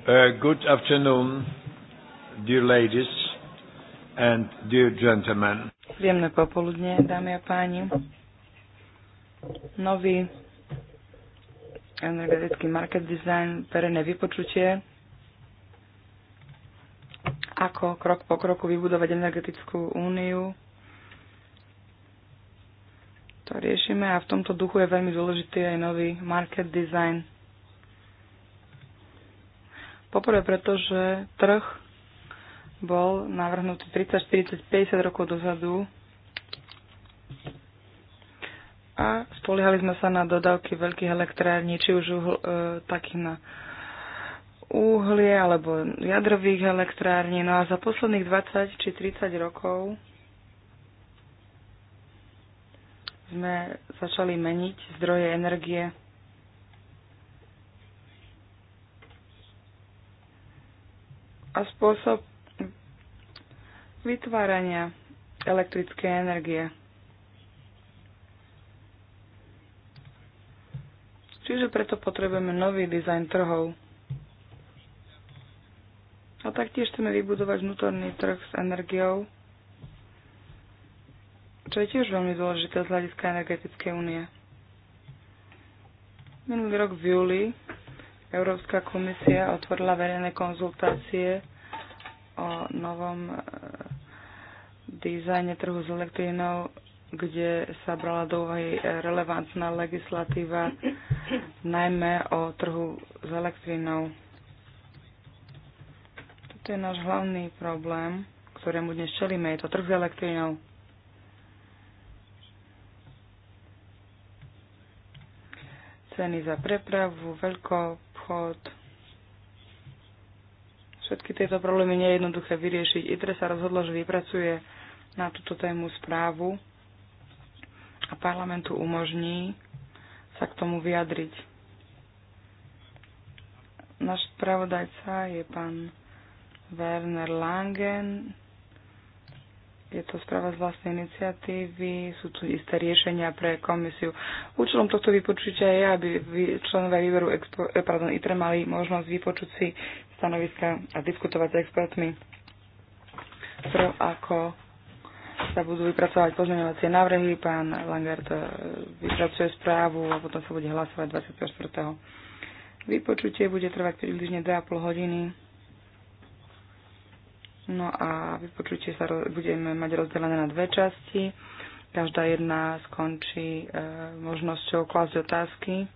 Uh, good afternoon, dear ladies and dear gentlemen. Príjemné popoludne, dámy a páni. Nový energetický market design, verejné vypočutie, ako krok po kroku vybudovať energetickú úniu. To riešime a v tomto duchu je veľmi dôležitý aj nový market design Poprvé preto, že trh bol navrhnutý 30, 40, 50 rokov dozadu a spoliehali sme sa na dodávky veľkých elektrární, či už uhl, e, takých na uhlie alebo jadrových elektrární. No a za posledných 20 či 30 rokov sme začali meniť zdroje energie a spôsob vytvárania elektrickej energie. Čiže preto potrebujeme nový dizajn trhov. A taktiež chceme vybudovať vnútorný trh s energiou, čo je tiež veľmi dôležité z hľadiska energetickej únie. Minulý rok v júli Európska komisia otvorila verejné konzultácie o novom e, dizajne trhu s elektrínou, kde sa brala do úvahy e, relevantná legislatíva, najmä o trhu s elektrínou. Toto je náš hlavný problém, ktorému dnes čelíme, je to trh s elektrínou. Ceny za prepravu, veľkou obchod. Všetky tieto problémy nie je jednoduché vyriešiť. ITRE sa rozhodlo, že vypracuje na túto tému správu a parlamentu umožní sa k tomu vyjadriť. Náš spravodajca je pán Werner Langen, je to správa z vlastnej iniciatívy, sú tu isté riešenia pre komisiu. Účelom tohto vypočutia je, aby členové výberu expo, eh, pardon, ITRE mali možnosť vypočuť si stanoviska a diskutovať s expertmi. Pro ako sa budú vypracovať pozmeňovacie návrhy, pán Langert eh, vypracuje správu a potom sa bude hlasovať 24. Vypočutie bude trvať približne 2,5 hodiny No a vypočutie sa budeme mať rozdelené na dve časti. Každá jedna skončí e, možnosťou klásť otázky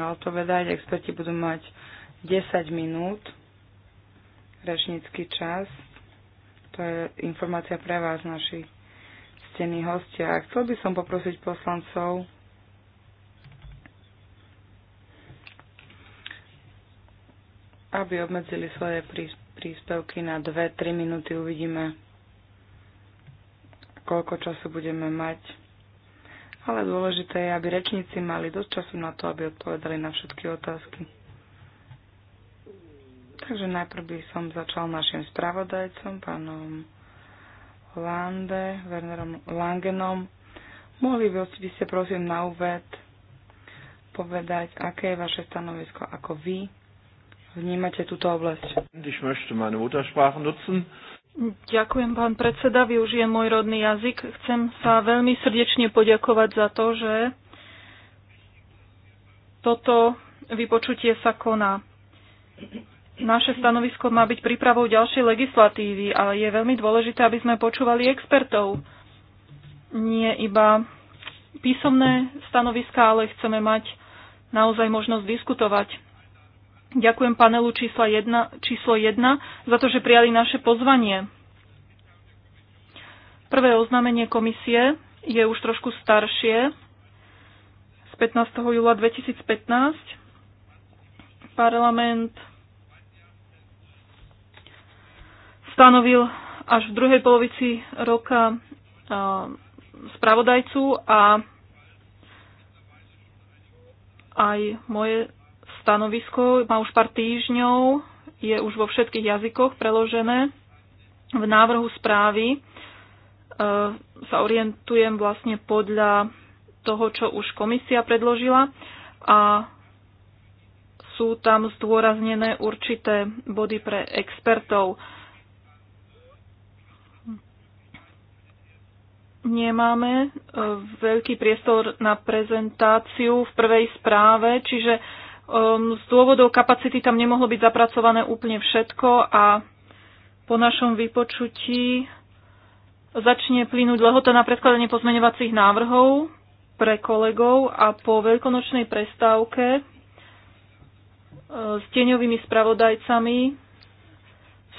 a odpovedať. Experti budú mať 10 minút rečnícky čas. To je informácia pre vás, naši stení hostia. Chcel by som poprosiť poslancov, aby obmedzili svoje príspevky na 2-3 minúty. Uvidíme, koľko času budeme mať. Ale dôležité je, aby rečníci mali dosť času na to, aby odpovedali na všetky otázky. Takže najprv by som začal našim spravodajcom, pánom Lande, Wernerom Langenom. Mohli by, by ste prosím na úved povedať, aké je vaše stanovisko ako vy vnímate túto oblasť? Ich möchte meine Muttersprache nutzen. Ďakujem, pán predseda. Využijem môj rodný jazyk. Chcem sa veľmi srdečne poďakovať za to, že toto vypočutie sa koná. Naše stanovisko má byť prípravou ďalšej legislatívy a je veľmi dôležité, aby sme počúvali expertov. Nie iba písomné stanoviska, ale chceme mať naozaj možnosť diskutovať Ďakujem panelu číslo 1, číslo 1 za to, že prijali naše pozvanie. Prvé oznámenie komisie je už trošku staršie, z 15. júla 2015. Parlament stanovil až v druhej polovici roka spravodajcu a aj moje stanovisko má už pár týždňov, je už vo všetkých jazykoch preložené. V návrhu správy e, sa orientujem vlastne podľa toho, čo už komisia predložila a sú tam zdôraznené určité body pre expertov. Nemáme e, veľký priestor na prezentáciu v prvej správe, čiže Ehm, z dôvodov kapacity tam nemohlo byť zapracované úplne všetko a po našom vypočutí začne plynúť lehota na predkladanie pozmeňovacích návrhov pre kolegov a po veľkonočnej prestávke e, s tieňovými spravodajcami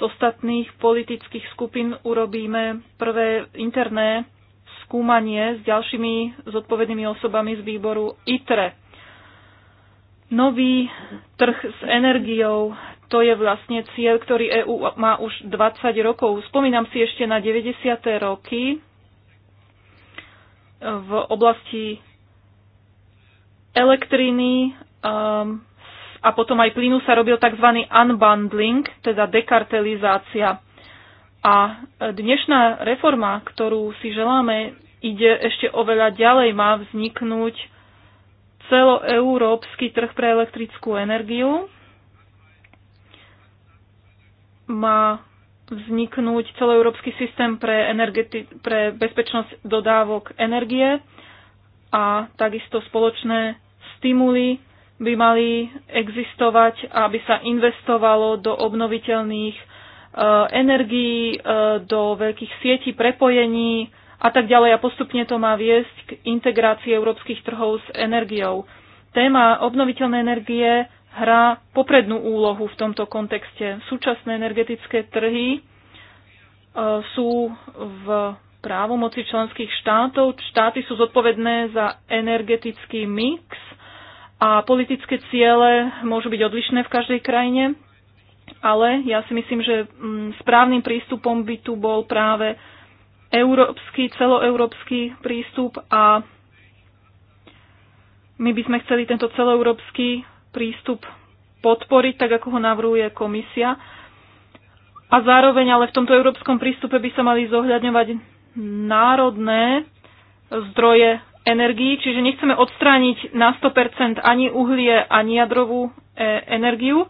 z ostatných politických skupín urobíme prvé interné skúmanie s ďalšími zodpovednými osobami z výboru ITRE. Nový trh s energiou, to je vlastne cieľ, ktorý EÚ má už 20 rokov. Spomínam si ešte na 90. roky v oblasti elektriny um, a potom aj plynu sa robil tzv. unbundling, teda dekartelizácia. A dnešná reforma, ktorú si želáme, ide ešte oveľa ďalej. Má vzniknúť celoeurópsky trh pre elektrickú energiu. Má vzniknúť celoeurópsky systém pre, pre bezpečnosť dodávok energie a takisto spoločné stimuly by mali existovať, aby sa investovalo do obnoviteľných eh, energií, eh, do veľkých sietí prepojení, a tak ďalej. A postupne to má viesť k integrácii európskych trhov s energiou. Téma obnoviteľnej energie hrá poprednú úlohu v tomto kontexte. Súčasné energetické trhy e, sú v právomoci členských štátov. Štáty sú zodpovedné za energetický mix a politické ciele môžu byť odlišné v každej krajine, ale ja si myslím, že mm, správnym prístupom by tu bol práve európsky, celoeurópsky prístup a my by sme chceli tento celoeurópsky prístup podporiť, tak ako ho navrhuje komisia. A zároveň ale v tomto európskom prístupe by sa mali zohľadňovať národné zdroje energií, čiže nechceme odstrániť na 100% ani uhlie, ani jadrovú e, energiu.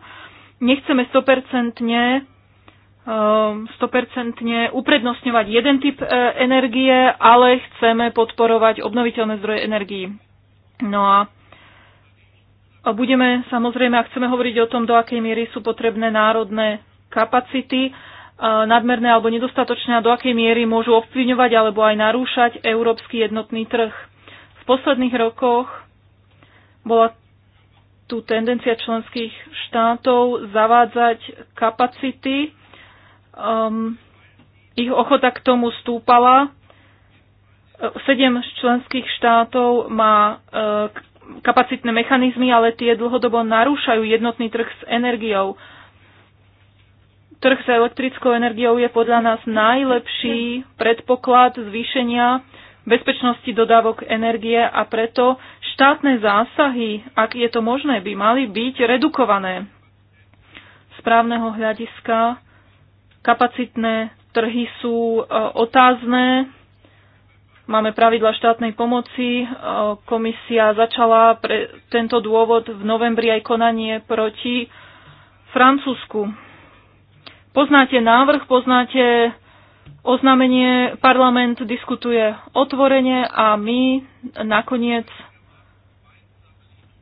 Nechceme 100% Um, stopercentne uprednostňovať jeden typ e, energie, ale chceme podporovať obnoviteľné zdroje energií. No a budeme samozrejme, ak chceme hovoriť o tom, do akej miery sú potrebné národné kapacity, e, nadmerné alebo nedostatočné a do akej miery môžu ovplyvňovať alebo aj narúšať európsky jednotný trh. V posledných rokoch bola tu tendencia členských štátov zavádzať kapacity, um, ich ochota k tomu stúpala. Sedem z členských štátov má uh, kapacitné mechanizmy, ale tie dlhodobo narúšajú jednotný trh s energiou. Trh s elektrickou energiou je podľa nás najlepší predpoklad zvýšenia bezpečnosti dodávok energie a preto štátne zásahy, ak je to možné, by mali byť redukované. správneho hľadiska Kapacitné trhy sú e, otázne. Máme pravidla štátnej pomoci. E, komisia začala pre tento dôvod v novembri aj konanie proti Francúzsku. Poznáte návrh, poznáte oznámenie, parlament diskutuje otvorene a my nakoniec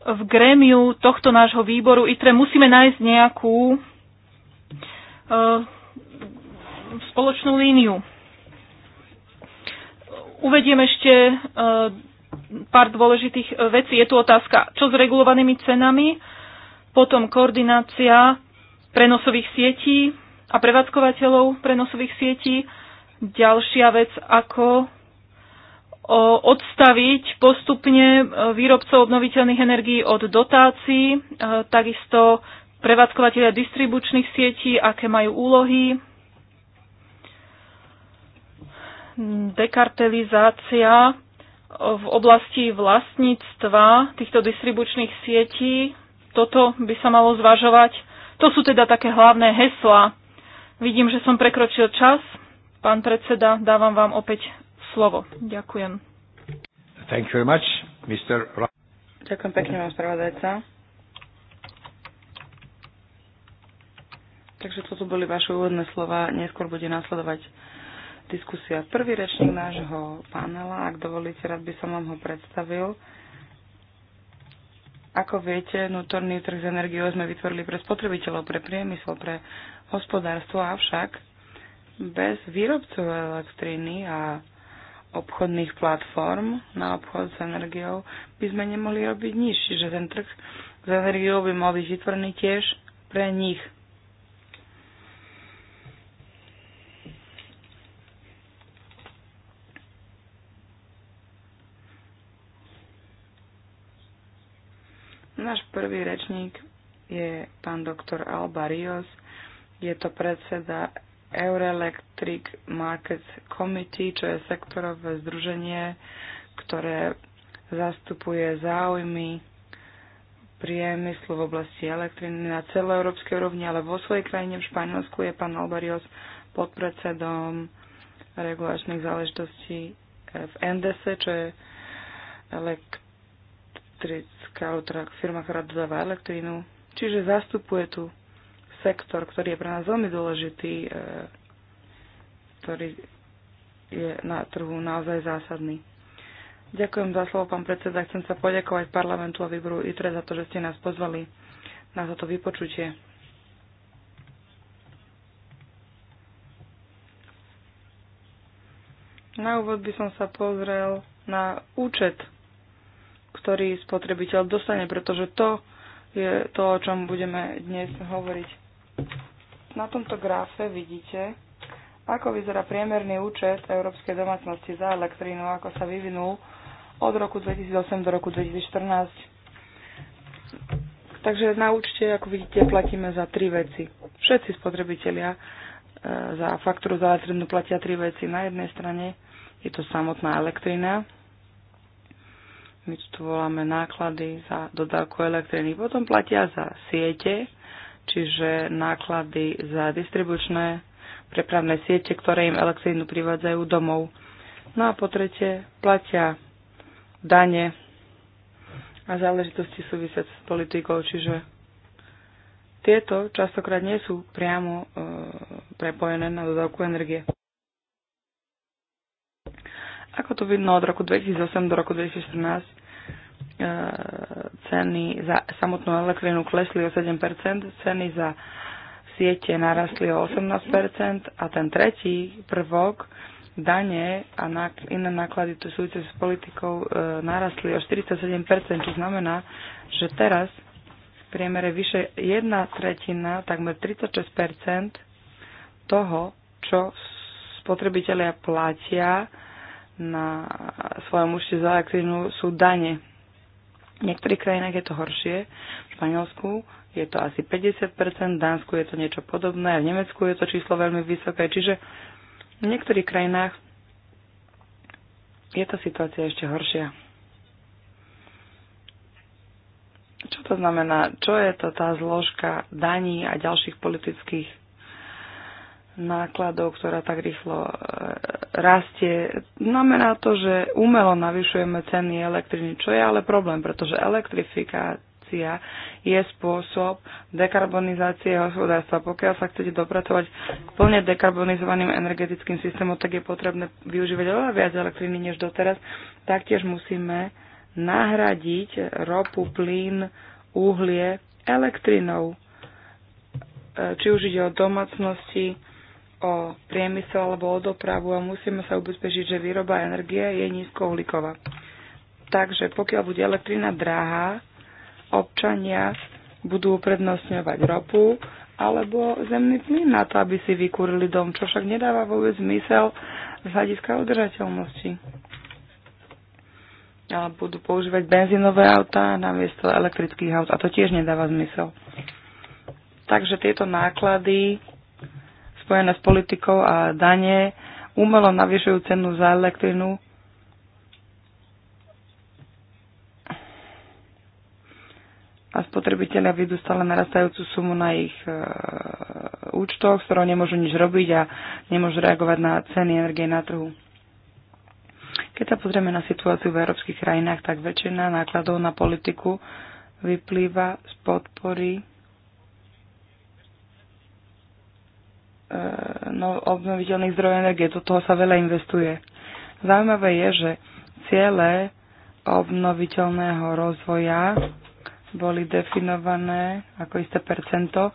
v grémiu tohto nášho výboru ITRE musíme nájsť nejakú e, spoločnú líniu. Uvediem ešte e, pár dôležitých e, vecí. Je tu otázka, čo s regulovanými cenami, potom koordinácia prenosových sietí a prevádzkovateľov prenosových sietí. Ďalšia vec, ako e, odstaviť postupne výrobcov obnoviteľných energií od dotácií, takisto prevádzkovateľia distribučných sietí, aké majú úlohy, dekartelizácia v oblasti vlastníctva týchto distribučných sietí. Toto by sa malo zvažovať. To sú teda také hlavné hesla. Vidím, že som prekročil čas. Pán predseda, dávam vám opäť slovo. Ďakujem. Thank you very much, Mr. Ďakujem pekne vám, spravodajca. Takže toto boli vaše úvodné slova. Neskôr bude nasledovať diskusia. Prvý rečník nášho panela, ak dovolíte, rád by som vám ho predstavil. Ako viete, vnútorný trh s energiou sme vytvorili pre spotrebiteľov, pre priemysel, pre hospodárstvo, avšak bez výrobcov elektriny a obchodných platform na obchod s energiou by sme nemohli robiť nič, čiže ten trh s energiou by mal byť vytvorený tiež pre nich. Náš prvý rečník je pán doktor Alba Rios. Je to predseda Eurelectric Markets Committee, čo je sektorové združenie, ktoré zastupuje záujmy priemyslu v oblasti elektriny na celoeurópskej úrovni, ale vo svojej krajine v Španielsku je pán Albarios podpredsedom regulačných záležitostí v NDS, čo je elekt- elektrická, alebo teda firma, ktorá dodáva elektrínu. Čiže zastupuje tu sektor, ktorý je pre nás veľmi dôležitý, e, ktorý je na trhu naozaj zásadný. Ďakujem za slovo, pán predseda. Chcem sa poďakovať parlamentu a výboru ITRE za to, že ste nás pozvali na toto vypočutie. Na úvod by som sa pozrel na účet ktorý spotrebiteľ dostane, pretože to je to, o čom budeme dnes hovoriť. Na tomto gráfe vidíte, ako vyzerá priemerný účet európskej domácnosti za elektrínu, ako sa vyvinul od roku 2008 do roku 2014. Takže na účte, ako vidíte, platíme za tri veci. Všetci spotrebitelia e, za faktúru za elektrínu platia tri veci. Na jednej strane je to samotná elektrina, my tu voláme náklady za dodávku elektriny. Potom platia za siete, čiže náklady za distribučné prepravné siete, ktoré im elektrínu privádzajú domov. No a po tretie, platia dane a záležitosti súvisiať s politikou, čiže tieto častokrát nie sú priamo e, prepojené na dodávku energie. Ako to vidno od roku 2008 do roku 2014, e, ceny za samotnú elektrinu klesli o 7%, ceny za siete narastli o 18% a ten tretí prvok, dane a iné náklady tu súvisia s politikou e, narastli o 47%, čo znamená, že teraz v priemere vyše jedna tretina, takmer 36% toho, čo spotrebitelia platia, na svojom účte za elektrínu sú dane. V niektorých krajinách je to horšie. V Španielsku je to asi 50%, v Dánsku je to niečo podobné, v Nemecku je to číslo veľmi vysoké. Čiže v niektorých krajinách je tá situácia ešte horšia. Čo to znamená? Čo je to tá zložka daní a ďalších politických nákladov, ktorá tak rýchlo e, rastie. Znamená to, že umelo navyšujeme ceny elektriny, čo je ale problém, pretože elektrifikácia je spôsob dekarbonizácie hospodárstva. Pokiaľ sa chcete dopracovať k plne dekarbonizovaným energetickým systémom, tak je potrebné využívať oveľa viac elektriny než doteraz. Taktiež musíme nahradiť ropu, plyn, uhlie elektrinou. E, či už ide o domácnosti, o priemysel alebo o dopravu a musíme sa ubezpečiť, že výroba energie je nízkouhlíková. Takže pokiaľ bude elektrina drahá, občania budú uprednostňovať ropu alebo zemný plyn na to, aby si vykúrili dom, čo však nedáva vôbec zmysel z hľadiska udržateľnosti. Ale budú používať benzínové autá namiesto elektrických aut a to tiež nedáva zmysel. Takže tieto náklady spojené s politikou a dane umelo navyšujú cenu za elektrinu. A spotrebitelia vidú stále narastajúcu sumu na ich e, účtoch, s ktorou nemôžu nič robiť a nemôžu reagovať na ceny energie na trhu. Keď sa pozrieme na situáciu v európskych krajinách, tak väčšina nákladov na politiku vyplýva z podpory E, no, obnoviteľných zdrojov energie. Do toho sa veľa investuje. Zaujímavé je, že ciele obnoviteľného rozvoja boli definované ako isté percento. E,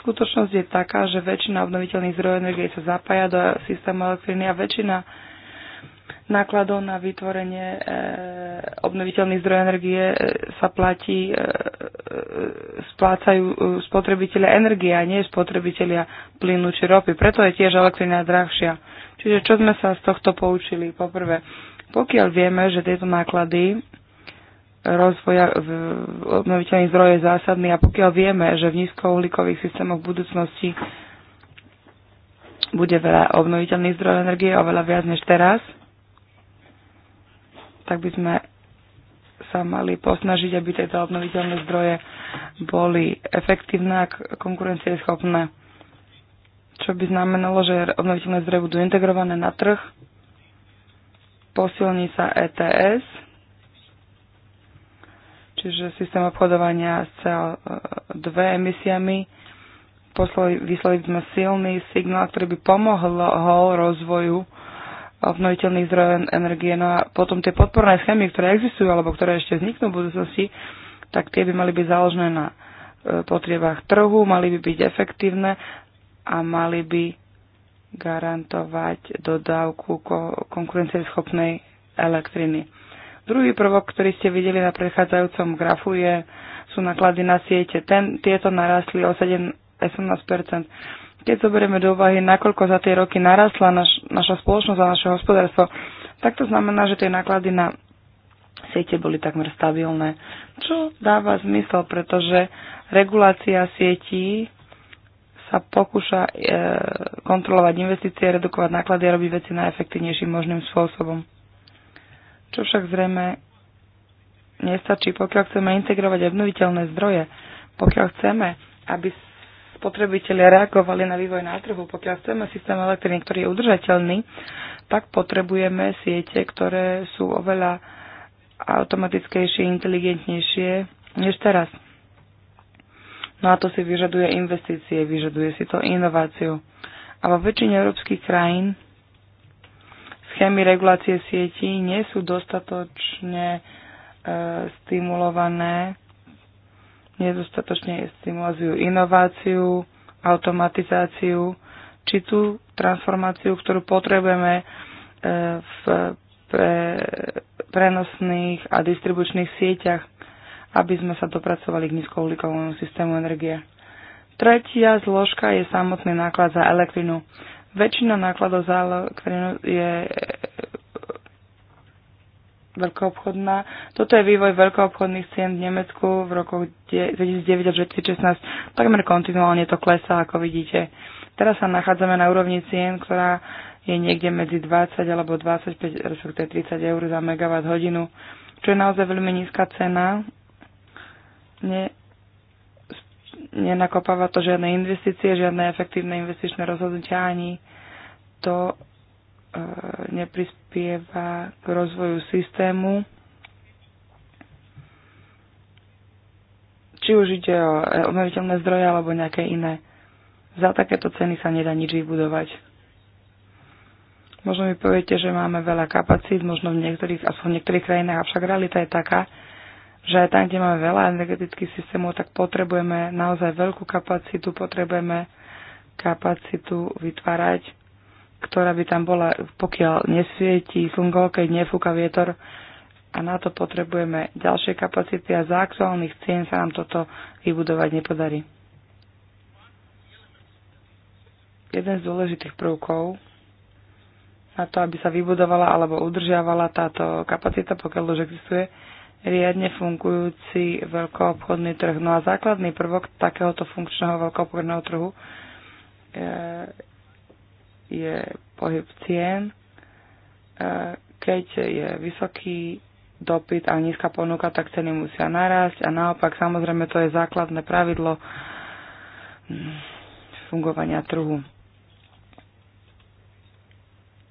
skutočnosť je taká, že väčšina obnoviteľných zdrojov energie sa zapája do systému elektriny a väčšina nákladov na vytvorenie e, obnoviteľných zdrojov energie e, sa platí, e, splácajú spotrebitelia energie a nie spotrebitelia plynu či ropy. Preto je tiež elektrina drahšia. Čiže čo sme sa z tohto poučili? Poprvé, pokiaľ vieme, že tieto náklady rozvoja v obnoviteľných zdrojov je zásadný a pokiaľ vieme, že v nízkouhlíkových systémoch v budúcnosti bude veľa obnoviteľných zdrojov energie, oveľa viac než teraz, tak by sme sa mali posnažiť, aby tieto obnoviteľné zdroje boli efektívne a konkurencieschopné. Čo by znamenalo, že obnoviteľné zdroje budú integrované na trh, posilní sa ETS, čiže systém obchodovania s CO2 emisiami. Poslali, vyslali sme silný signál, ktorý by pomohol rozvoju obnoviteľných zdrojov energie. No a potom tie podporné schémy, ktoré existujú alebo ktoré ešte vzniknú v budúcnosti, tak tie by mali byť založené na e, potrebách trhu, mali by byť efektívne a mali by garantovať dodávku konkurencieschopnej elektriny. Druhý prvok, ktorý ste videli na prechádzajúcom grafu, je, sú náklady na siete. Ten, tieto narastli o 7, 18 keď zoberieme do úvahy, nakoľko za tie roky narastla naš, naša spoločnosť a naše hospodárstvo, tak to znamená, že tie náklady na siete boli takmer stabilné, čo dáva zmysel, pretože regulácia sietí sa pokúša e, kontrolovať investície, redukovať náklady a robiť veci najefektívnejším možným spôsobom. Čo však zrejme nestačí, pokiaľ chceme integrovať obnoviteľné zdroje, pokiaľ chceme, aby spotrebitelia reagovali na vývoj na trhu. Pokiaľ chceme systém elektriny, ktorý je udržateľný, tak potrebujeme siete, ktoré sú oveľa automatickejšie, inteligentnejšie než teraz. No a to si vyžaduje investície, vyžaduje si to inováciu. A vo väčšine európskych krajín schémy regulácie sietí nie sú dostatočne e, stimulované nedostatočne stimulujú inováciu, automatizáciu, či tú transformáciu, ktorú potrebujeme e, v prenosných a distribučných sieťach, aby sme sa dopracovali k nízkouhlíkovému systému energie. Tretia zložka je samotný náklad za elektrinu. Väčšina nákladov za elektrinu je veľkoobchodná. Toto je vývoj veľkoobchodných cien v Nemecku v rokoch 2009 až 2016. Takmer kontinuálne to klesá, ako vidíte. Teraz sa nachádzame na úrovni cien, ktorá je niekde medzi 20 alebo 25, respektíve 30 eur za megawatt hodinu, čo je naozaj veľmi nízka cena. Ne, nenakopáva to žiadne investície, žiadne efektívne investičné rozhodnutia ani to e, nepris, prispieva k rozvoju systému, či už ide o obnoviteľné zdroje alebo nejaké iné. Za takéto ceny sa nedá nič vybudovať. Možno mi poviete, že máme veľa kapacít, možno v niektorých, aspoň v niektorých krajinách, avšak realita je taká, že aj tam, kde máme veľa energetických systémov, tak potrebujeme naozaj veľkú kapacitu, potrebujeme kapacitu vytvárať ktorá by tam bola, pokiaľ nesvietí slnko, keď nefúka vietor. A na to potrebujeme ďalšie kapacity a za aktuálnych cien sa nám toto vybudovať nepodarí. Jeden z dôležitých prvkov na to, aby sa vybudovala alebo udržiavala táto kapacita, pokiaľ už existuje, riadne fungujúci veľkoobchodný trh. No a základný prvok takéhoto funkčného veľkoobchodného trhu e, je pohyb cien. E, keď je vysoký dopyt a nízka ponuka, tak ceny musia narásť a naopak samozrejme to je základné pravidlo mm, fungovania trhu.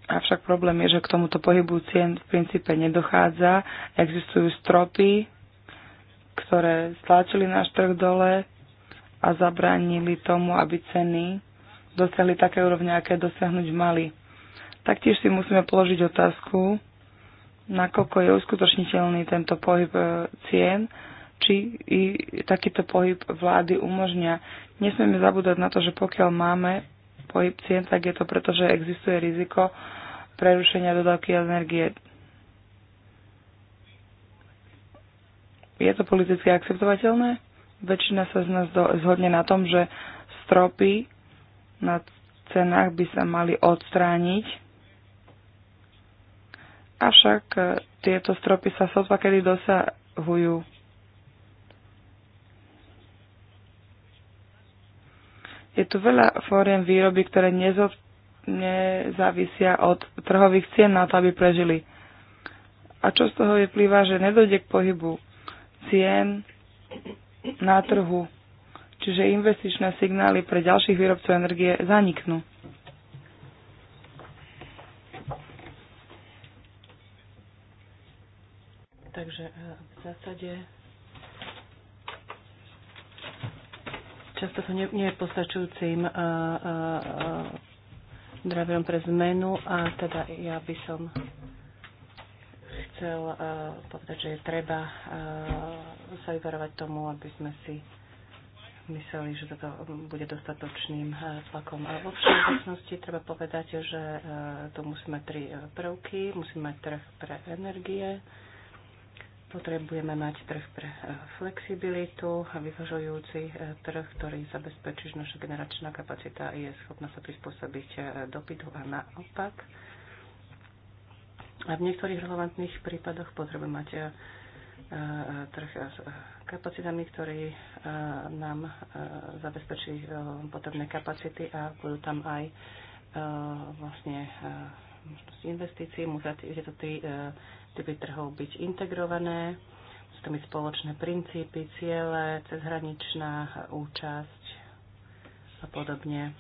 Avšak problém je, že k tomuto pohybu cien v princípe nedochádza. Existujú stropy, ktoré stlačili náš trh dole a zabránili tomu, aby ceny dosiahli také úrovne, aké dosiahnuť mali. Taktiež si musíme položiť otázku, nakoľko je uskutočniteľný tento pohyb e, cien, či i takýto pohyb vlády umožňa. Nesmieme zabúdať na to, že pokiaľ máme pohyb cien, tak je to preto, že existuje riziko prerušenia dodávky energie. Je to politicky akceptovateľné? Väčšina sa z nás zhodne na tom, že stropy na cenách by sa mali odstrániť. Avšak e, tieto stropy sa sotva kedy dosahujú. Je tu veľa fóriem výroby, ktoré nezod, nezávisia od trhových cien na to, aby prežili. A čo z toho vyplýva, že nedojde k pohybu cien na trhu čiže investičné signály pre ďalších výrobcov energie zaniknú. Takže e, v zásade často sú nepostačujúcim e, e, driverom pre zmenu a teda ja by som chcel povedať, že je treba sa vyvarovať tomu, aby sme si mysleli, že toto bude dostatočným eh, tlakom. A eh, vo všeobecnosti treba povedať, že eh, tu musíme mať tri prvky. Musíme mať trh pre energie, potrebujeme mať trh pre flexibilitu a vyvažujúci trh, ktorý zabezpečí, že naša generačná kapacita je schopná sa prispôsobiť dopytu a naopak. A v niektorých relevantných prípadoch potrebujeme mať trh s kapacitami, ktorý nám zabezpečí e, potrebné kapacity a budú tam aj e, vlastne e, možnosti investícií. Musia tieto tri typy trhov byť integrované, to byť spoločné princípy, ciele, cezhraničná účasť a podobne.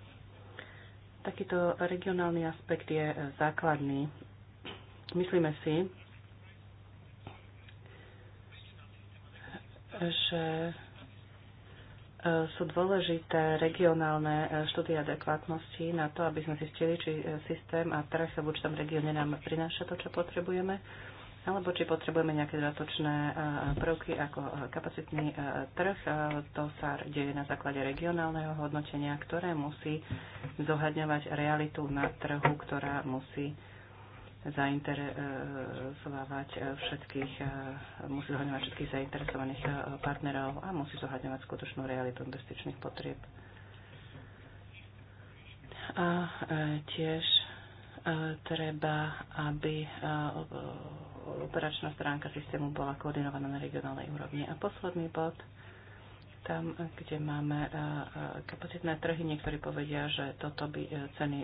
Takýto regionálny aspekt je základný. Myslíme si, že e, sú dôležité regionálne e, štúdie adekvátnosti na to, aby sme zistili, či e, systém a trh v určitom regióne nám prináša to, čo potrebujeme, alebo či potrebujeme nejaké dodatočné prvky ako kapacitný trh. To sa deje na základe regionálneho hodnotenia, ktoré musí zohľadňovať realitu na trhu, ktorá musí zainteresovať e, všetkých, e, musí zohľadňovať všetkých zainteresovaných e, partnerov a musí zohľadňovať skutočnú realitu investičných potrieb. A tiež treba, aby operačná stránka systému bola koordinovaná na regionálnej úrovni. A posledný bod – tam, kde máme eh, eh, kapacitné trhy, niektorí povedia, že toto by eh, ceny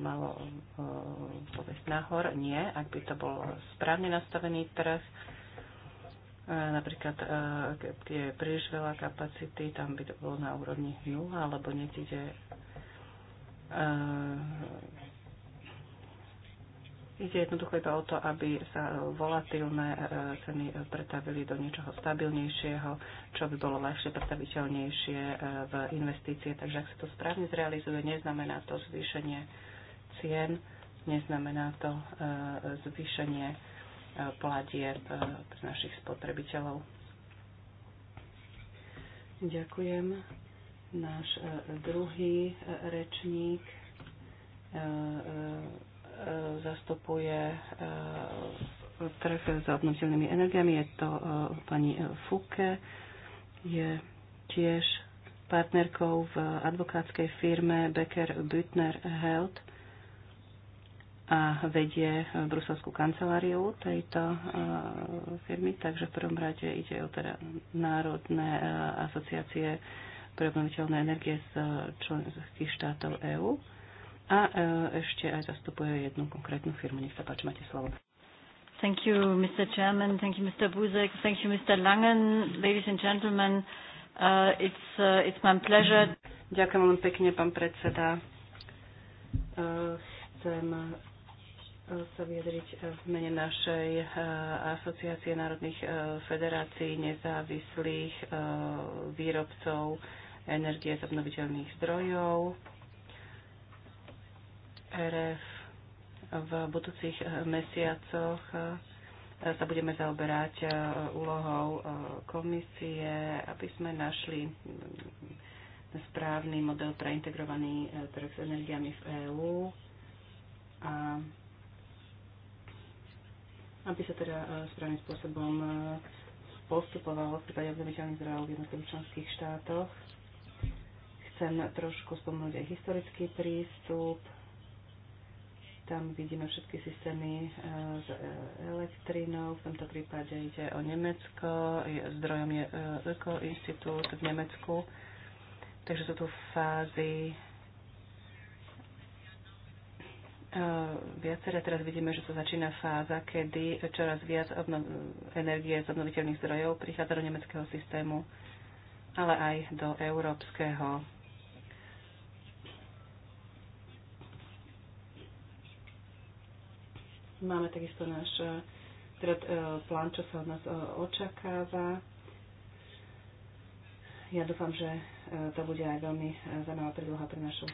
malo povedať nahor. Nie, ak by to bol správne nastavený trh, napríklad, kde je príliš veľa kapacity, tam by to bolo na úrovni 0, alebo niekde, Ide jednoducho iba o to, aby sa volatilné e, ceny pretavili do niečoho stabilnejšieho, čo by bolo ľahšie predstaviteľnejšie e, v investície. Takže ak sa to správne zrealizuje, neznamená to zvýšenie cien, neznamená to e, zvýšenie platieb pre našich spotrebiteľov. Ďakujem. Náš druhý rečník zastupuje e, trh s obnoviteľnými energiami. Je to e, pani Fuke, je tiež partnerkou v advokátskej firme Becker Büttner Health a vedie bruselskú kanceláriu tejto e, firmy. Takže v prvom rade ide o teda národné asociácie pre obnoviteľné energie z členských štátov EÚ a e, ešte aj zastupuje jednu konkrétnu firmu. Nech sa páči, máte slovo. Thank you, Mr. Chairman. Thank you, Mr. Buzek. Thank you, Mr. Langen. Ladies and gentlemen, uh, it's, uh, it's my pleasure. Ďakujem veľmi pekne, pán predseda. Uh, chcem uh, sa vyjadriť uh, v mene našej uh, asociácie národných federácií nezávislých výrobcov energie z obnoviteľných zdrojov. RF v budúcich eh, mesiacoch eh, sa budeme zaoberať eh, úlohou komisie, aby sme našli mm, správny model pre integrovaný trh s energiami v EÚ a aby sa teda správnym spôsobom postupovalo v prípade obnoviteľných zdrojov v jednotlivých členských štátoch. Chcem trošku spomenúť aj historický prístup, tam vidíme všetky systémy s e, e, elektrinou. V tomto prípade ide o Nemecko. Zdrojom je e, öko v Nemecku. Takže sú tu fázy viaceré. Teraz vidíme, že sa začína fáza, kedy čoraz viac energie z obnoviteľných zdrojov prichádza do nemeckého systému, ale aj do európskeho. Máme takisto náš eh, teda, eh, plán, čo sa od nás eh, očakáva. Ja dúfam, že to bude aj veľmi zaujímavá predloha pre našu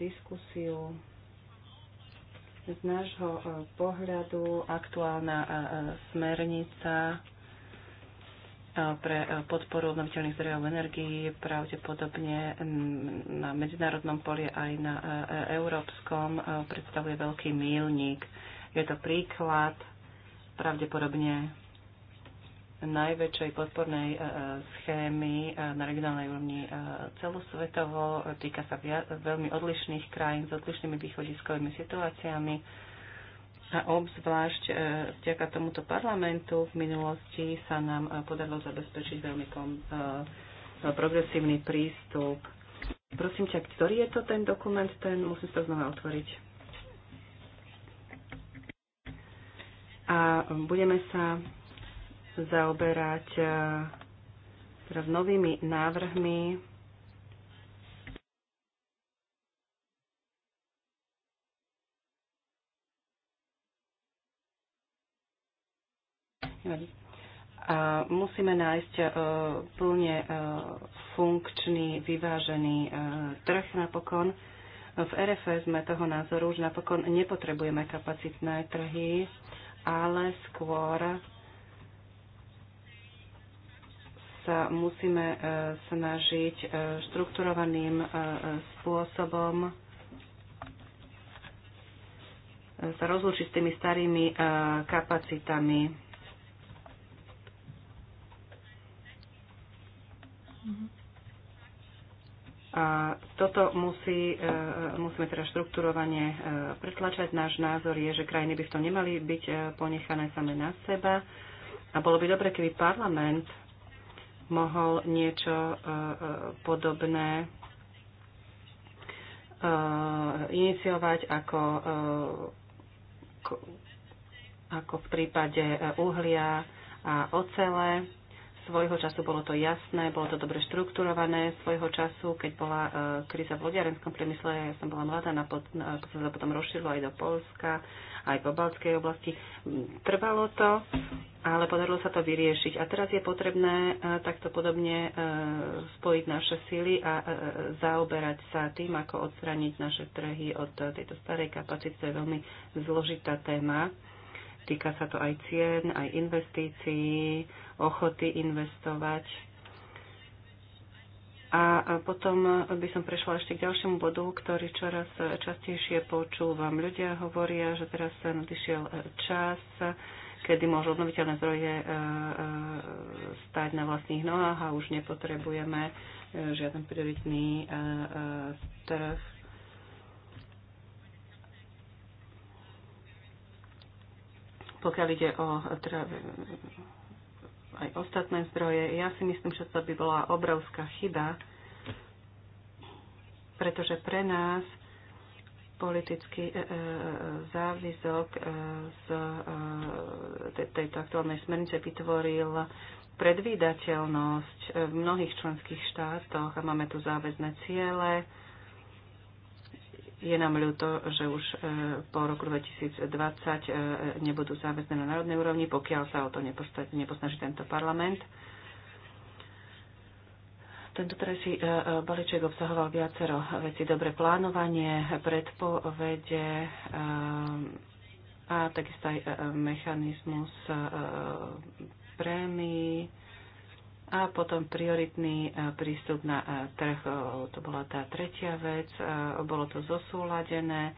diskusiu. Z nášho pohľadu aktuálna smernica pre podporu obnoviteľných zdrojov energií pravdepodobne mm, na medzinárodnom poli aj na európskom predstavuje veľký mílnik. Je to príklad pravdepodobne najväčšej podpornej e, e, schémy e, na regionálnej úrovni celosvetovo. Týka sa veľmi odlišných krajín s odlišnými východiskovými situáciami. A obzvlášť vďaka tomuto parlamentu v minulosti sa nám podarilo zabezpečiť veľmi kom, progresívny prístup. Prosím ťa, ktorý je to ten dokument? Ten musím sa znova otvoriť. A budeme sa zaoberať eh, teraz novými návrhmi A musíme nájsť eh, plne eh, funkčný, vyvážený trh napokon. V RFS sme toho názoru, že napokon nepotrebujeme kapacitné trhy, ale skôr sa musíme e, snažiť e, štrukturovaným e, spôsobom sa rozlúčiť s tými starými kapacitami. Mm-hmm. A toto musí, e, musíme teda štruktúrovanie e, pretlačať. Náš názor je, že krajiny by v tom nemali byť e, ponechané same na seba. A bolo by dobre, keby parlament mohol niečo podobné iniciovať ako, ako v prípade uhlia a ocele svojho času bolo to jasné, bolo to dobre štrukturované svojho času, keď bola uh, kríza v lodiarenskom priemysle, ja som bola mladá, na pod, na, potom sa potom rozšírilo aj do Polska, aj po Balckej oblasti. Mm, trvalo to, ale podarilo sa to vyriešiť. A teraz je potrebné uh, takto podobne uh, spojiť naše síly a uh, zaoberať sa tým, ako odstraniť naše trhy od tejto starej kapacity. To je veľmi zložitá téma Týka sa to aj cien, aj investícií, ochoty investovať. A potom by som prešla ešte k ďalšiemu bodu, ktorý čoraz častejšie počúvam. Ľudia hovoria, že teraz sa nadišiel e, čas, kedy môžu obnoviteľné zdroje e, e, stať na vlastných nohách a už nepotrebujeme žiaden prioritný trh Pokiaľ ide o teda, aj ostatné zdroje, ja si myslím, že to by bola obrovská chyba, pretože pre nás politický e, e, e z e, tejto aktuálnej smernice vytvoril predvídateľnosť v mnohých členských štátoch a máme tu záväzné ciele, je nám ľúto, že už e, po roku 2020 e, nebudú záväzné na národnej úrovni, pokiaľ sa o to neposnaží tento parlament. Tento trejší e, balíček obsahoval viacero veci. Dobre plánovanie, predpovede a takisto aj mechanizmus prémií a potom prioritný e, prístup na e, trh, e, to bola tá tretia vec, bolo to zosúladené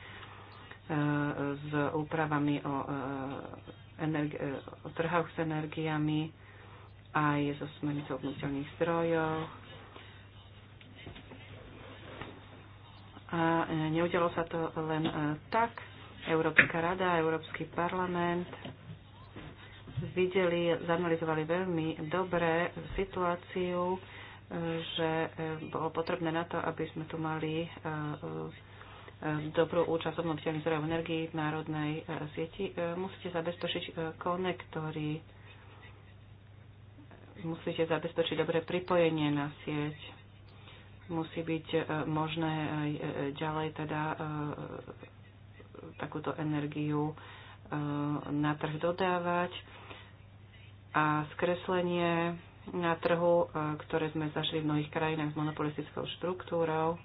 s úpravami o, o trhoch s energiami aj so smernicou obnoviteľných zdrojov. A neudialo sa to len tak. Európska rada, Európsky parlament videli, zanalizovali veľmi dobre situáciu, e, že e, bolo potrebné na to, aby sme tu mali e, dobrú účasť obnoviteľných zdrojov energii v národnej sieti. Musíte zabezpečiť konektory, musíte zabezpečiť dobré pripojenie na sieť, musí byť možné ďalej teda takúto energiu na trh dodávať a skreslenie na trhu, e, ktoré sme zašli v mnohých krajinách s monopolistickou štruktúrou.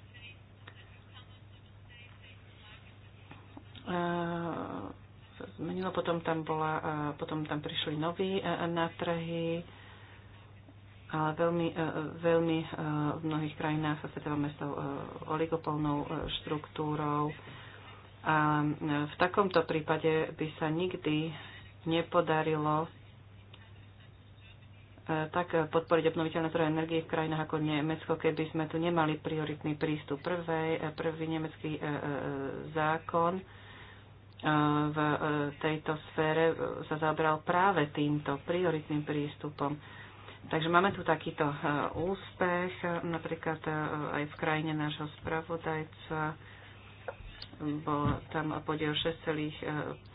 E, zmenilo potom tam, bola, e, potom tam prišli noví na trhy, ale veľmi, veľmi v mnohých krajinách sa stretávame s tou oligopolnou štruktúrou. A v takomto prípade by sa nikdy nepodarilo E, tak podporiť obnoviteľné zdroje energie v krajinách ako Nemecko, keby sme tu nemali prioritný prístup. Prvé, e, prvý nemecký e, zákon v tejto sfére sa zabral práve týmto prioritným prístupom. Takže máme tu takýto úspech, napríklad aj v krajine nášho spravodajca bol tam podiel 6,5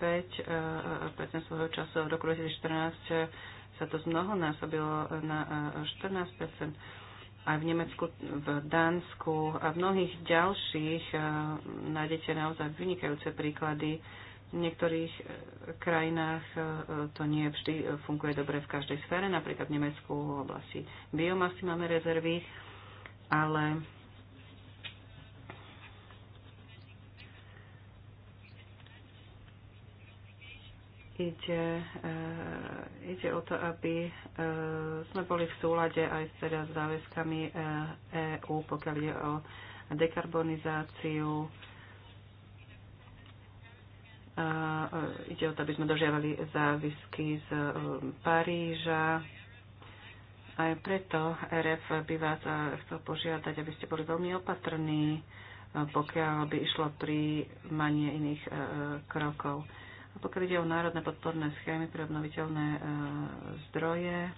svojho času v roku 2014 sa to zmnohonásobilo na 14 e, aj v Nemecku, v Dánsku a v mnohých ďalších e, nájdete naozaj vynikajúce príklady. V niektorých e, krajinách to nie vždy funguje dobre v každej sfére, napríklad v Nemecku v oblasti biomasy máme rezervy, ale ide, eh, ide o to, aby eh, sme boli v súlade aj s teda záväzkami záväzkami eh, EÚ, pokiaľ ide o dekarbonizáciu. Ide o to, aby sme dožiavali závisky z Paríža. Aj preto RF by vás chcel požiadať, aby ste boli veľmi opatrní, pokiaľ by išlo pri manie iných krokov. A pokiaľ ide o národné podporné schémy pre obnoviteľné e, zdroje, e,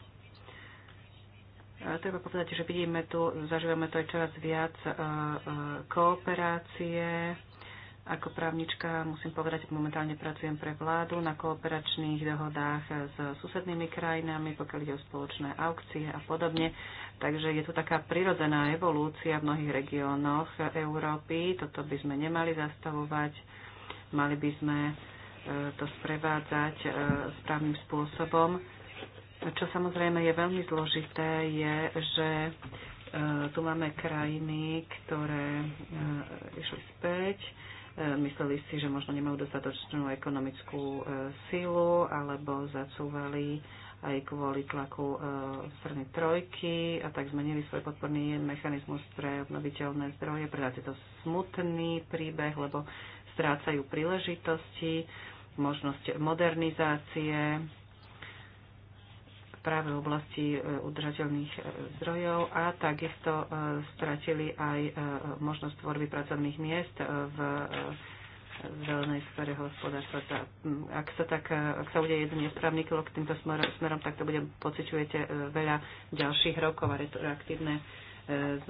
treba povedať, že vidíme tu, zažívame to aj čoraz viac e, kooperácie. Ako právnička musím povedať, momentálne pracujem pre vládu na kooperačných dohodách s susednými krajinami, pokiaľ ide o spoločné aukcie a podobne. Takže je tu taká prirodzená evolúcia v mnohých regiónoch Európy. Toto by sme nemali zastavovať. Mali by sme to sprevádzať e, správnym spôsobom. Čo samozrejme je veľmi zložité, je, že e, tu máme krajiny, ktoré e, išli späť, mysleli si, že možno nemajú dostatočnú ekonomickú silu, alebo zacúvali aj kvôli tlaku strany trojky a tak zmenili svoj podporný mechanizmus pre obnoviteľné zdroje. Pre nás je to smutný príbeh, lebo strácajú príležitosti možnosť modernizácie práve v oblasti e, udržateľných e, zdrojov a takisto e, stratili aj možnosť tvorby pracovných miest v zelenej sfere hospodárstva. Ak sa, tak, ak sa bude jeden nesprávny krok týmto smerom, tak to bude, pociťujete veľa ďalších rokov a retroaktívne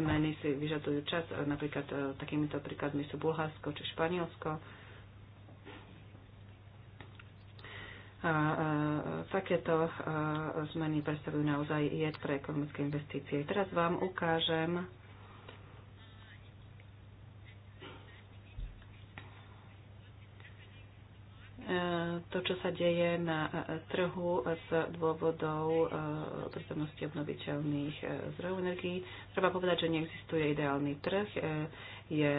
zmeny si vyžadujú čas. Napríklad takýmito príkladmi sú Bulharsko či Španielsko A takéto zmeny predstavujú naozaj jed pre ekonomické investície. Teraz vám ukážem e, to, čo sa deje na e, trhu z dôvodov e, prítomnosti obnoviteľných zdrojov energií. Treba povedať, že neexistuje ideálny trh, je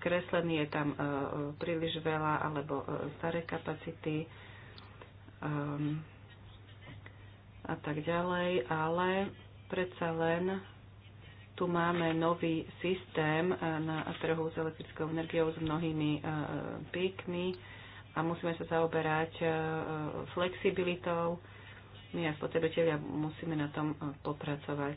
skreslený, je tam príliš veľa alebo staré kapacity um, a tak ďalej, ale predsa len tu máme nový systém eh, na trhu s elektrickou energiou s mnohými eh, píkmi a musíme sa zaoberať eh, flexibilitou. My a spotrebitelia musíme na tom popracovať.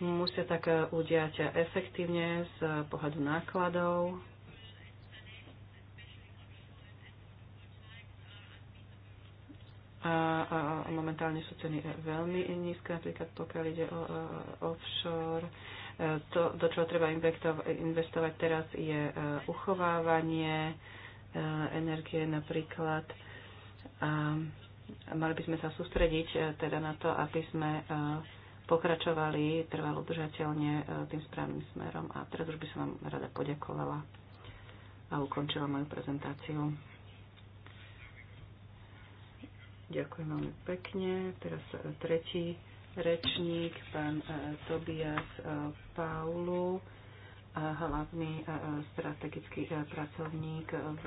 Musia tak udiať efektívne z pohľadu nákladov, a, a momentálne sú ceny veľmi nízke, napríklad pokiaľ ide o, o offshore. E, to, do čoho treba investovať teraz, je e, uchovávanie e, energie napríklad. A mali by sme sa sústrediť teda na to, aby sme pokračovali trvalo udržateľne tým správnym smerom. A teraz už by som vám rada poďakovala a ukončila moju prezentáciu. Ďakujem veľmi pekne. Teraz e, tretí rečník, pán e, Tobias e, Paulu, hlavný strategický pracovník v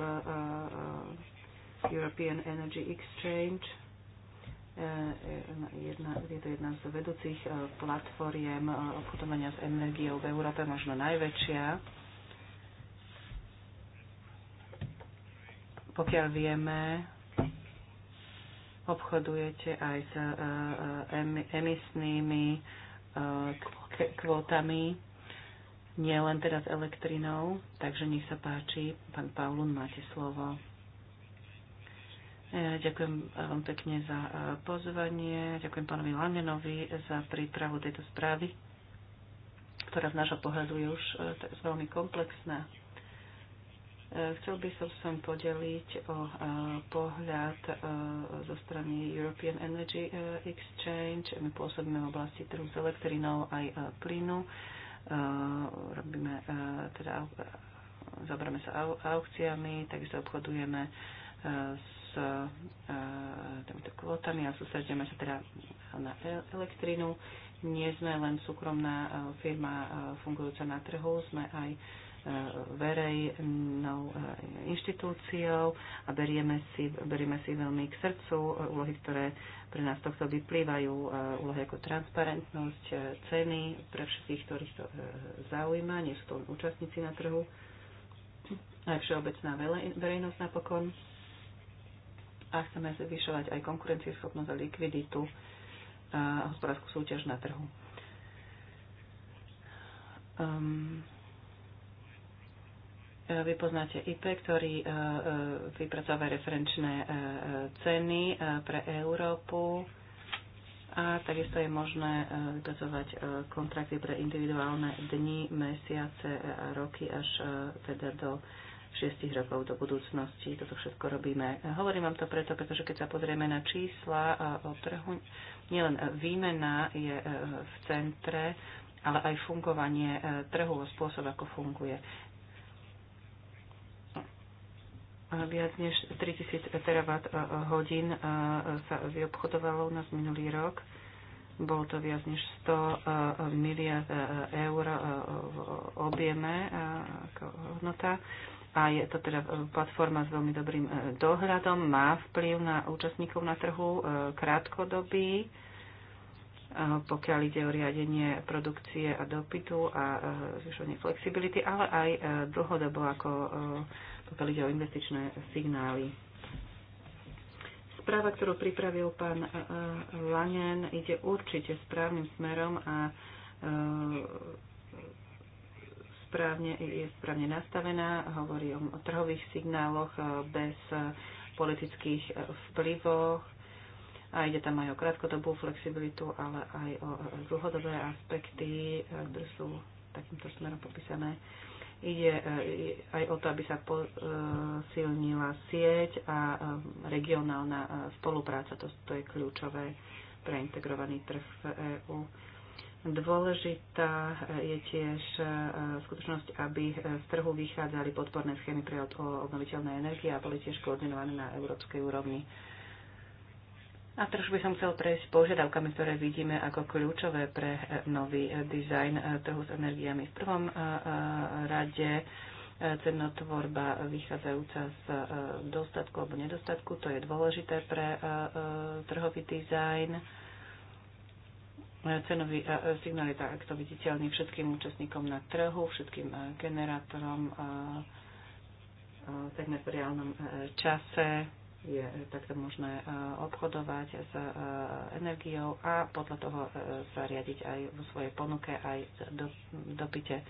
European Energy Exchange. Jedna, je to jedna z vedúcich platformiem obchodovania s energiou v Európe, možno najväčšia. Pokiaľ vieme, obchodujete aj s eh, eh, emisnými eh, kvótami, nielen teda s elektrinou. Takže nech sa páči, pán Paulun, máte slovo. Ďakujem vám pekne za pozvanie, ďakujem pánovi Langenovi za prípravu tejto správy, ktorá z nášho pohľadu je už veľmi komplexná. Chcel by som sa podeliť o e, pohľad e, zo strany European Energy e, Exchange. My pôsobíme v oblasti trhu s elektrinou aj plynu. Robíme, teda, zabrame sa aukciami, takže obchodujeme s týmito kvotami a sústredíme sa teda na elektrinu. Nie sme len súkromná firma fungujúca na trhu, sme aj verejnou e, inštitúciou a berieme si, berieme si veľmi k srdcu e, úlohy, ktoré pre nás tohto vyplývajú, e, úlohy ako transparentnosť, ceny pre všetkých, ktorých to zaujíma, nie sú to účastníci na trhu, aj všeobecná verejnosť napokon a chceme zvyšovať aj konkurencieschopnosť a likviditu a hospodárskú súťaž na trhu. Um, E, vy poznáte IP, ktorý e, e, vypracová referenčné ceny pre Európu a takisto je možné vypracovať kontrakty pre individuálne dni, mesiace a roky až teda do 6 rokov do budúcnosti. Toto všetko robíme. Hovorím vám to preto, pretože keď sa pozrieme na čísla o trhu, nielen výmena je v centre, ale aj fungovanie trhu, spôsob, ako funguje. Viac než 3000 terawatt eh, hodín eh, sa vyobchodovalo u nás minulý rok. Bolo to viac než 100 eh, miliard eur v objeme ako hodnota a je to teda platforma s veľmi dobrým dohľadom, má vplyv na účastníkov na trhu krátkodobý, pokiaľ ide o riadenie produkcie a dopytu a zvyšovanie flexibility, ale aj dlhodobo ako pokiaľ ide o investičné signály. Správa, ktorú pripravil pán e, e, Lanen, ide určite správnym smerom a e, správne, je správne nastavená. Hovorí o trhových signáloch bez politických vplyvoch a ide tam aj o krátkodobú flexibilitu, ale aj o dlhodobé aspekty, ktoré sú takýmto smerom popísané. Uh, Ide e, aj o to, aby sa posilnila sieť a e, regionálna e, spolupráca. To, to je kľúčové pre integrovaný trh v EÚ. Dôležitá je tiež skutočnosť, aby z trhu vychádzali podporné schémy pre obnoviteľné energie a boli tiež koordinované na európskej úrovni. A trošku by som chcel prejsť požiadavkami, ktoré vidíme ako kľúčové pre e, nový e, dizajn e, trhu s energiami. V prvom rade cenotvorba vychádzajúca z dostatku alebo nedostatku, to je dôležité pre trhový dizajn. Cenový signál je takto viditeľný všetkým účastníkom na trhu, všetkým generátorom v reálnom čase je takto možné e, obchodovať s e, energiou a podľa toho e, sa riadiť aj vo svojej ponuke, aj do, dopite.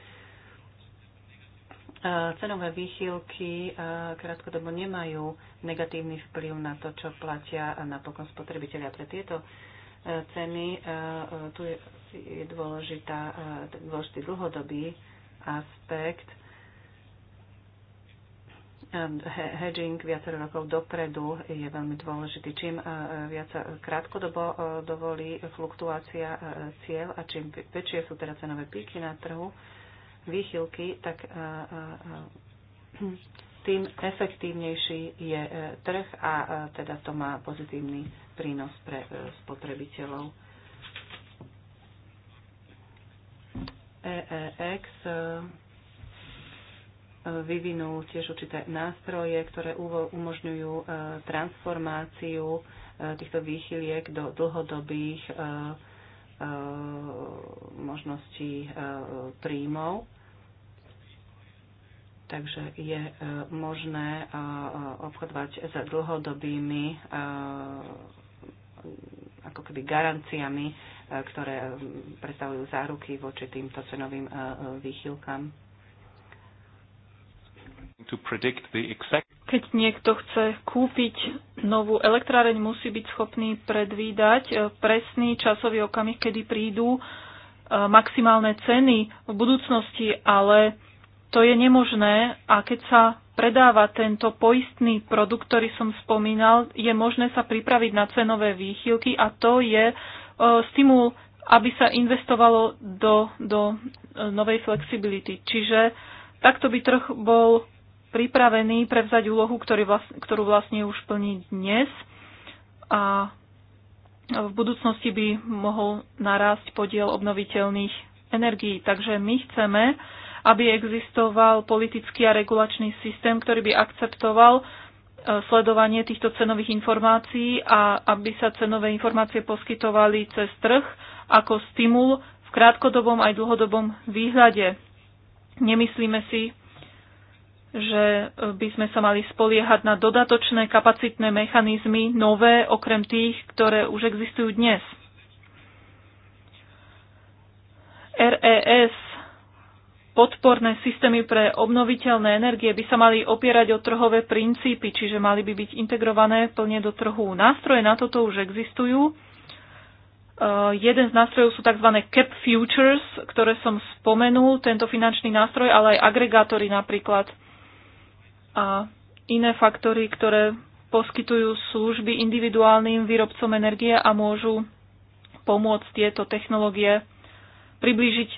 Cenové výchylky krátkodobo nemajú negatívny vplyv na to, čo platia napokon spotrebitelia. Pre tieto ceny tu je dôležitá, dôležitý dlhodobý aspekt – hedging viacero rokov dopredu je veľmi dôležitý. Čím e, viac krátkodobo e, dovolí fluktuácia e, cieľ a čím väčšie sú teda cenové píky na trhu, výchylky, tak tým efektívnejší je trh a teda to má pozitívny prínos pre spotrebiteľov. EEX vyvinul tiež určité nástroje, ktoré umožňujú e, transformáciu e, týchto výchyliek do dlhodobých e, možností príjmov. Takže je možné obchodovať s dlhodobými ako keby garanciami, ktoré predstavujú záruky voči týmto cenovým výchylkám. Keď niekto chce kúpiť novú elektráreň, musí byť schopný predvídať e, presný časový okamih, kedy prídu e, maximálne ceny v budúcnosti, ale to je nemožné a keď sa predáva tento poistný produkt, ktorý som spomínal, je možné sa pripraviť na cenové výchylky a to je e, stimul, aby sa investovalo do, do novej flexibility. Čiže takto by trh bol pripravení prevzať úlohu, ktorý ktorú vlastne už plní dnes a v budúcnosti by mohol narásť podiel obnoviteľných energií. Takže my chceme, aby existoval politický a regulačný systém, ktorý by akceptoval e, sledovanie týchto cenových informácií a aby sa cenové informácie poskytovali cez trh ako stimul v krátkodobom aj dlhodobom výhľade. Nemyslíme si, že e, by sme sa mali spoliehať na dodatočné kapacitné mechanizmy, nové okrem tých, ktoré už existujú dnes. RES, podporné systémy pre obnoviteľné energie by sa mali opierať o trhové princípy, čiže mali by byť integrované plne do trhu. Nástroje na toto už existujú. Uh, jeden z nástrojov sú tzv. cap futures, ktoré som spomenul, tento finančný nástroj, ale aj agregátory napríklad a iné faktory, ktoré poskytujú služby individuálnym výrobcom energie a môžu pomôcť tieto technológie priblížiť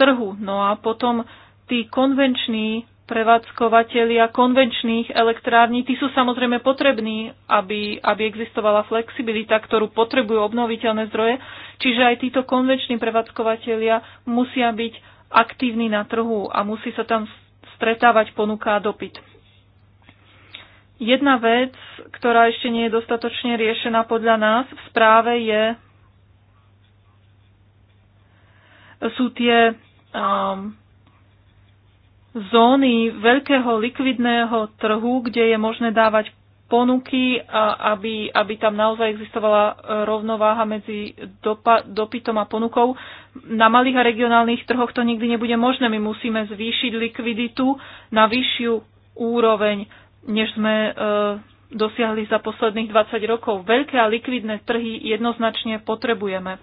trhu. No a potom tí konvenční prevádzkovateľia konvenčných elektrární, tí sú samozrejme potrební, aby, aby existovala flexibilita, ktorú potrebujú obnoviteľné zdroje, čiže aj títo konvenční prevádzkovateľia musia byť aktívni na trhu a musí sa tam stretávať ponuka a dopyt. Jedna vec, ktorá ešte nie je dostatočne riešená podľa nás v správe, je, sú tie um, zóny veľkého likvidného trhu, kde je možné dávať ponuky, a aby, aby tam naozaj existovala rovnováha medzi dopa, dopytom a ponukou. Na malých a regionálnych trhoch to nikdy nebude možné. My musíme zvýšiť likviditu na vyššiu úroveň než sme e, dosiahli za posledných 20 rokov. Veľké a likvidné trhy jednoznačne potrebujeme.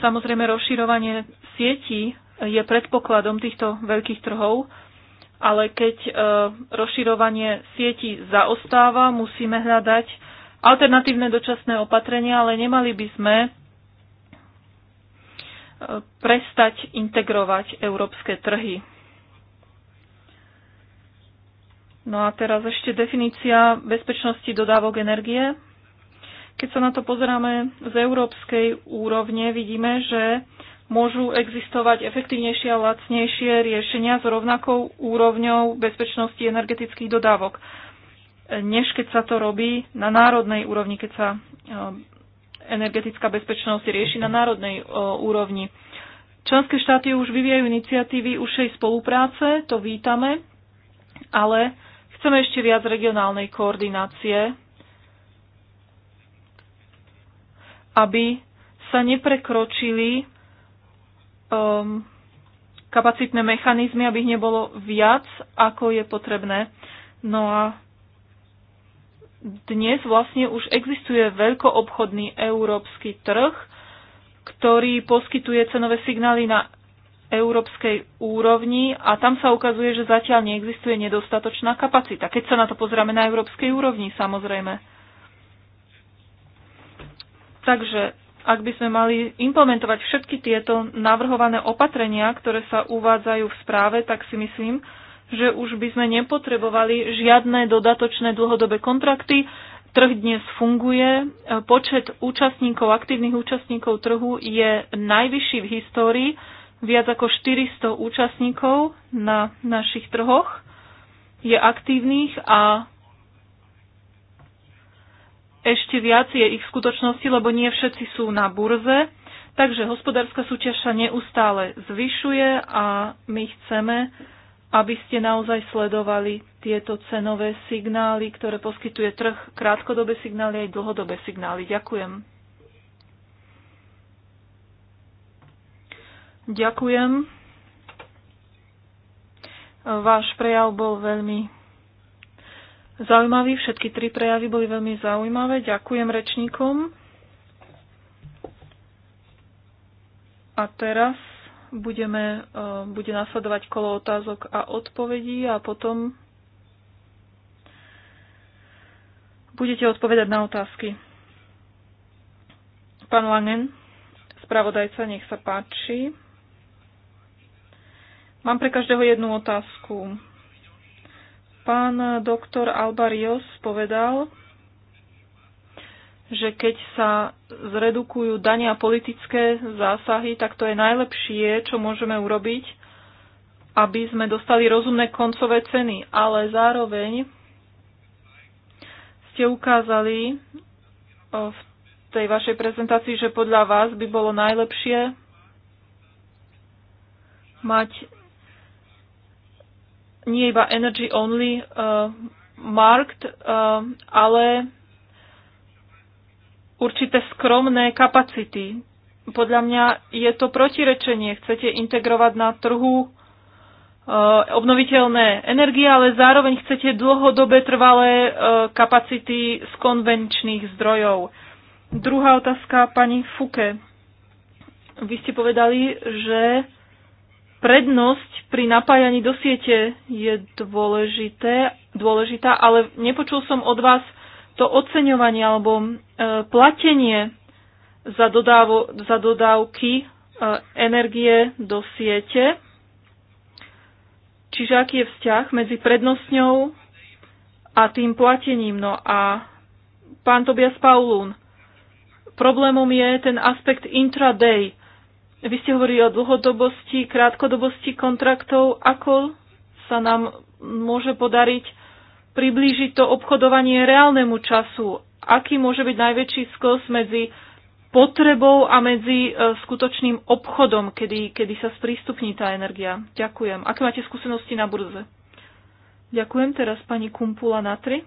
Samozrejme, rozširovanie sietí je predpokladom týchto veľkých trhov, ale keď e, rozširovanie sietí zaostáva, musíme hľadať alternatívne dočasné opatrenia, ale nemali by sme e, prestať integrovať európske trhy. No a teraz ešte definícia bezpečnosti dodávok energie. Keď sa na to pozeráme z európskej úrovne, vidíme, že môžu existovať efektívnejšie a lacnejšie riešenia s rovnakou úrovňou bezpečnosti energetických dodávok, než keď sa to robí na národnej úrovni, keď sa eh, energetická bezpečnosť rieši na národnej eh, úrovni. Členské štáty už vyvíjajú iniciatívy užšej spolupráce, to vítame, ale Chceme ešte viac regionálnej koordinácie, aby sa neprekročili um, kapacitné mechanizmy, aby ich nebolo viac, ako je potrebné. No a dnes vlastne už existuje veľkoobchodný európsky trh, ktorý poskytuje cenové signály na európskej úrovni a tam sa ukazuje, že zatiaľ neexistuje nedostatočná kapacita. Keď sa na to pozrieme na európskej úrovni, samozrejme. Takže ak by sme mali implementovať všetky tieto navrhované opatrenia, ktoré sa uvádzajú v správe, tak si myslím, že už by sme nepotrebovali žiadne dodatočné dlhodobé kontrakty. Trh dnes funguje, počet účastníkov, aktívnych účastníkov trhu je najvyšší v histórii Viac ako 400 účastníkov na našich trhoch je aktívnych a ešte viac je ich v skutočnosti, lebo nie všetci sú na burze. Takže hospodárska súťaž sa neustále zvyšuje a my chceme, aby ste naozaj sledovali tieto cenové signály, ktoré poskytuje trh, krátkodobé signály aj dlhodobé signály. Ďakujem. Ďakujem. Váš prejav bol veľmi zaujímavý. Všetky tri prejavy boli veľmi zaujímavé. Ďakujem rečníkom. A teraz budeme, e, bude nasledovať kolo otázok a odpovedí a potom budete odpovedať na otázky. Pán Langen, spravodajca, nech sa páči. Mám pre každého jednu otázku. Pán doktor Albarios povedal, že keď sa zredukujú dania a politické zásahy, tak to je najlepšie, čo môžeme urobiť, aby sme dostali rozumné koncové ceny. Ale zároveň ste ukázali v tej vašej prezentácii, že podľa vás by bolo najlepšie mať nie iba energy only uh, marked, uh, ale určité skromné kapacity. Podľa mňa je to protirečenie. Chcete integrovať na trhu uh, obnoviteľné energie, ale zároveň chcete dlhodobé trvalé uh, kapacity z konvenčných zdrojov. Druhá otázka pani Fuke. Vy ste povedali, že prednosť pri napájaní do siete je dôležité, dôležitá, ale nepočul som od vás to oceňovanie alebo e, platenie za, dodávo, za dodávky e, energie do siete. Čiže aký je vzťah medzi prednostňou a tým platením. No a pán Tobias Paulún, problémom je ten aspekt intraday – vy ste hovorili o dlhodobosti, krátkodobosti kontraktov. Ako sa nám môže podariť priblížiť to obchodovanie reálnemu času? Aký môže byť najväčší skos medzi potrebou a medzi e, skutočným obchodom, kedy, kedy sa sprístupní tá energia? Ďakujem. Aké máte skúsenosti na burze? Ďakujem teraz pani Kumpula Natri.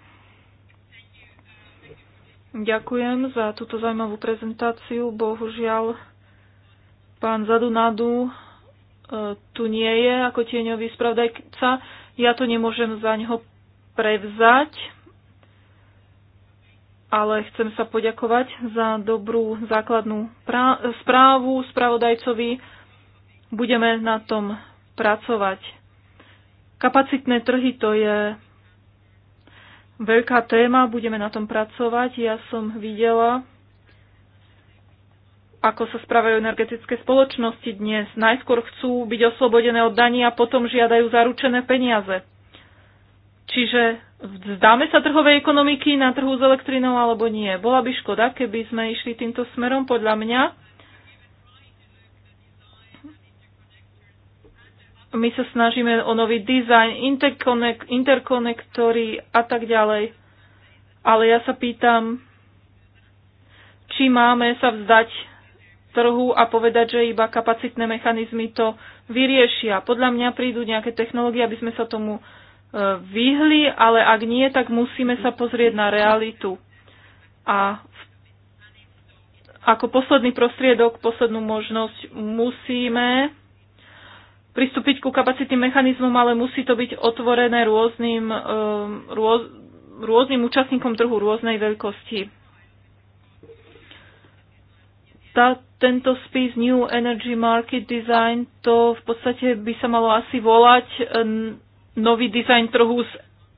Ďakujem za túto zaujímavú prezentáciu. Bohužiaľ, Pán Zadunadu e, tu nie je ako tieňový spravdajca. Ja to nemôžem za neho prevzať, ale chcem sa poďakovať za dobrú základnú správu spravodajcovi. Budeme na tom pracovať. Kapacitné trhy to je veľká téma, budeme na tom pracovať. Ja som videla ako sa spravajú energetické spoločnosti dnes. Najskôr chcú byť oslobodené od daní a potom žiadajú zaručené peniaze. Čiže vzdáme sa trhovej ekonomiky na trhu s elektrinou alebo nie. Bola by škoda, keby sme išli týmto smerom, podľa mňa. My sa snažíme o nový dizajn, interkonek- interkonektory a tak ďalej. Ale ja sa pýtam, či máme sa vzdať trhu a povedať, že iba kapacitné mechanizmy to vyriešia. Podľa mňa prídu nejaké technológie, aby sme sa tomu e, vyhli, ale ak nie, tak musíme sa pozrieť na realitu. A ako posledný prostriedok, poslednú možnosť musíme pristúpiť ku kapacitným mechanizmom, ale musí to byť otvorené rôznym, e, rôz, rôznym účastníkom trhu rôznej veľkosti. Tá, tento spis New Energy Market Design, to v podstate by sa malo asi volať e, nový dizajn trhu s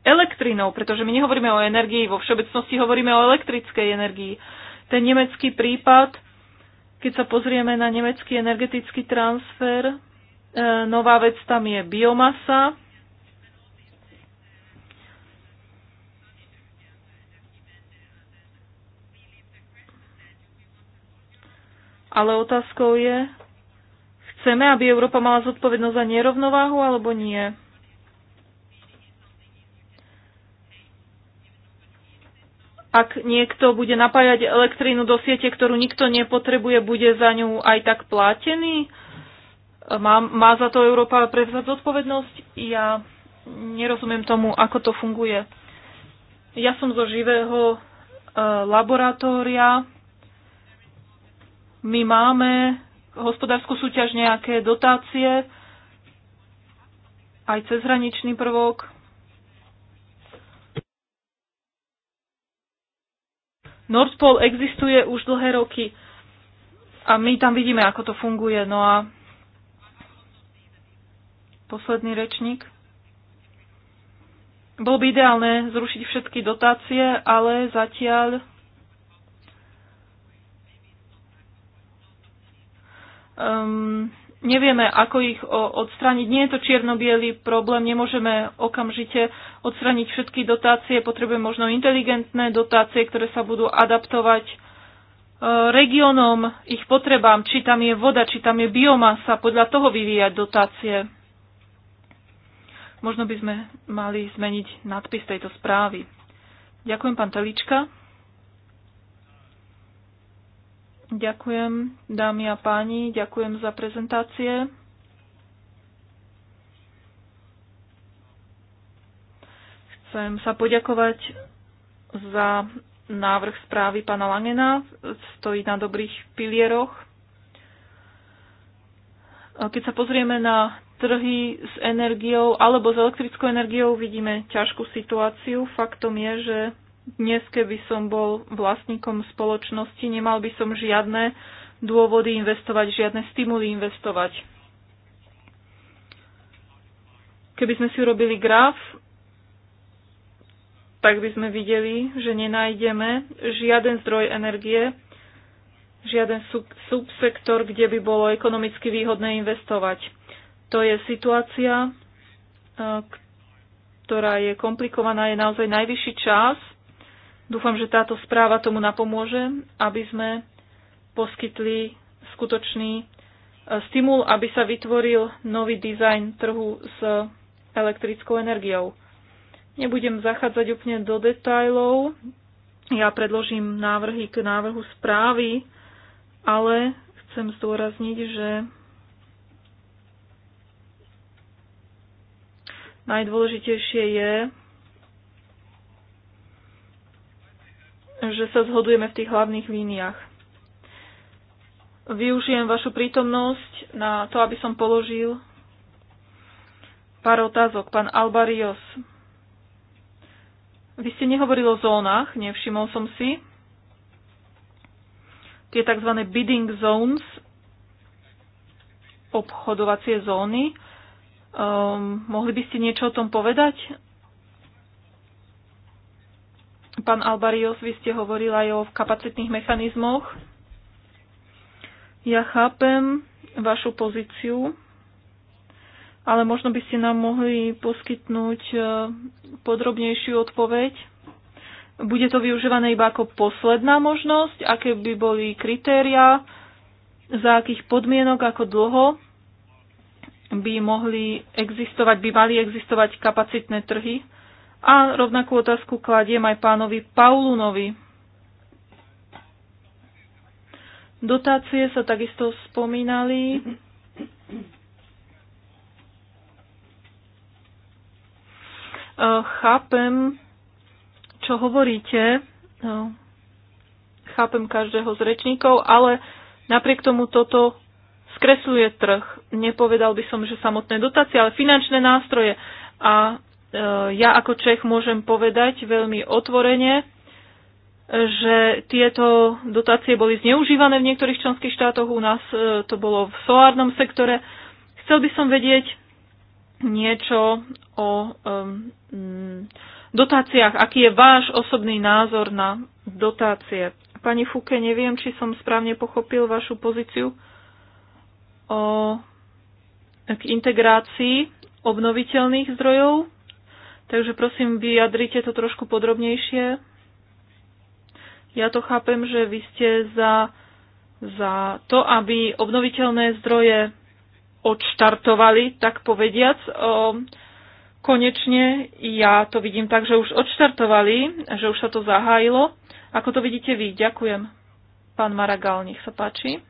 elektrinou, pretože my nehovoríme o energii, vo všeobecnosti hovoríme o elektrickej energii. Ten nemecký prípad, keď sa pozrieme na nemecký energetický transfer, e, nová vec tam je biomasa, ale otázkou je, chceme, aby Európa mala zodpovednosť za nerovnováhu alebo nie? Ak niekto bude napájať elektrínu do siete, ktorú nikto nepotrebuje, bude za ňu aj tak platený? Má, má za to Európa prevzať zodpovednosť? Ja nerozumiem tomu, ako to funguje. Ja som zo živého e, laboratória my máme hospodárskú súťaž, nejaké dotácie, aj cezhraničný prvok. Nordpol existuje už dlhé roky a my tam vidíme, ako to funguje. No a posledný rečník. Bolo by ideálne zrušiť všetky dotácie, ale zatiaľ um, nevieme, ako ich odstrániť. Nie je to čierno problém, nemôžeme okamžite odstrániť všetky dotácie, potrebujeme možno inteligentné dotácie, ktoré sa budú adaptovať e, regiónom, ich potrebám, či tam je voda, či tam je biomasa, podľa toho vyvíjať dotácie. Možno by sme mali zmeniť nadpis tejto správy. Ďakujem, pán Telička. Ďakujem, dámy a páni, ďakujem za prezentácie. Chcem sa poďakovať za návrh správy pana Langena. Stojí na dobrých pilieroch. Keď sa pozrieme na trhy s energiou alebo s elektrickou energiou, vidíme ťažkú situáciu. Faktom je, že dnes, keby som bol vlastníkom spoločnosti, nemal by som žiadne dôvody investovať, žiadne stimuly investovať. Keby sme si urobili graf, tak by sme videli, že nenájdeme žiaden zdroj energie, žiaden sub- subsektor, kde by bolo ekonomicky výhodné investovať. To je situácia, e, ktorá je komplikovaná, je naozaj najvyšší čas – Dúfam, že táto správa tomu napomôže, aby sme poskytli skutočný e, stimul, aby sa vytvoril nový dizajn trhu s elektrickou energiou. Nebudem zachádzať úplne do detajlov, ja predložím návrhy k návrhu správy, ale chcem zdôrazniť, že najdôležitejšie je že sa zhodujeme v tých hlavných líniách. Využijem vašu prítomnosť na to, aby som položil pár otázok. Pán Albarios, vy ste nehovorili o zónach, nevšimol som si. Tie tzv. bidding zones, obchodovacie zóny, um, mohli by ste niečo o tom povedať? Pán Albarios, vy ste hovorili aj o kapacitných mechanizmoch. Ja chápem vašu pozíciu, ale možno by ste nám mohli poskytnúť e, podrobnejšiu odpoveď. Bude to využívané iba ako posledná možnosť? Aké by boli kritéria? Za akých podmienok? Ako dlho? by mohli existovať, by mali existovať kapacitné trhy? A rovnakú otázku kladiem aj pánovi Paulunovi. Dotácie sa takisto spomínali. E, chápem, čo hovoríte. E, chápem každého z rečníkov, ale napriek tomu toto skresluje trh. Nepovedal by som, že samotné dotácie, ale finančné nástroje. A E, ja ako Čech môžem povedať veľmi otvorene, že tieto dotácie boli zneužívané v niektorých členských štátoch, u nás e, to bolo v solárnom sektore. Chcel by som vedieť niečo o um, dotáciách, aký je váš osobný názor na dotácie. Pani Fuke, neviem, či som správne pochopil vašu pozíciu o, k integrácii obnoviteľných zdrojov Takže prosím, vyjadrite to trošku podrobnejšie. Ja to chápem, že vy ste za, za to, aby obnoviteľné zdroje odštartovali, tak povediac. O, konečne ja to vidím tak, že už odštartovali, že už sa to zahájilo. Ako to vidíte vy? Ďakujem. Pán Maragal, nech sa páči.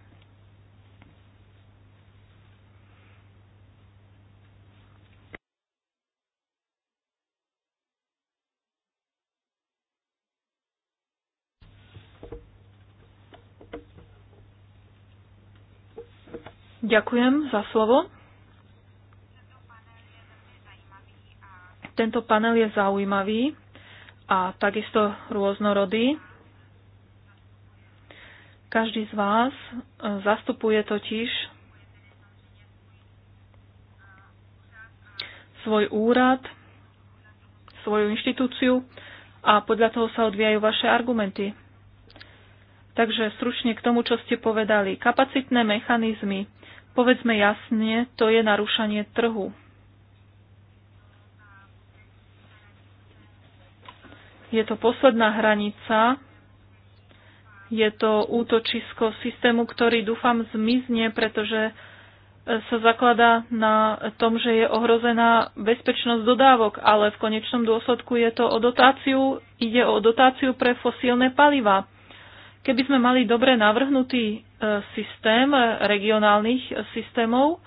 Ďakujem za slovo. Tento panel je zaujímavý a takisto rôznorodý. Každý z vás e, zastupuje totiž svoj úrad, svoju inštitúciu a podľa toho sa odvíjajú vaše argumenty. Takže stručne k tomu, čo ste povedali. Kapacitné mechanizmy Povedzme jasne, to je narušanie trhu. Je to posledná hranica, je to útočisko systému, ktorý dúfam zmizne, pretože e, sa zakladá na tom, že je ohrozená bezpečnosť dodávok, ale v konečnom dôsledku je to o dotáciu, ide o dotáciu pre fosílne paliva. Keby sme mali dobre navrhnutý e, systém e, regionálnych e, systémov,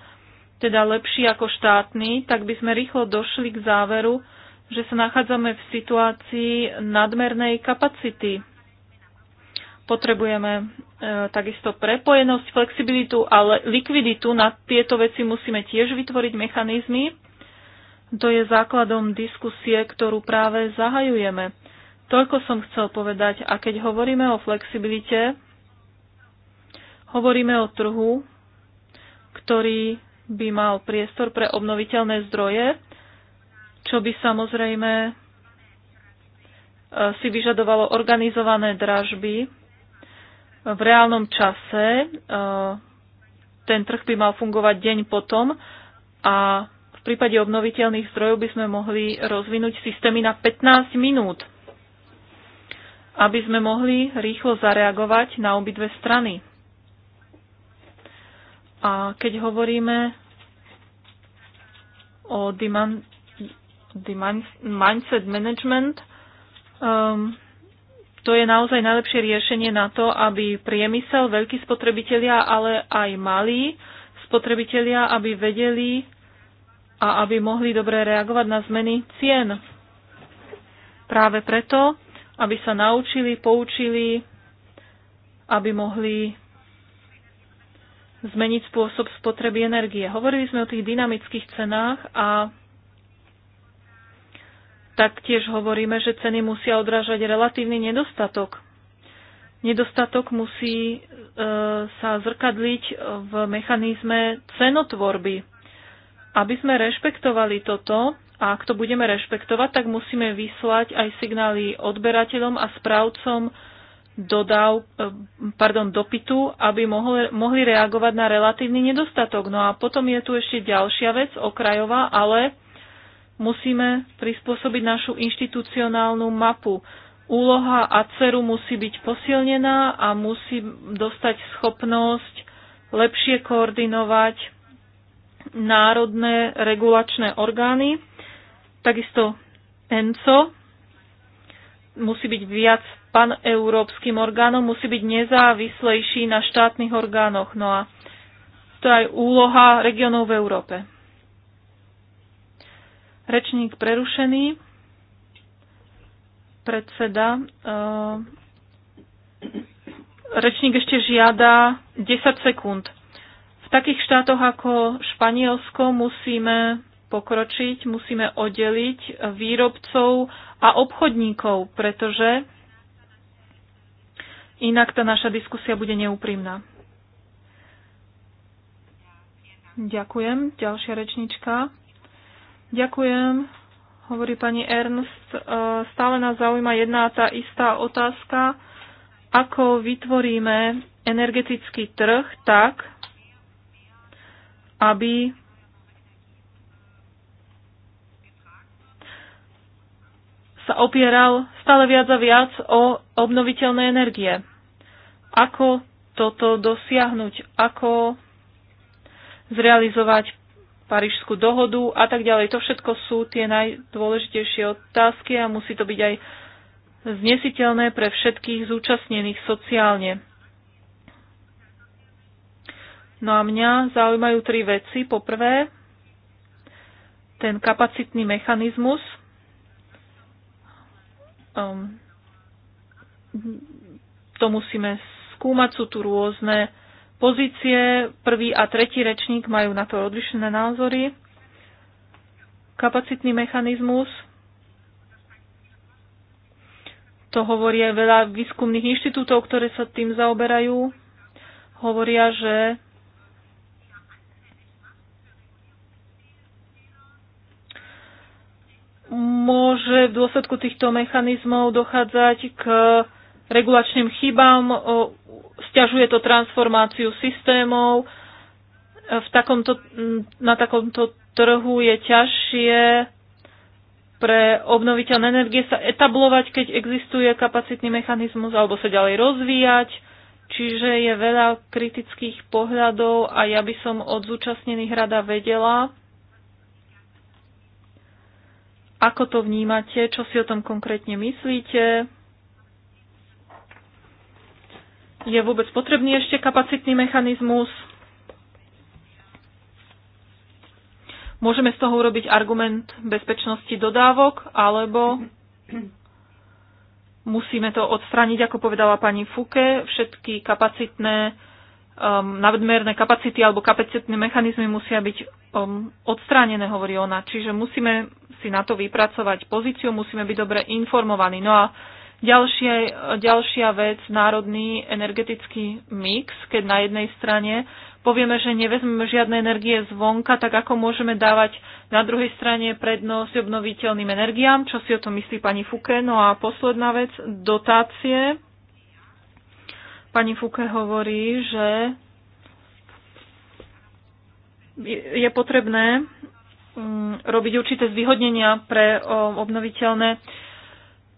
teda lepší ako štátny, tak by sme rýchlo došli k záveru, že sa nachádzame v situácii nadmernej kapacity. Potrebujeme e, takisto prepojenosť, flexibilitu ale likviditu. Na tieto veci musíme tiež vytvoriť mechanizmy. To je základom diskusie, ktorú práve zahajujeme. Toľko som chcel povedať. A keď hovoríme o flexibilite, hovoríme o trhu, ktorý by mal priestor pre obnoviteľné zdroje, čo by samozrejme e, si vyžadovalo organizované dražby v reálnom čase. E, ten trh by mal fungovať deň potom a v prípade obnoviteľných zdrojov by sme mohli rozvinúť systémy na 15 minút aby sme mohli rýchlo zareagovať na obidve strany. A keď hovoríme o demand, demand, mindset management, um, to je naozaj najlepšie riešenie na to, aby priemysel, veľkí spotrebitelia, ale aj malí spotrebitelia, aby vedeli a aby mohli dobre reagovať na zmeny cien. Práve preto aby sa naučili, poučili, aby mohli zmeniť spôsob spotreby energie. Hovorili sme o tých dynamických cenách a taktiež hovoríme, že ceny musia odrážať relatívny nedostatok. Nedostatok musí e, sa zrkadliť v mechanizme cenotvorby. Aby sme rešpektovali toto, a ak to budeme rešpektovať, tak musíme vyslať aj signály odberateľom a správcom dodav, eh, pardon, dopytu, aby mohli, mohli reagovať na relatívny nedostatok. No a potom je tu ešte ďalšia vec, okrajová, ale musíme prispôsobiť našu inštitucionálnu mapu. Úloha ACERu musí byť posilnená a musí dostať schopnosť lepšie koordinovať národné regulačné orgány Takisto ENCO musí byť viac paneurópskym orgánom, musí byť nezávislejší na štátnych orgánoch. No a to je aj úloha regionov v Európe. Rečník prerušený. Predseda. Uh, rečník ešte žiada 10 sekúnd. V takých štátoch ako Španielsko musíme pokročiť, musíme oddeliť výrobcov a obchodníkov, pretože inak tá naša diskusia bude neúprimná. Ďakujem. Ďalšia rečnička. Ďakujem. Hovorí pani Ernst. E, stále nás zaujíma jedna tá istá otázka. Ako vytvoríme energetický trh tak, aby sa opieral stále viac a viac o obnoviteľné energie. Ako toto dosiahnuť, ako zrealizovať Parížskú dohodu a tak ďalej. To všetko sú tie najdôležitejšie otázky a musí to byť aj znesiteľné pre všetkých zúčastnených sociálne. No a mňa zaujímajú tri veci. Poprvé, ten kapacitný mechanizmus – Um, to musíme skúmať, sú tu rôzne pozície. Prvý a tretí rečník majú na to odlišné názory. Kapacitný mechanizmus. To hovorí aj veľa výskumných inštitútov, ktoré sa tým zaoberajú. Hovoria, že môže v dôsledku týchto mechanizmov dochádzať k regulačným chybám, stiažuje to transformáciu systémov. V takomto, na takomto trhu je ťažšie pre obnoviteľné energie sa etablovať, keď existuje kapacitný mechanizmus alebo sa ďalej rozvíjať. Čiže je veľa kritických pohľadov a ja by som od zúčastnených rada vedela, ako to vnímate? Čo si o tom konkrétne myslíte? Je vôbec potrebný ešte kapacitný mechanizmus? Môžeme z toho urobiť argument bezpečnosti dodávok, alebo musíme to odstraniť, ako povedala pani Fuke, všetky kapacitné, um, nadmerné kapacity alebo kapacitné mechanizmy musia byť um, odstránené, hovorí ona. Čiže musíme si na to vypracovať pozíciu, musíme byť dobre informovaní. No a ďalšie, ďalšia vec, národný energetický mix, keď na jednej strane povieme, že nevezmeme žiadne energie zvonka, tak ako môžeme dávať na druhej strane prednosť obnoviteľným energiám, čo si o tom myslí pani Fuke. No a posledná vec, dotácie. Pani Fuke hovorí, že je potrebné Mm, robiť určité zvýhodnenia pre obnoviteľné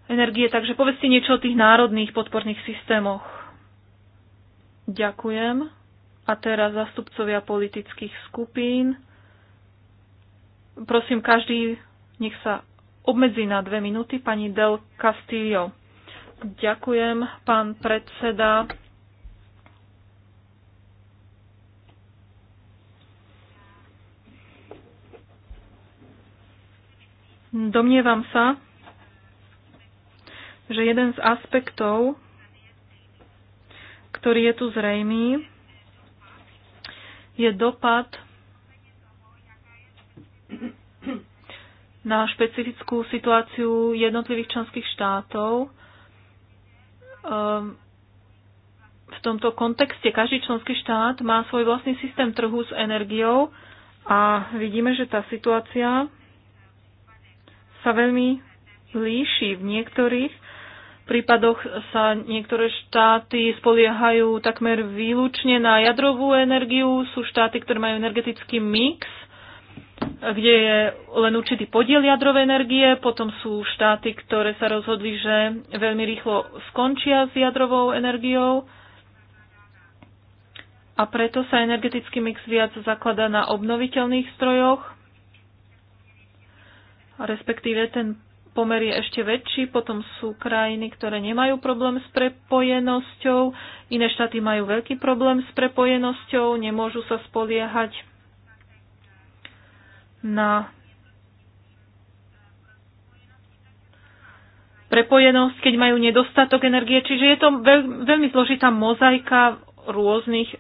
energie. Takže povedzte niečo o tých národných podporných systémoch. Ďakujem. A teraz zastupcovia politických skupín. Prosím, každý nech sa obmedzí na dve minúty. Pani Del Castillo. Ďakujem, pán predseda. Domnievam sa, že jeden z aspektov, ktorý je tu zrejmý, je dopad na špecifickú situáciu jednotlivých členských štátov. Ehm, v tomto kontexte každý členský štát má svoj vlastný systém trhu s energiou a vidíme, že tá situácia sa veľmi líši. V niektorých prípadoch sa niektoré štáty spoliehajú takmer výlučne na jadrovú energiu. Sú štáty, ktoré majú energetický mix, kde je len určitý podiel jadrovej energie. Potom sú štáty, ktoré sa rozhodli, že veľmi rýchlo skončia s jadrovou energiou. A preto sa energetický mix viac zaklada na obnoviteľných strojoch respektíve ten pomer je ešte väčší, potom sú krajiny, ktoré nemajú problém s prepojenosťou, iné štáty majú veľký problém s prepojenosťou, nemôžu sa spoliehať na prepojenosť, keď majú nedostatok energie. Čiže je to veľ, veľmi zložitá mozaika rôznych e,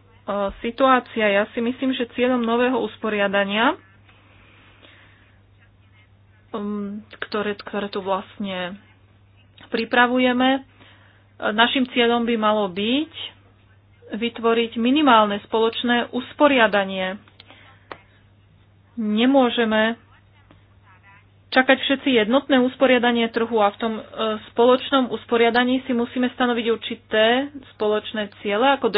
situácií. Ja si myslím, že cieľom nového usporiadania Um, ktoré, ktoré tu vlastne pripravujeme. Našim cieľom by malo byť vytvoriť minimálne spoločné usporiadanie. Nemôžeme čakať všetci jednotné usporiadanie trhu a v tom e, spoločnom usporiadaní si musíme stanoviť určité spoločné ciele ako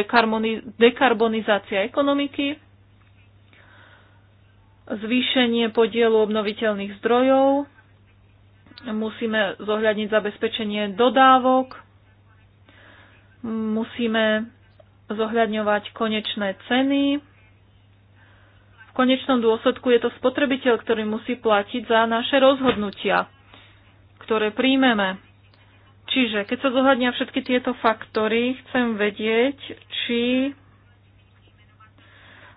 dekarbonizácia ekonomiky, zvýšenie podielu obnoviteľných zdrojov, musíme zohľadniť zabezpečenie dodávok, musíme zohľadňovať konečné ceny. V konečnom dôsledku je to spotrebiteľ, ktorý musí platiť za naše rozhodnutia, ktoré príjmeme. Čiže keď sa zohľadnia všetky tieto faktory, chcem vedieť, či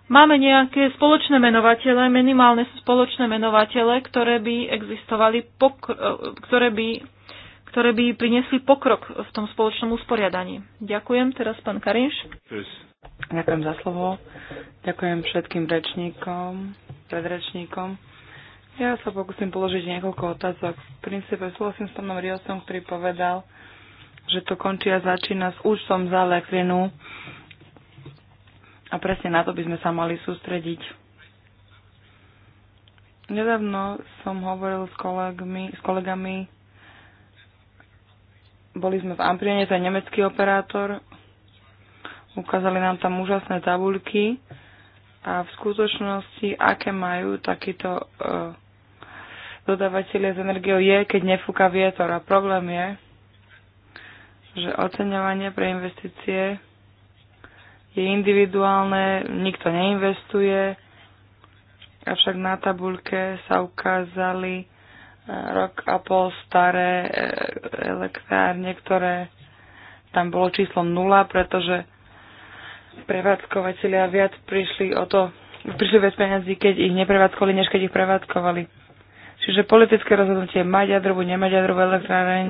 Máme nejaké spoločné menovatele, minimálne spoločné menovatele, ktoré by existovali, e, ktoré by, ktoré by priniesli pokrok v tom spoločnom usporiadaní. Ďakujem teraz pán Karinš. Ďakujem za slovo. Ďakujem všetkým rečníkom, predrečníkom. Ja sa pokúsim položiť niekoľko otázok. V princípe súhlasím s pánom Riosom, ktorý povedal, že to končí a začína s účtom za elektrinu a presne na to by sme sa mali sústrediť. Nedávno som hovoril s, kolegmi, s kolegami, boli sme v Amprione, to je nemecký operátor, ukázali nám tam úžasné tabuľky a v skutočnosti, aké majú takýto uh, e, dodávateľia s energiou je, keď nefúka vietor. A problém je, že oceňovanie pre investície je individuálne, nikto neinvestuje, avšak na tabulke sa ukázali e, rok a pol staré e, elektrárne, ktoré tam bolo číslo nula, pretože prevádzkovateľia viac prišli o to, prišli bez peniazy, keď ich neprevádzkovali, než keď ich prevádzkovali. Čiže politické rozhodnutie mať jadrovú, nemať jadrovú elektráreň,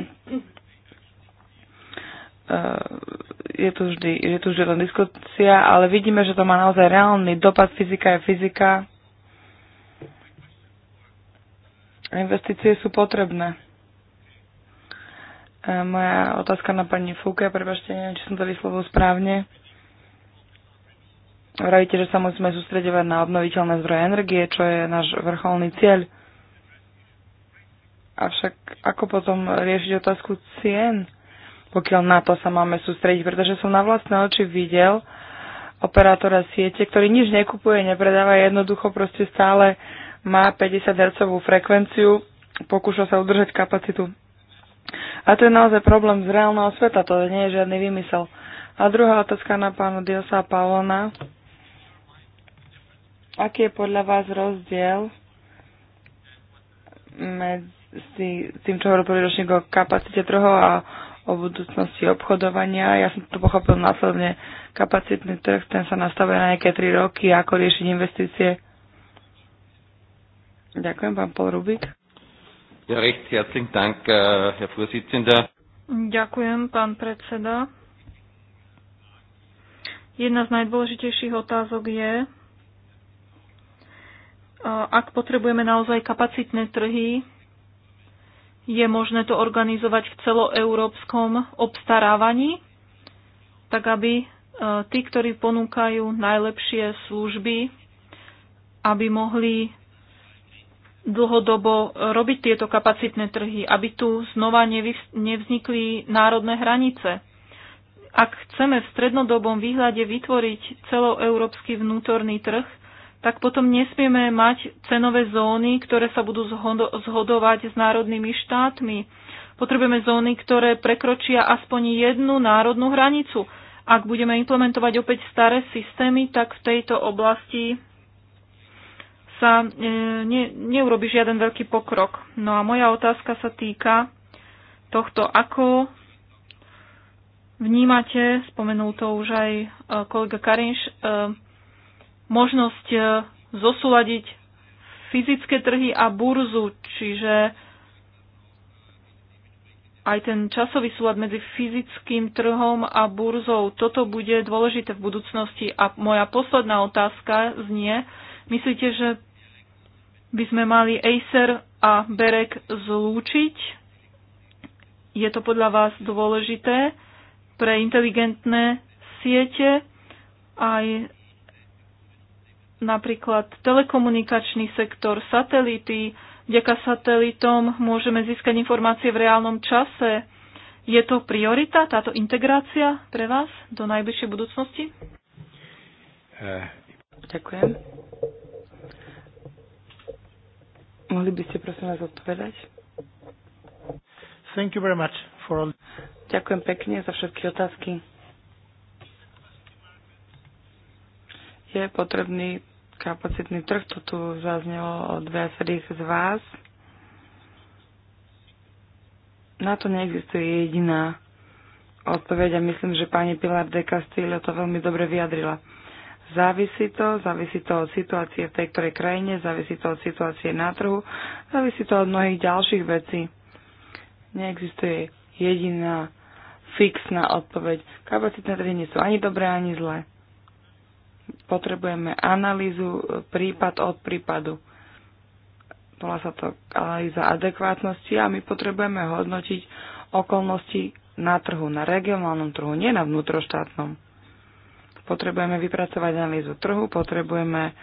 Eh, je tu vždy, je tu vždy len diskusia, ale vidíme, že to má naozaj reálny dopad. Fyzika je fyzika. Investície sú potrebné. Eh, moja otázka na pani Fúke, prepašte, neviem, či som to vyslovil správne. Vravíte, že sa musíme sústredovať na obnoviteľné zdroje energie, čo je náš vrcholný cieľ. Avšak ako potom riešiť otázku cien? pokiaľ na to sa máme sústrediť, pretože som na vlastné oči videl operátora siete, ktorý nič nekupuje, nepredáva, jednoducho proste stále má 50 Hz frekvenciu, pokúša sa udržať kapacitu. A to je naozaj problém z reálneho sveta, to nie je žiadny vymysel. A druhá otázka na pána Diosa Pavlona. Aký je podľa vás rozdiel medzi tým, čo hovoril prvý ročník o kapacite trhov a o budúcnosti obchodovania. Ja som to pochopil následne. Kapacitný trh, ten sa nastavuje na nejaké 3 roky, ako riešiť investície. Ďakujem, pán Paul Rubik. Ja recht herzlichen Dank, äh, Herr Vorsitzender. Ďakujem, pán predseda. Jedna z najdôležitejších otázok je, äh, ak potrebujeme naozaj kapacitné trhy, je možné to organizovať v celoeurópskom obstarávaní, tak aby e, tí, ktorí ponúkajú najlepšie služby, aby mohli dlhodobo robiť tieto kapacitné trhy, aby tu znova nevznikli národné hranice. Ak chceme v strednodobom výhľade vytvoriť celoeurópsky vnútorný trh, tak potom nesmieme mať cenové zóny, ktoré sa budú zhodovať s národnými štátmi. Potrebujeme zóny, ktoré prekročia aspoň jednu národnú hranicu. Ak budeme implementovať opäť staré systémy, tak v tejto oblasti sa e, ne, neurobi žiaden veľký pokrok. No a moja otázka sa týka tohto, ako vnímate, spomenul to už aj e, kolega Karinš, e, možnosť e, zosúľadiť fyzické trhy a burzu, čiže aj ten časový súlad medzi fyzickým trhom a burzou. Toto bude dôležité v budúcnosti. A moja posledná otázka znie, myslíte, že by sme mali Acer a Berek zlúčiť? Je to podľa vás dôležité pre inteligentné siete aj napríklad telekomunikačný sektor, satelity. Vďaka satelitom môžeme získať informácie v reálnom čase. Je to priorita, táto integrácia pre vás do najbližšej budúcnosti? Eh. Ďakujem. Mohli by ste prosím vás odpovedať? Thank you very much for all... Ďakujem pekne za všetky otázky. je potrebný kapacitný trh, to tu zaznelo od viacerých z vás. Na to neexistuje jediná odpoveď a myslím, že pani Pilar de Castillo to veľmi dobre vyjadrila. Závisí to, závisí to od situácie v tej ktorej krajine, závisí to od situácie na trhu, závisí to od mnohých ďalších vecí. Neexistuje jediná fixná odpoveď. Kapacitné trhy nie sú ani dobré, ani zlé potrebujeme analýzu e, prípad od prípadu. Bola sa to analýza adekvátnosti a my potrebujeme hodnotiť okolnosti na trhu, na regionálnom trhu, nie na vnútroštátnom. Potrebujeme vypracovať analýzu trhu, potrebujeme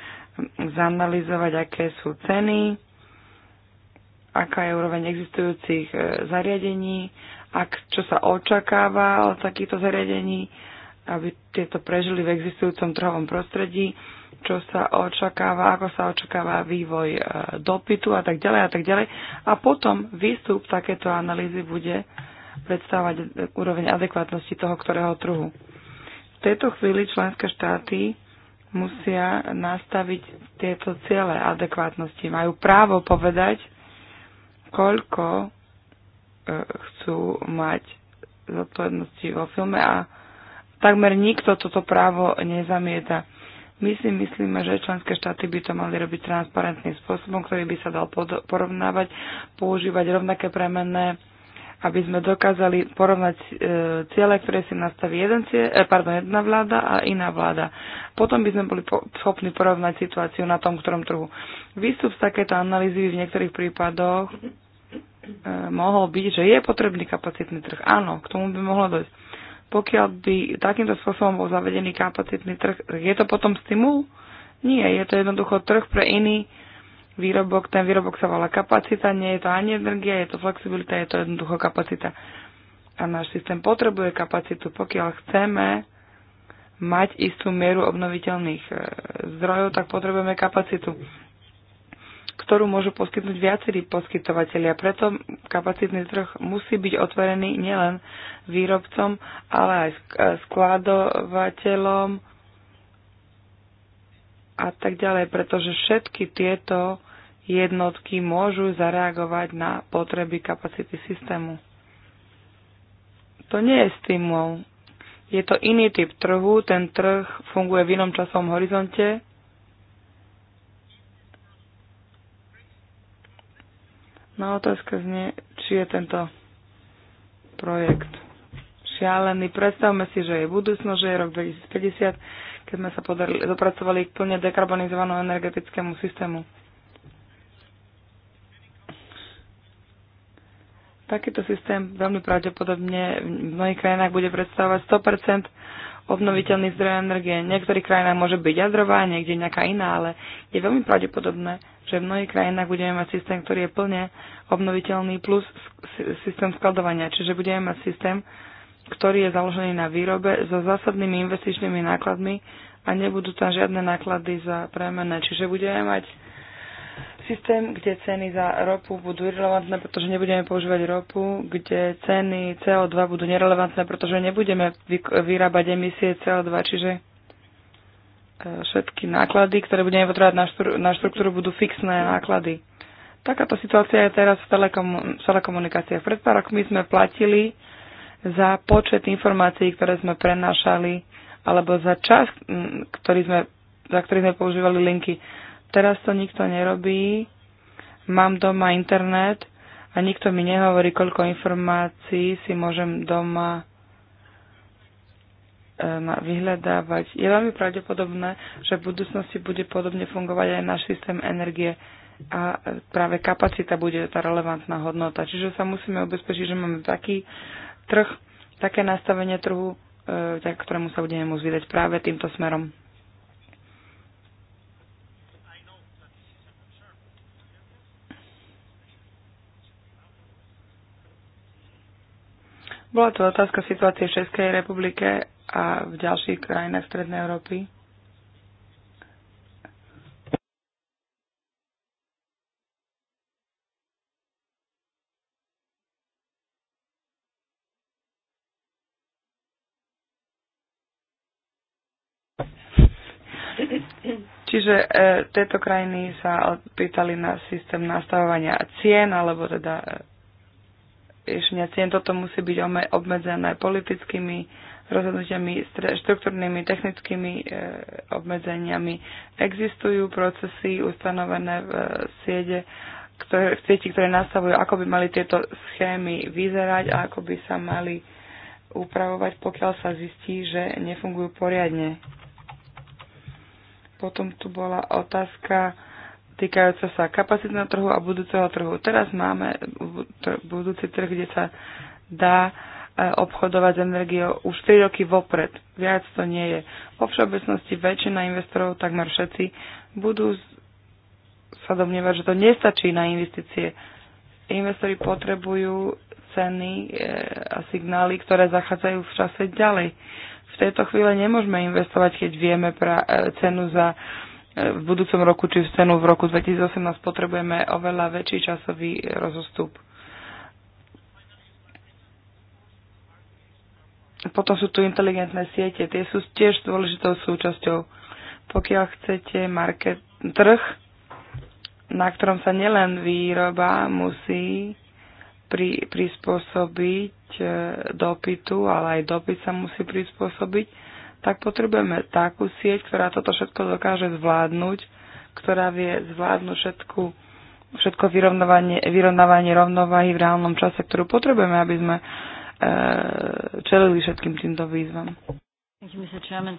zanalizovať, aké sú ceny, aká je úroveň existujúcich e, zariadení, ak, čo sa očakáva od takýchto zariadení, aby tieto prežili v existujúcom trhovom prostredí, čo sa očakáva, ako sa očakáva vývoj e, dopytu a tak ďalej a tak ďalej. A potom výstup takéto analýzy bude predstavovať úroveň adekvátnosti toho, ktorého trhu. V tejto chvíli členské štáty musia nastaviť tieto ciele adekvátnosti. Majú právo povedať, koľko e, chcú mať zodpovednosti vo filme a takmer nikto toto právo nezamieta. My si myslíme, že členské štáty by to mali robiť transparentným spôsobom, ktorý by sa dal porovnávať, používať rovnaké premenné, aby sme dokázali porovnať e, ciele, ktoré si nastaví jeden cie, e, pardon, jedna vláda a iná vláda. Potom by sme boli po, schopní porovnať situáciu na tom, ktorom trhu. Výstup z takéto analýzy by v niektorých prípadoch e, mohol byť, že je potrebný kapacitný trh. Áno, k tomu by mohlo dojsť. Pokiaľ by takýmto spôsobom bol zavedený kapacitný trh, je to potom stimul? Nie, je to jednoducho trh pre iný výrobok. Ten výrobok sa volá kapacita, nie je to ani energia, je to flexibilita, je to jednoducho kapacita. A náš systém potrebuje kapacitu, pokiaľ chceme mať istú mieru obnoviteľných eh, zdrojov, tak potrebujeme kapacitu ktorú môžu poskytnúť viacerí poskytovateľia. Preto kapacitný trh musí byť otvorený nielen výrobcom, ale aj skladovateľom a tak ďalej, pretože všetky tieto jednotky môžu zareagovať na potreby kapacity systému. To nie je stimul. Je to iný typ trhu, ten trh funguje v inom časovom horizonte No otázka znie, či je tento projekt šialený. Predstavme si, že je budúcnosť, že je rok 2050, keď sme sa podarili, dopracovali k plne dekarbonizovanému energetickému systému. Takýto systém veľmi pravdepodobne v mnohých krajinách bude predstavovať 100 obnoviteľných zdrojov energie. V niektorých krajinách môže byť jadrová, niekde nejaká iná, ale je veľmi pravdepodobné, že v mnohých krajinách budeme mať systém, ktorý je plne obnoviteľný plus systém skladovania. Čiže budeme mať systém, ktorý je založený na výrobe so zásadnými investičnými nákladmi a nebudú tam žiadne náklady za premené. Čiže budeme mať systém, kde ceny za ropu budú irrelevantné, pretože nebudeme používať ropu, kde ceny CO2 budú nerelevantné, pretože nebudeme vyrábať emisie CO2, čiže e, všetky náklady, ktoré budeme potrebovať na, štru, na štruktúru, budú fixné náklady. Takáto situácia je teraz v, telekom, v telekomunikáciách. Pred pár rokmi sme platili za počet informácií, ktoré sme prenášali, alebo za čas, ktorý sme, za ktorý sme používali linky. Teraz to nikto nerobí. Mám doma internet a nikto mi nehovorí, koľko informácií si môžem doma e, vyhľadávať. Je veľmi pravdepodobné, že v budúcnosti bude podobne fungovať aj náš systém energie a e, práve kapacita bude tá relevantná hodnota. Čiže sa musíme ubezpečiť, že máme taký trh, také nastavenie trhu, e, ktorému sa budeme môcť vydať práve týmto smerom. Bola to otázka situácie v Českej republike a v ďalších krajinách Strednej Európy. Čiže e, tieto krajiny sa pýtali na systém nastavovania cien alebo teda e, riešenia cien. Toto musí byť obmedzené politickými rozhodnutiami, štruktúrnymi, technickými e, obmedzeniami. Existujú procesy ustanovené v e, siede, ktoré, v sieti, ktoré nastavujú, ako by mali tieto schémy vyzerať a ako by sa mali upravovať, pokiaľ sa zistí, že nefungujú poriadne. Potom tu bola otázka týkajúca sa kapacitného trhu a budúceho trhu. Teraz máme budúci trh, kde sa dá e, obchodovať s energiou už 3 roky vopred. Viac to nie je. Po všeobecnosti väčšina investorov, takmer všetci, budú sa domnievať, že to nestačí na investície. Investori potrebujú ceny e, a signály, ktoré zachádzajú v čase ďalej. V tejto chvíle nemôžeme investovať, keď vieme pra, e, cenu za v budúcom roku či v cenu v roku 2018 potrebujeme oveľa väčší časový rozostup. Potom sú tu inteligentné siete, tie sú tiež dôležitou súčasťou. Pokiaľ chcete market, trh, na ktorom sa nielen výroba musí pri, prispôsobiť e, dopytu, ale aj dopyt sa musí prispôsobiť, tak potrebujeme takú sieť, ktorá toto všetko dokáže zvládnuť, ktorá vie zvládnuť všetku, všetko vyrovnávanie, vyrovnávanie rovnováhy v reálnom čase, ktorú potrebujeme, aby sme e, čelili všetkým týmto výzvam.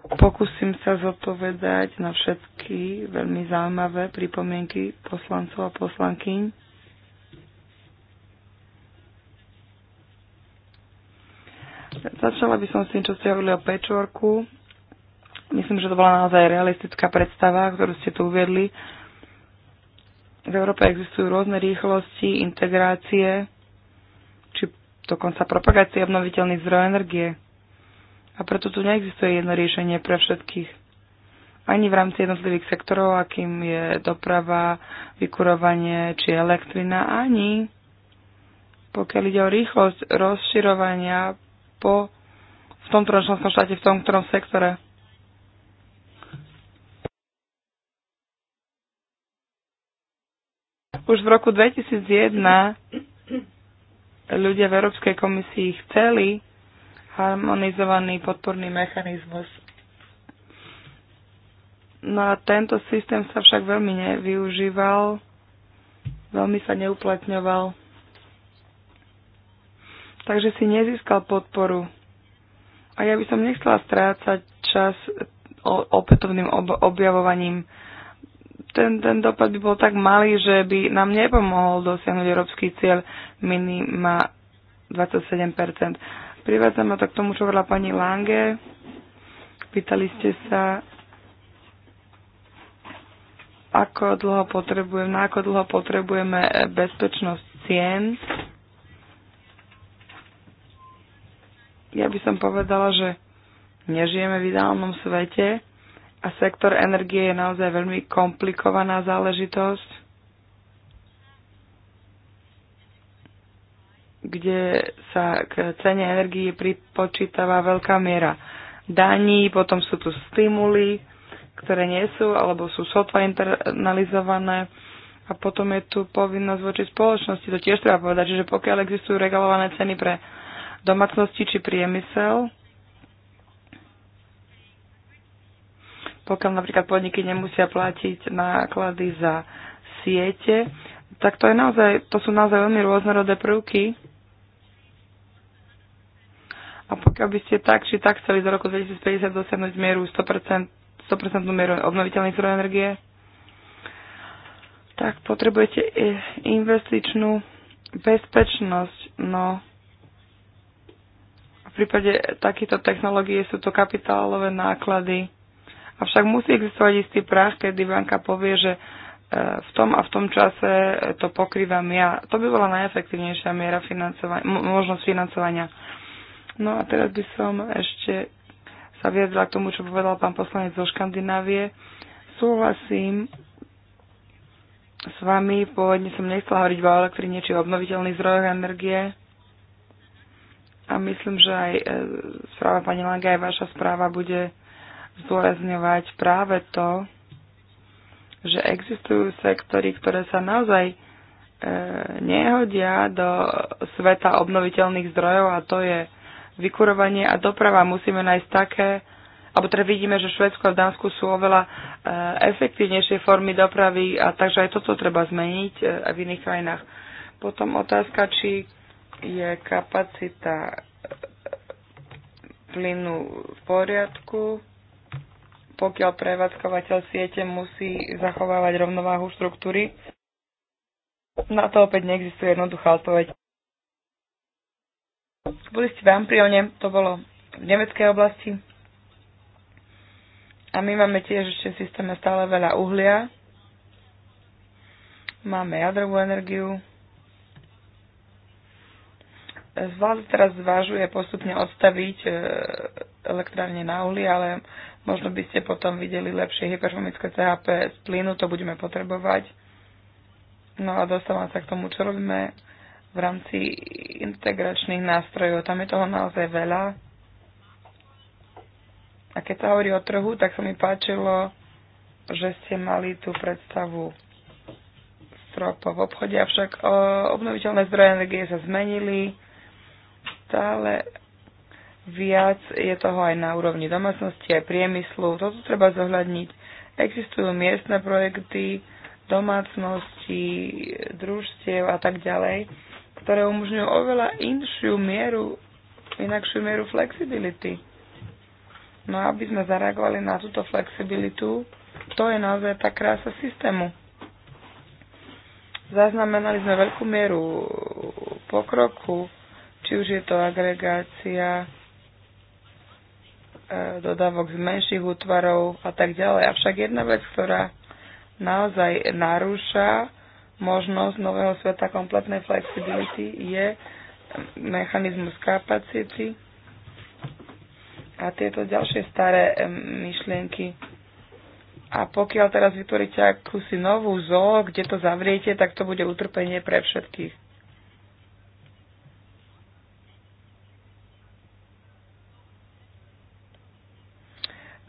Uh, Pokúsim sa zodpovedať na všetky veľmi zaujímavé pripomienky poslancov a poslankyň. Začala by som s tým, čo ste hovorili o pečorku. Myslím, že to bola naozaj realistická predstava, ktorú ste tu uviedli. V Európe existujú rôzne rýchlosti integrácie, či dokonca propagácie obnoviteľných zdrojov energie. A preto tu neexistuje jedno riešenie pre všetkých. Ani v rámci jednotlivých sektorov, akým je doprava, vykurovanie či elektrina, ani pokiaľ ide o rýchlosť rozširovania po v tom členskom štáte, v tom ktorom sektore. Už v roku 2001 ľudia v Európskej komisii chceli harmonizovaný podporný mechanizmus. No a tento systém sa však veľmi nevyužíval, veľmi sa neuplatňoval takže si nezískal podporu. A ja by som nechcela strácať čas opätovným objavovaním. Ten, ten dopad by bol tak malý, že by nám nepomohol dosiahnuť európsky cieľ minima 27 Privádza ma to k tomu, čo hovorila pani Lange. Pýtali ste sa, ako dlho potrebujeme, na ako dlho potrebujeme bezpečnosť cien. Ja by som povedala, že nežijeme v ideálnom svete a sektor energie je naozaj veľmi komplikovaná záležitosť, kde sa k cene energie pripočítava veľká miera daní, potom sú tu stimuly, ktoré nie sú alebo sú sotva internalizované a potom je tu povinnosť voči spoločnosti, to tiež treba povedať, že pokiaľ existujú regulované ceny pre domácnosti či priemysel. Pokiaľ napríklad podniky nemusia platiť náklady za siete, tak to, je naozaj, to sú naozaj veľmi rôznorodé prvky. A pokiaľ by ste tak či tak chceli do roku 2050 dosiahnuť mieru 100%, 100% mieru obnoviteľných zdrojov energie, tak potrebujete investičnú bezpečnosť. No, v prípade takýchto technológie sú to kapitálové náklady. Avšak musí existovať istý práh, kedy banka povie, že e, v tom a v tom čase to pokrývam ja. To by bola najefektívnejšia miera financovania, možnosť financovania. No a teraz by som ešte sa viedla k tomu, čo povedal pán poslanec zo Škandinávie. Súhlasím s vami, pôvodne som nechcela hovoriť o elektrine či obnoviteľných zdrojoch energie, a myslím, že aj e, správa pani Lange, aj vaša správa bude zdôrazňovať práve to, že existujú sektory, ktoré sa naozaj e, nehodia do sveta obnoviteľných zdrojov a to je vykurovanie a doprava. Musíme nájsť také, alebo teda vidíme, že Švedsko a Dánsku sú oveľa e, efektívnejšie formy dopravy a takže aj toto treba zmeniť aj v iných krajinách. Potom otázka, či je kapacita e, e, e, plynu v poriadku, pokiaľ prevádzkovateľ siete musí zachovávať rovnováhu štruktúry. Na to opäť neexistuje jednoduchá odpoveď. Boli ste v Amprione, to bolo v nemeckej oblasti. A my máme tiež ešte v systéme stále veľa uhlia. Máme jadrovú energiu. Vláda teraz zvážuje postupne odstaviť e, elektrárne na uhlie, ale možno by ste potom videli lepšie hyperfomické CHP z plynu, to budeme potrebovať. No a dostávam sa k tomu, čo robíme v rámci integračných nástrojov. Tam je toho naozaj veľa. A keď sa hovorí o trhu, tak sa mi páčilo, že ste mali tú predstavu stropov v obchode, avšak e, obnoviteľné zdroje energie sa zmenili stále viac je toho aj na úrovni domácnosti, aj priemyslu. Toto treba zohľadniť. Existujú miestne projekty domácnosti, družstiev a tak ďalej, ktoré umožňujú oveľa inšiu mieru, inakšiu mieru flexibility. No a aby sme zareagovali na túto flexibilitu, to je naozaj tá krása systému. Zaznamenali sme veľkú mieru pokroku, či už je to agregácia e, dodávok z menších útvarov a tak ďalej. Avšak jedna vec, ktorá naozaj narúša možnosť nového sveta kompletnej flexibility je mechanizmus kapacity a tieto ďalšie staré e, myšlienky. A pokiaľ teraz vytvoríte akúsi novú zoo, kde to zavriete, tak to bude utrpenie pre všetkých.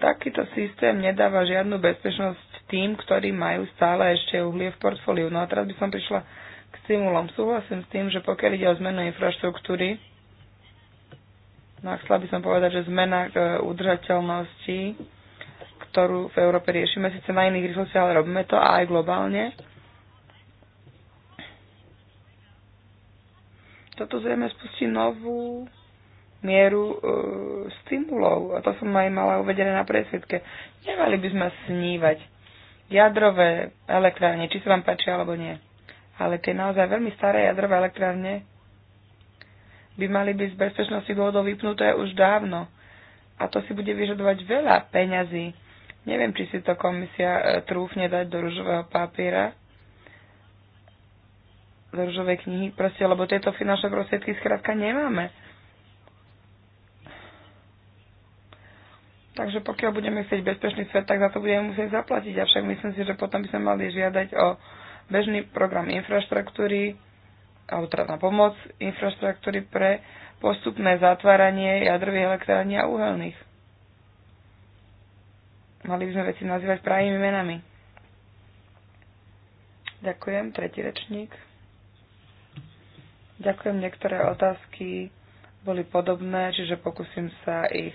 Takýto systém nedáva žiadnu bezpečnosť tým, ktorí majú stále ešte uhlie v portfóliu. No a teraz by som prišla k stimulom. Súhlasím s tým, že pokiaľ ide o zmenu infraštruktúry, no a chcela by som povedať, že zmena k e, udržateľnosti, ktorú v Európe riešime, síce na iných rýchlostiach, ale robíme to aj globálne, toto zrejme spustí novú mieru e, stimulov. A to som aj mala uvedené na presvedke. Nemali by sme snívať jadrové elektrárne, či sa vám páči alebo nie. Ale tie naozaj veľmi staré jadrové elektrárne by mali byť z bezpečnosti dôvodov vypnuté už dávno. A to si bude vyžadovať veľa peňazí. Neviem, či si to komisia e, trúfne dať do ružového papiera, do ružovej knihy, proste, lebo tieto finančné prostriedky skrátka nemáme. Takže pokiaľ budeme chcieť bezpečný svet, tak za to budeme musieť zaplatiť. Avšak myslím si, že potom by sme mali žiadať o bežný program infraštruktúry, alebo teda na pomoc infraštruktúry pre postupné zatváranie jadrových elektrární a uhelných. Mali by sme veci nazývať pravými menami. Ďakujem, tretí rečník. Ďakujem, niektoré otázky boli podobné, čiže pokúsim sa ich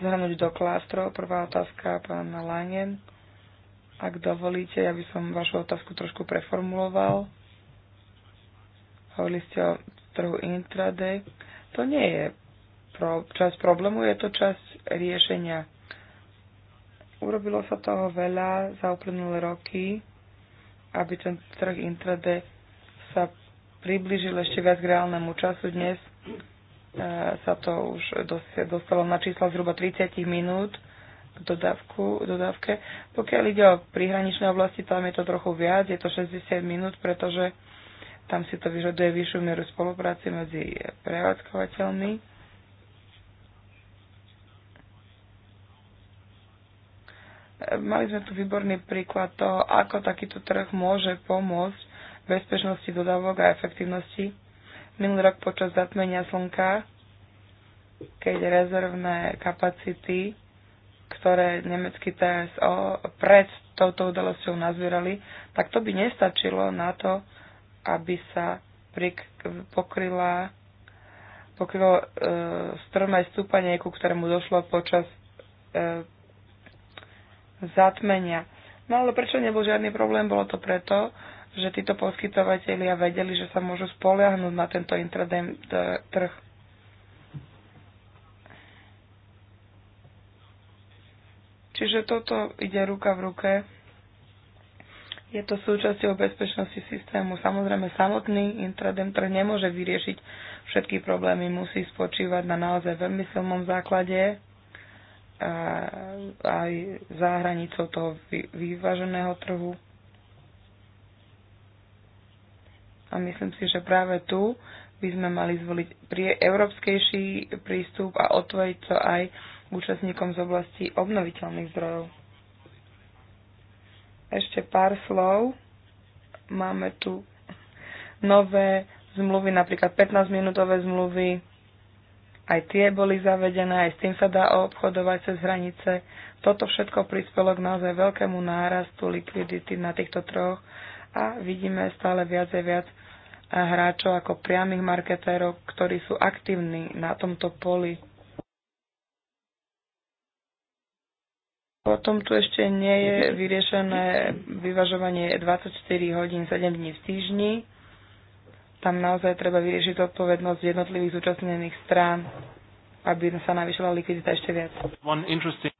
zhrnúť do klástrov. Prvá otázka, pán Langen. Ak dovolíte, ja by som vašu otázku trošku preformuloval. Hovorili ste o trhu intraday. To nie je pro, časť problému, je to časť riešenia. Urobilo sa toho veľa za uplynulé roky, aby ten trh intraday sa priblížil ešte viac k reálnemu času. Dnes E, sa to už dostalo na čísla zhruba 30 minút v dodávku, dodávke. Pokiaľ ide o prihraničné oblasti, tam je to trochu viac, je to 60 minút, pretože tam si to vyžaduje vyššiu mieru spolupráce medzi prevádzkovateľmi. E, mali sme tu výborný príklad toho, ako takýto trh môže pomôcť bezpečnosti dodávok a efektívnosti Minulý rok počas zatmenia slnka, keď rezervné kapacity, ktoré nemecký TSO pred touto udalosťou nazbierali, tak to by nestačilo na to, aby sa pokryla pokrylo e, strmé stúpanie, ku ktorému došlo počas e, zatmenia. No ale prečo nebol žiadny problém? Bolo to preto, že títo poskytovateľia vedeli, že sa môžu spoliahnuť na tento intraday trh. Čiže toto ide ruka v ruke. Je to súčasťou bezpečnosti systému. Samozrejme, samotný intradem trh nemôže vyriešiť všetky problémy. Musí spočívať na naozaj veľmi silnom základe aj za hranicou toho vyváženého trhu. A myslím si, že práve tu by sme mali zvoliť prie európskejší prístup a otvoriť to aj účastníkom z oblasti obnoviteľných zdrojov. Ešte pár slov. Máme tu nové zmluvy, napríklad 15-minútové zmluvy. Aj tie boli zavedené, aj s tým sa dá obchodovať cez hranice. Toto všetko prispelo k naozaj veľkému nárastu likvidity na týchto troch a vidíme stále viac a viac hráčov ako priamých marketérov, ktorí sú aktívni na tomto poli. Potom tu ešte nie je vyriešené vyvažovanie 24 hodín 7 dní v týždni. Tam naozaj treba vyriešiť odpovednosť jednotlivých zúčastnených strán, aby sa navýšila likvidita ešte viac. One interesting...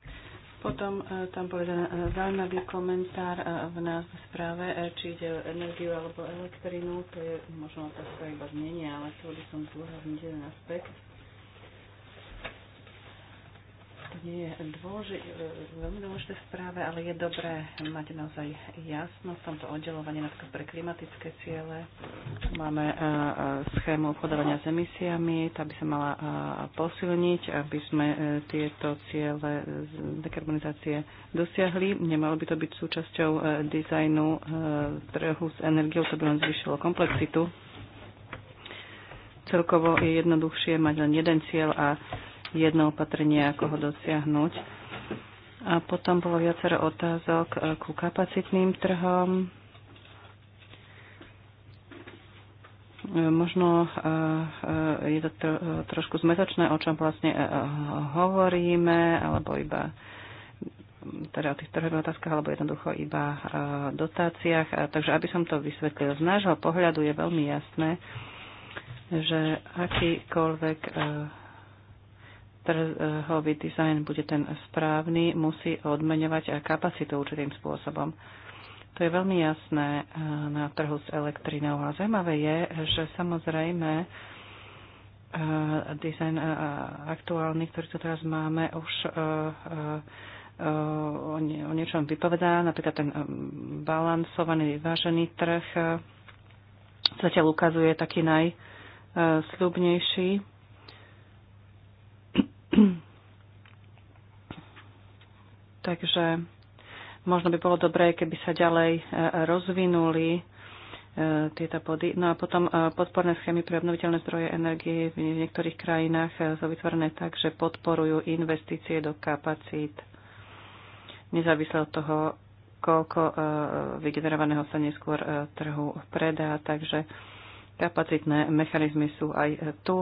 Potom e, tam povedal e, zaujímavý komentár e, v nás v správe, či ide o energiu alebo elektrinu. To je možno otázka iba znenia, ale chcel by som zdôrazniť jeden aspekt to nie je dôži, veľmi dôležité v správe, ale je dobré mať naozaj jasno v tomto oddelovaní napríklad pre klimatické ciele. Máme schému obchodovania s emisiami, tá by sa mala posilniť, aby sme e, tieto ciele z dekarbonizácie dosiahli. Nemalo by to byť súčasťou e, dizajnu e, trhu s energiou, to by len zvyšilo komplexitu. Celkovo je jednoduchšie mať len jeden cieľ a jedno opatrenie, ako ho dosiahnuť. A potom bolo viacero otázok eh, ku kapacitným trhom. Eh, možno eh, je to trošku zmetočné, o čom vlastne hovoríme, alebo iba teda o tých trhových otázkach, alebo jednoducho iba dotáciách. takže aby som to vysvetlil, z nášho pohľadu je veľmi jasné, že akýkoľvek trhový dizajn bude ten správny, musí odmeňovať kapacitu určitým spôsobom. To je veľmi jasné eh, na trhu s elektrinou. A zaujímavé je, že samozrejme eh, dizajn eh, aktuálny, ktorý tu teraz máme, už o niečom vypovedá. Napríklad ten balansovaný, vyvážený trh zatiaľ ukazuje taký najsľubnejší Takže možno by bolo dobré, keby sa ďalej e, rozvinuli e, tieto body. No a potom e, podporné schémy pre obnoviteľné zdroje energie v niektorých krajinách sú vytvorené tak, že podporujú investície do kapacít, nezávisle od toho, koľko vygenerovaného sa neskôr trhu predá. Takže kapacitné mechanizmy sú aj tu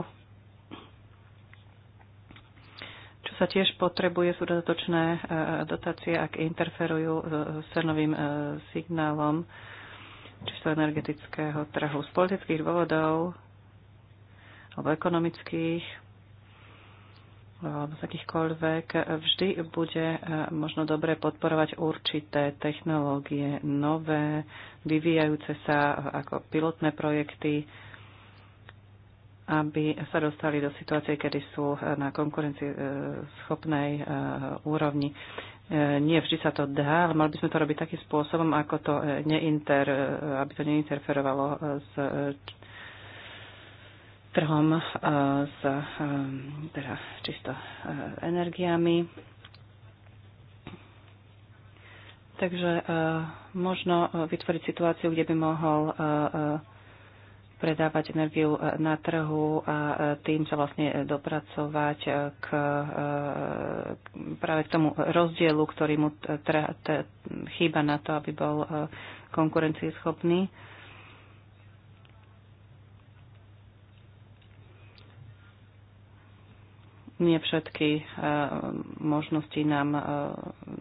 sa tiež potrebuje sú dodatočné e, dotácie, ak interferujú e, s cenovým e, signálom čisto energetického trhu. Z politických dôvodov alebo ekonomických alebo z akýchkoľvek, vždy bude možno dobre podporovať určité technológie, nové, vyvíjajúce sa ako pilotné projekty, aby sa dostali do situácie, kedy sú eh, na konkurencii eh, schopnej eh, úrovni. Nie vždy sa to dá, ale mali by sme to robiť takým spôsobom, ako to neinter, aby to neinterferovalo s trhom s teda čisto energiami. Takže možno vytvoriť situáciu, kde by mohol predávať energiu eh, na trhu a eh, tým sa vlastne dopracovať eh, k, práve k tomu rozdielu, ktorý mu tra, tra, chýba na to, aby bol konkurencieschopný. Nie všetky možnosti nám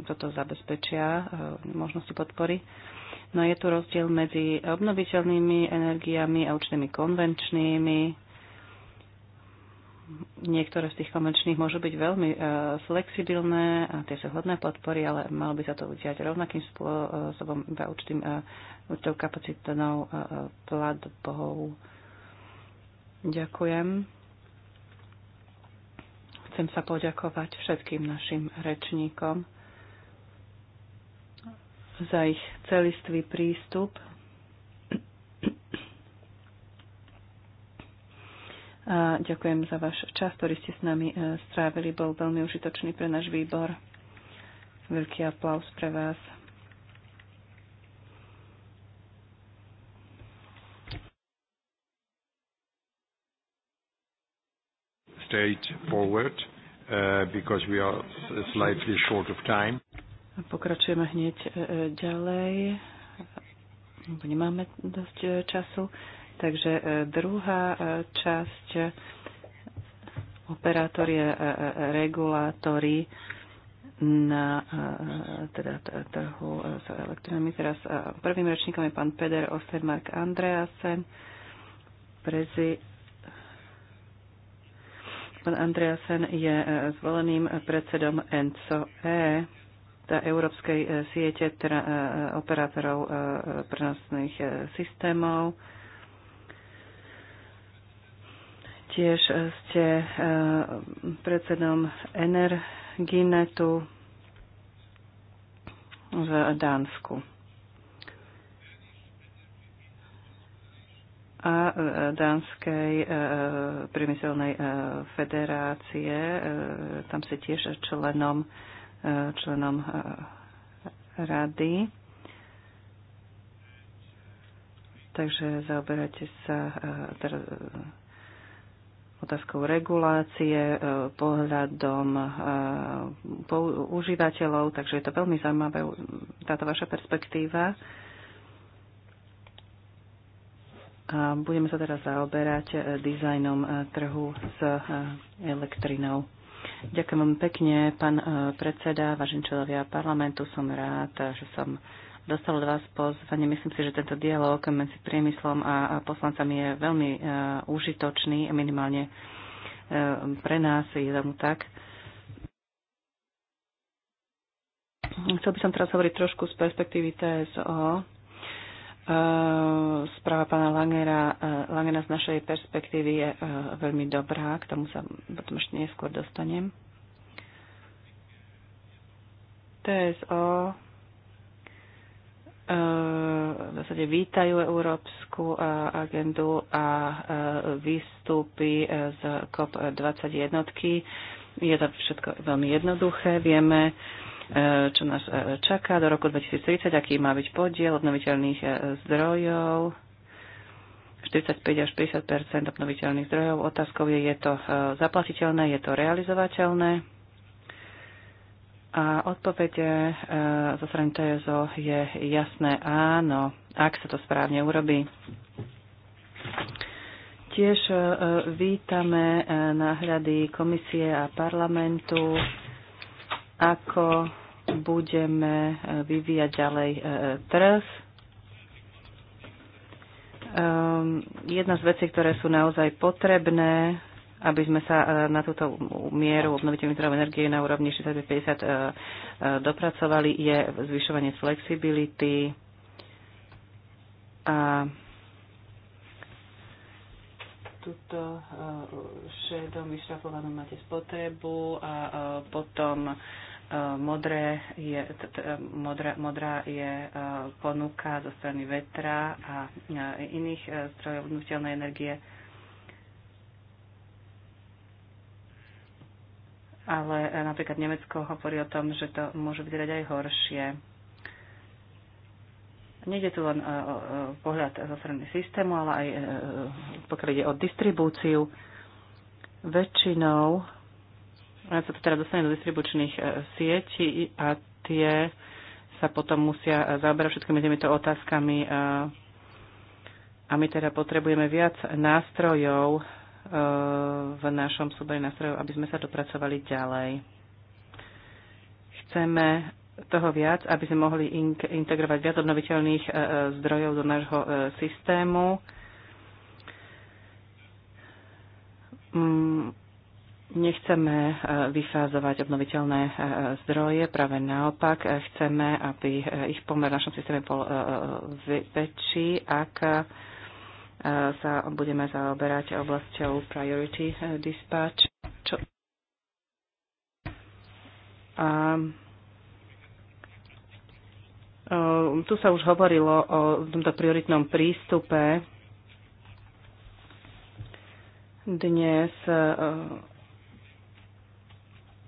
toto zabezpečia, možnosti podpory. No je tu rozdiel medzi obnoviteľnými energiami a určitými konvenčnými. Niektoré z tých konvenčných môžu byť veľmi e, flexibilné a tie sú hodné podpory, ale malo by sa to udiať rovnakým spôsobom, iba určitým, e, určitou kapacitnou e, platbou. Ďakujem chcem sa poďakovať všetkým našim rečníkom za ich celistvý prístup. A ďakujem za váš čas, ktorý ste s nami e, strávili. Bol veľmi užitočný pre náš výbor. Veľký aplaus pre vás. Straight forward, uh, because we are slightly short of time. Pokračujeme hneď e, e, ďalej. Nemáme dosť e, času. Takže druhá časť operátor je regulátory na teda, trhu s elektronami. Teraz prvým rečníkom je pán Peder Ostermark Andreasen, prezi, Pán Andreasen je zvoleným predsedom NCOE európskej e, siete tra, e, e, operátorov prenosných systémov. Tiež ste predsedom Energinetu v Dánsku. a Dánskej priemyselnej federácie. Tam si tiež členom členom e, rady. Takže zaoberáte sa e, teraz e, otázkou regulácie, pohľadom užívateľov, takže je to veľmi zaujímavé táto vaša perspektíva. A budeme sa teraz zaoberať dizajnom trhu s elektrinou. Ďakujem vám pekne, pán e, predseda, vážení členovia parlamentu. Som rád, že som dostal od vás pozvanie. Myslím si, že tento dialog medzi priemyslom a poslancami je veľmi e, užitočný, minimálne e, pre nás je tomu tak. Chcel by som teraz hovoriť trošku z perspektívy TSO E, správa pána Langera, e, Langera z našej perspektívy je e, veľmi dobrá, k tomu sa potom ešte neskôr dostanem. TSO v zásade vítajú európsku agendu a výstupy z COP21. Je to všetko veľmi jednoduché. Vieme, E, čo nás e, čaká do roku 2030, aký má byť podiel obnoviteľných e, zdrojov. 45 až 50 obnoviteľných zdrojov. Otázkou je, je to zaplatiteľné, je to realizovateľné. A odpovede zo strany TSO je jasné áno, ak sa to správne urobí. Tiež vítame náhľady komisie a parlamentu ako budeme e, vyvíjať ďalej e, trh. Ehm, jedna z vecí, ktoré sú naozaj potrebné, aby sme sa e, na túto mieru obnoviteľných zdrojov energie na úrovni 650 dopracovali, je zvyšovanie flexibility a túto šedom vyšrapovanú máte spotrebu a potom Modré je, modrá, modrá je e, ponuka zo strany vetra a e, iných zdrojov e, vnúteľnej energie. Ale napríklad Nemecko hovorí o tom, že to môže vyzerať aj horšie. Nejde tu len o pohľad zo strany systému, ale aj pokiaľ ide o distribúciu. Väčšinou sa to teda dostane do distribučných e, sietí a tie sa potom musia e, zaoberať všetkými týmito otázkami e, a my teda potrebujeme viac nástrojov v našom súbore nástrojov, aby sme sa dopracovali ďalej. Chceme toho viac, aby sme mohli integrovať viac obnoviteľných zdrojov do nášho systému mm, Nechceme e, vyfázovať obnoviteľné e, zdroje, práve naopak e, chceme, aby ich pomer v našom systéme bol väčší, ak sa budeme zaoberať oblasťou Priority Dispatch. Čo... A tu sa už hovorilo o tomto prioritnom prístupe. Dnes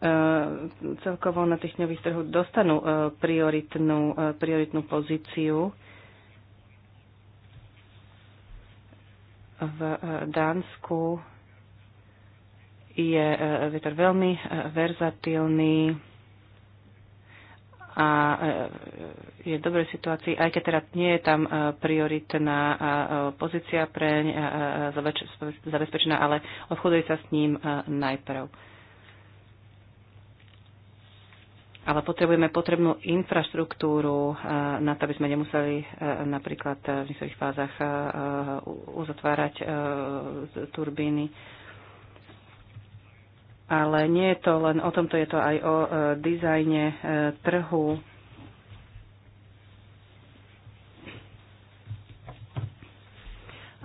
E, celkovo na tých dňových trhoch dostanú e, prioritnú, e, prioritnú pozíciu. V Dánsku je vietor veľmi verzatilný a je v dobrej situácii, aj keď teda nie je tam prioritná pozícia pre zabezpečená, ale obchoduje sa s ním najprv. ale potrebujeme potrebnú infraštruktúru eh, na to, aby sme nemuseli eh, napríklad eh, v niektorých fázach uzatvárať turbíny. Ale nie je to len o tomto, je to aj o dizajne trhu.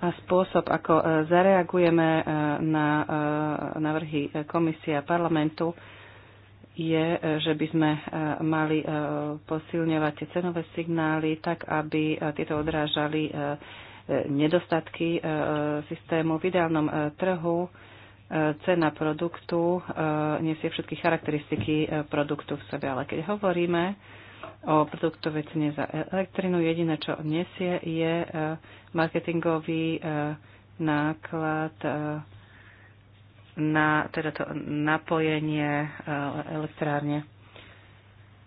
A spôsob, ako zareagujeme na návrhy komisie a parlamentu, je, že by sme e, mali e, posilňovať tie cenové signály tak, aby e, tieto odrážali nedostatky systému. V ideálnom trhu cena produktu nesie všetky charakteristiky produktu v sebe, ale keď hovoríme o produktovej cene za elektrinu, jediné, čo nesie, je marketingový náklad na teda to napojenie e, elektrárne.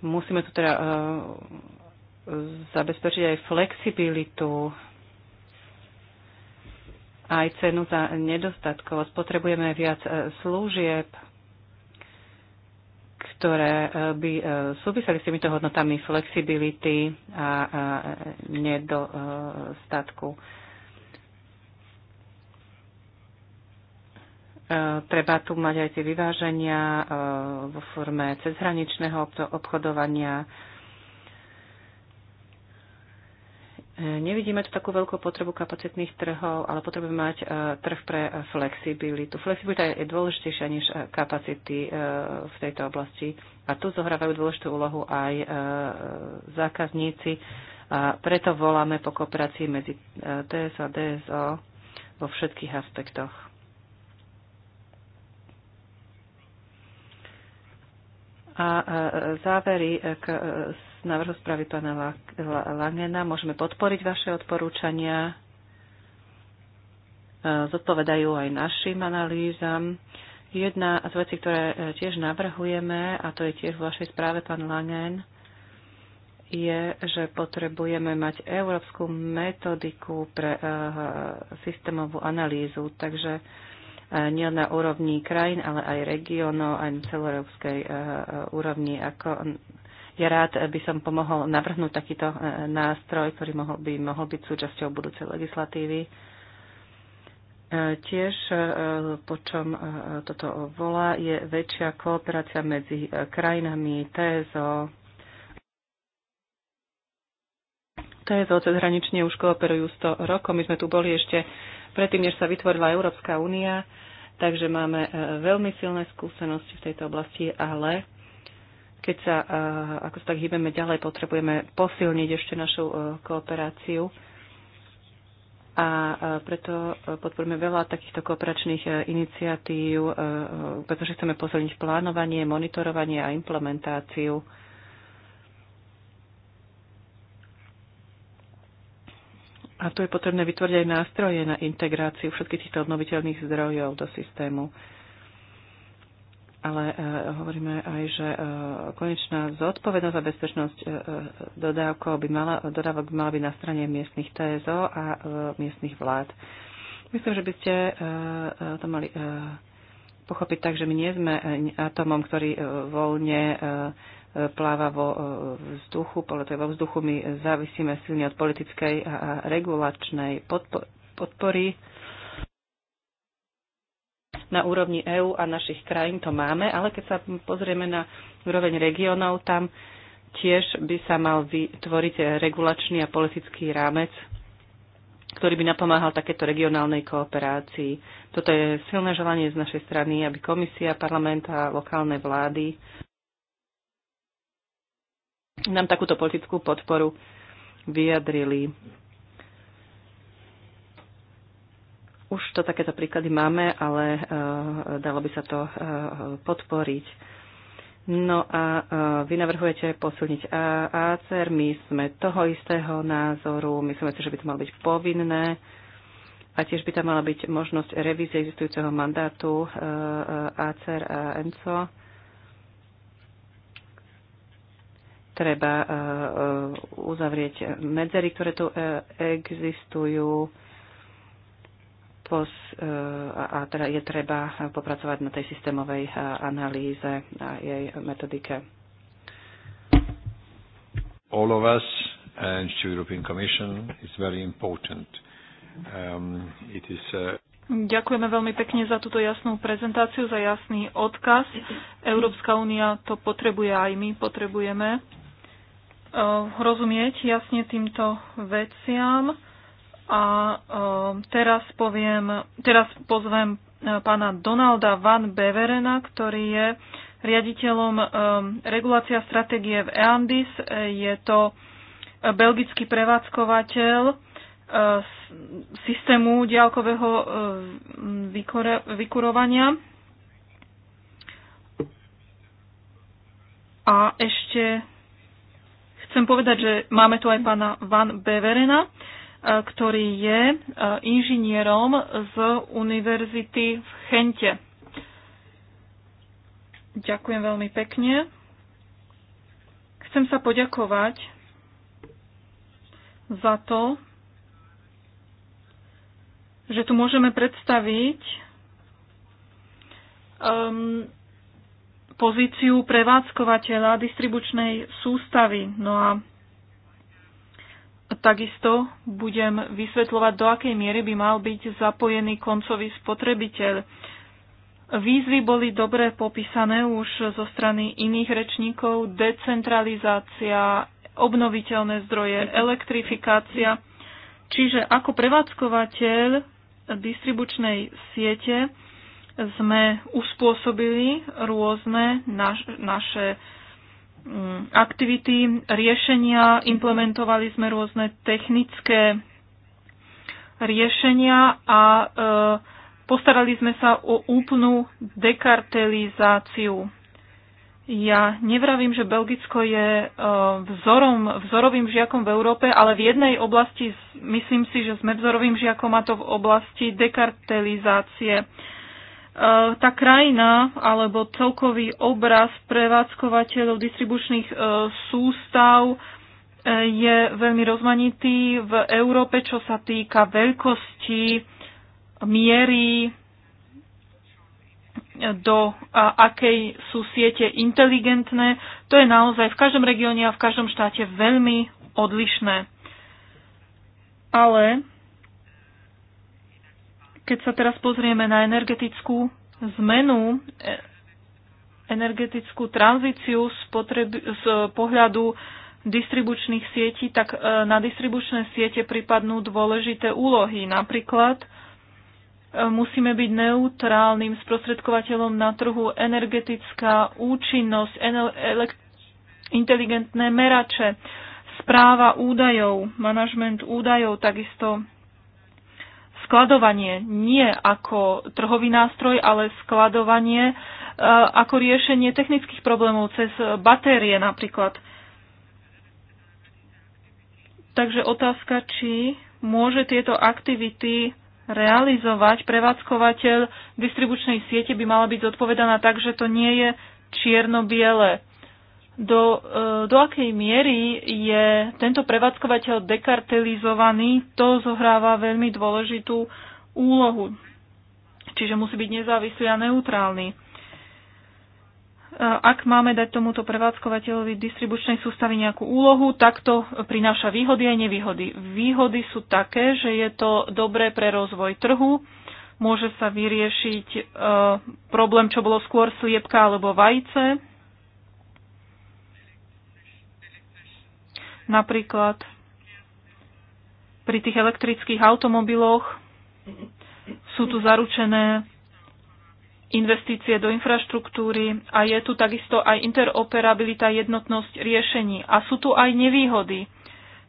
Musíme tu teda e, zabezpečiť aj flexibilitu, aj cenu za nedostatkov. Spotrebujeme viac e, služieb, ktoré by súviseli s týmito hodnotami flexibility a nedostatku. Treba tu mať aj tie vyváženia e, vo forme cezhraničného obchodovania. E, nevidíme tu takú veľkú potrebu kapacitných trhov, ale potrebujeme mať e, trh pre flexibilitu. Flexibilita je dôležitejšia než kapacity v tejto oblasti. A tu zohrávajú dôležitú úlohu aj zákazníci. A preto voláme po kooperácii medzi TSO a DSO vo všetkých aspektoch. A e, závery e, k e, návrhu správy pána Langena. Môžeme podporiť vaše odporúčania. Zodpovedajú aj našim analýzam. Jedna z vecí, ktoré tiež navrhujeme, a to je tiež v vašej správe, pán Langen, je, že potrebujeme mať európsku metodiku pre systémovú analýzu. Takže nielen na úrovni krajín, ale aj regiónov aj na celoeurópskej eh, eh, úrovni. Ako mm, ja rád by som pomohol navrhnúť takýto eh, nástroj, ktorý mohol by mohol byť súčasťou budúcej legislatívy. Tiež, po čom toto volá, je väčšia kooperácia medzi krajinami TSO. TSO cezhranične už kooperujú 100 rokov. My sme tu boli ešte predtým, než sa vytvorila Európska únia, takže máme e, veľmi silné skúsenosti v tejto oblasti, ale keď sa, e, ako sa tak hýbeme ďalej, potrebujeme posilniť ešte našu e, kooperáciu a preto podporujeme veľa takýchto kooperačných iniciatív, pretože chceme posilniť plánovanie, monitorovanie a implementáciu A tu je potrebné vytvoriť aj nástroje na integráciu všetkých týchto obnoviteľných zdrojov do systému. Ale e, hovoríme aj, že e, konečná zodpovednosť za bezpečnosť e, e, dodávkov by mala, dodávok by mala byť na strane miestnych TSO a e, miestnych vlád. Myslím, že by ste e, e, to mali e, pochopiť tak, že my nie sme e, atomom, ktorý voľne e, pláva vo e, vzduchu, poletuje vo vzduchu. My závisíme silne od politickej a regulačnej podpory. Na úrovni EÚ a našich krajín to máme, ale keď sa pozrieme na úroveň regionov, tam tiež by sa mal vytvoriť regulačný a politický rámec, ktorý by napomáhal takéto regionálnej kooperácii. Toto je silné želanie z našej strany, aby komisia, parlament a lokálne vlády nám takúto politickú podporu vyjadrili. Už to takéto príklady máme, ale uh, dalo by sa to uh, podporiť. No a uh, vy navrhujete posilniť ACR, my sme toho istého názoru, myslíme si, že by to malo byť povinné a tiež by tam mala byť možnosť revízie existujúceho mandátu uh, ACR a ENCO Treba e, e, uzavrieť medzery, ktoré tu e, existujú a teda je treba popracovať na tej systémovej analýze a jej metodike. All of us and the European Commission is very important. Um, it is a uh, Ďakujeme veľmi pekne za túto jasnú prezentáciu, za jasný odkaz. Európska únia to potrebuje aj my, potrebujeme Eh, rozumieť jasne týmto veciam. A eh, teraz poviem, teraz pozvem eh, pána Donalda Van Beverena, ktorý je riaditeľom regulácia stratégie v EANDIS. Je to belgický prevádzkovateľ systému diálkového vykurovania. A ešte Chcem povedať, že máme tu aj pána Van Beverena, e, ktorý je e, inžinierom z univerzity v Chente. Ďakujem veľmi pekne. Chcem sa poďakovať za to, že tu môžeme predstaviť um, pozíciu prevádzkovateľa distribučnej sústavy. No a takisto budem vysvetľovať, do akej miery by mal byť zapojený koncový spotrebiteľ. Výzvy boli dobre popísané už zo strany iných rečníkov, decentralizácia, obnoviteľné zdroje, elektrifikácia. Čiže ako prevádzkovateľ distribučnej siete sme uspôsobili rôzne naš, naše mm, aktivity, riešenia, implementovali sme rôzne technické riešenia a e, postarali sme sa o úplnú dekartelizáciu. Ja nevravím, že Belgicko je e, vzorom, vzorovým žiakom v Európe, ale v jednej oblasti myslím si, že sme vzorovým žiakom a to v oblasti dekartelizácie. E, E, tá krajina alebo celkový obraz prevádzkovateľov distribučných e, sústav e, je veľmi rozmanitý v Európe, čo sa týka veľkosti, miery, do a akej sú siete inteligentné. To je naozaj v každom regióne a v každom štáte veľmi odlišné. Ale keď sa teraz pozrieme na energetickú zmenu, e, energetickú tranzíciu z, potreb, z pohľadu distribučných sietí, tak e, na distribučné siete pripadnú dôležité úlohy. Napríklad e, musíme byť neutrálnym sprostredkovateľom na trhu energetická účinnosť, inteligentné merače, správa údajov, manažment údajov, takisto skladovanie nie ako trhový nástroj, ale skladovanie e, ako riešenie technických problémov cez batérie napríklad. Takže otázka, či môže tieto aktivity realizovať prevádzkovateľ distribučnej siete by mala byť zodpovedaná tak, že to nie je čierno-biele do, e, do akej miery je tento prevádzkovateľ dekartelizovaný, to zohráva veľmi dôležitú úlohu. Čiže musí byť nezávislý a neutrálny. E, ak máme dať tomuto prevádzkovateľovi distribučnej sústavy nejakú úlohu, tak to prináša výhody aj nevýhody. Výhody sú také, že je to dobré pre rozvoj trhu, môže sa vyriešiť e, problém, čo bolo skôr sliepka alebo vajce, Napríklad pri tých elektrických automobiloch sú tu zaručené investície do infraštruktúry a je tu takisto aj interoperabilita, jednotnosť riešení. A sú tu aj nevýhody.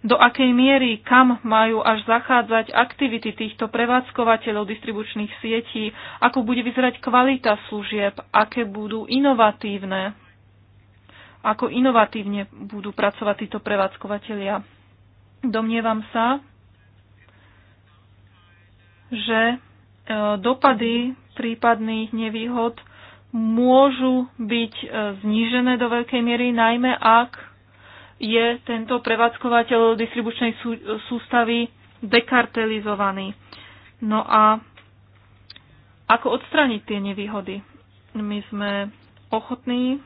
Do akej miery, kam majú až zachádzať aktivity týchto prevádzkovateľov distribučných sietí, ako bude vyzerať kvalita služieb, aké budú inovatívne ako inovatívne budú pracovať títo prevádzkovateľia. Domnievam sa, že e, dopady prípadných nevýhod môžu byť e, znížené do veľkej miery, najmä ak je tento prevádzkovateľ distribučnej sústavy dekartelizovaný. No a ako odstrániť tie nevýhody? My sme ochotní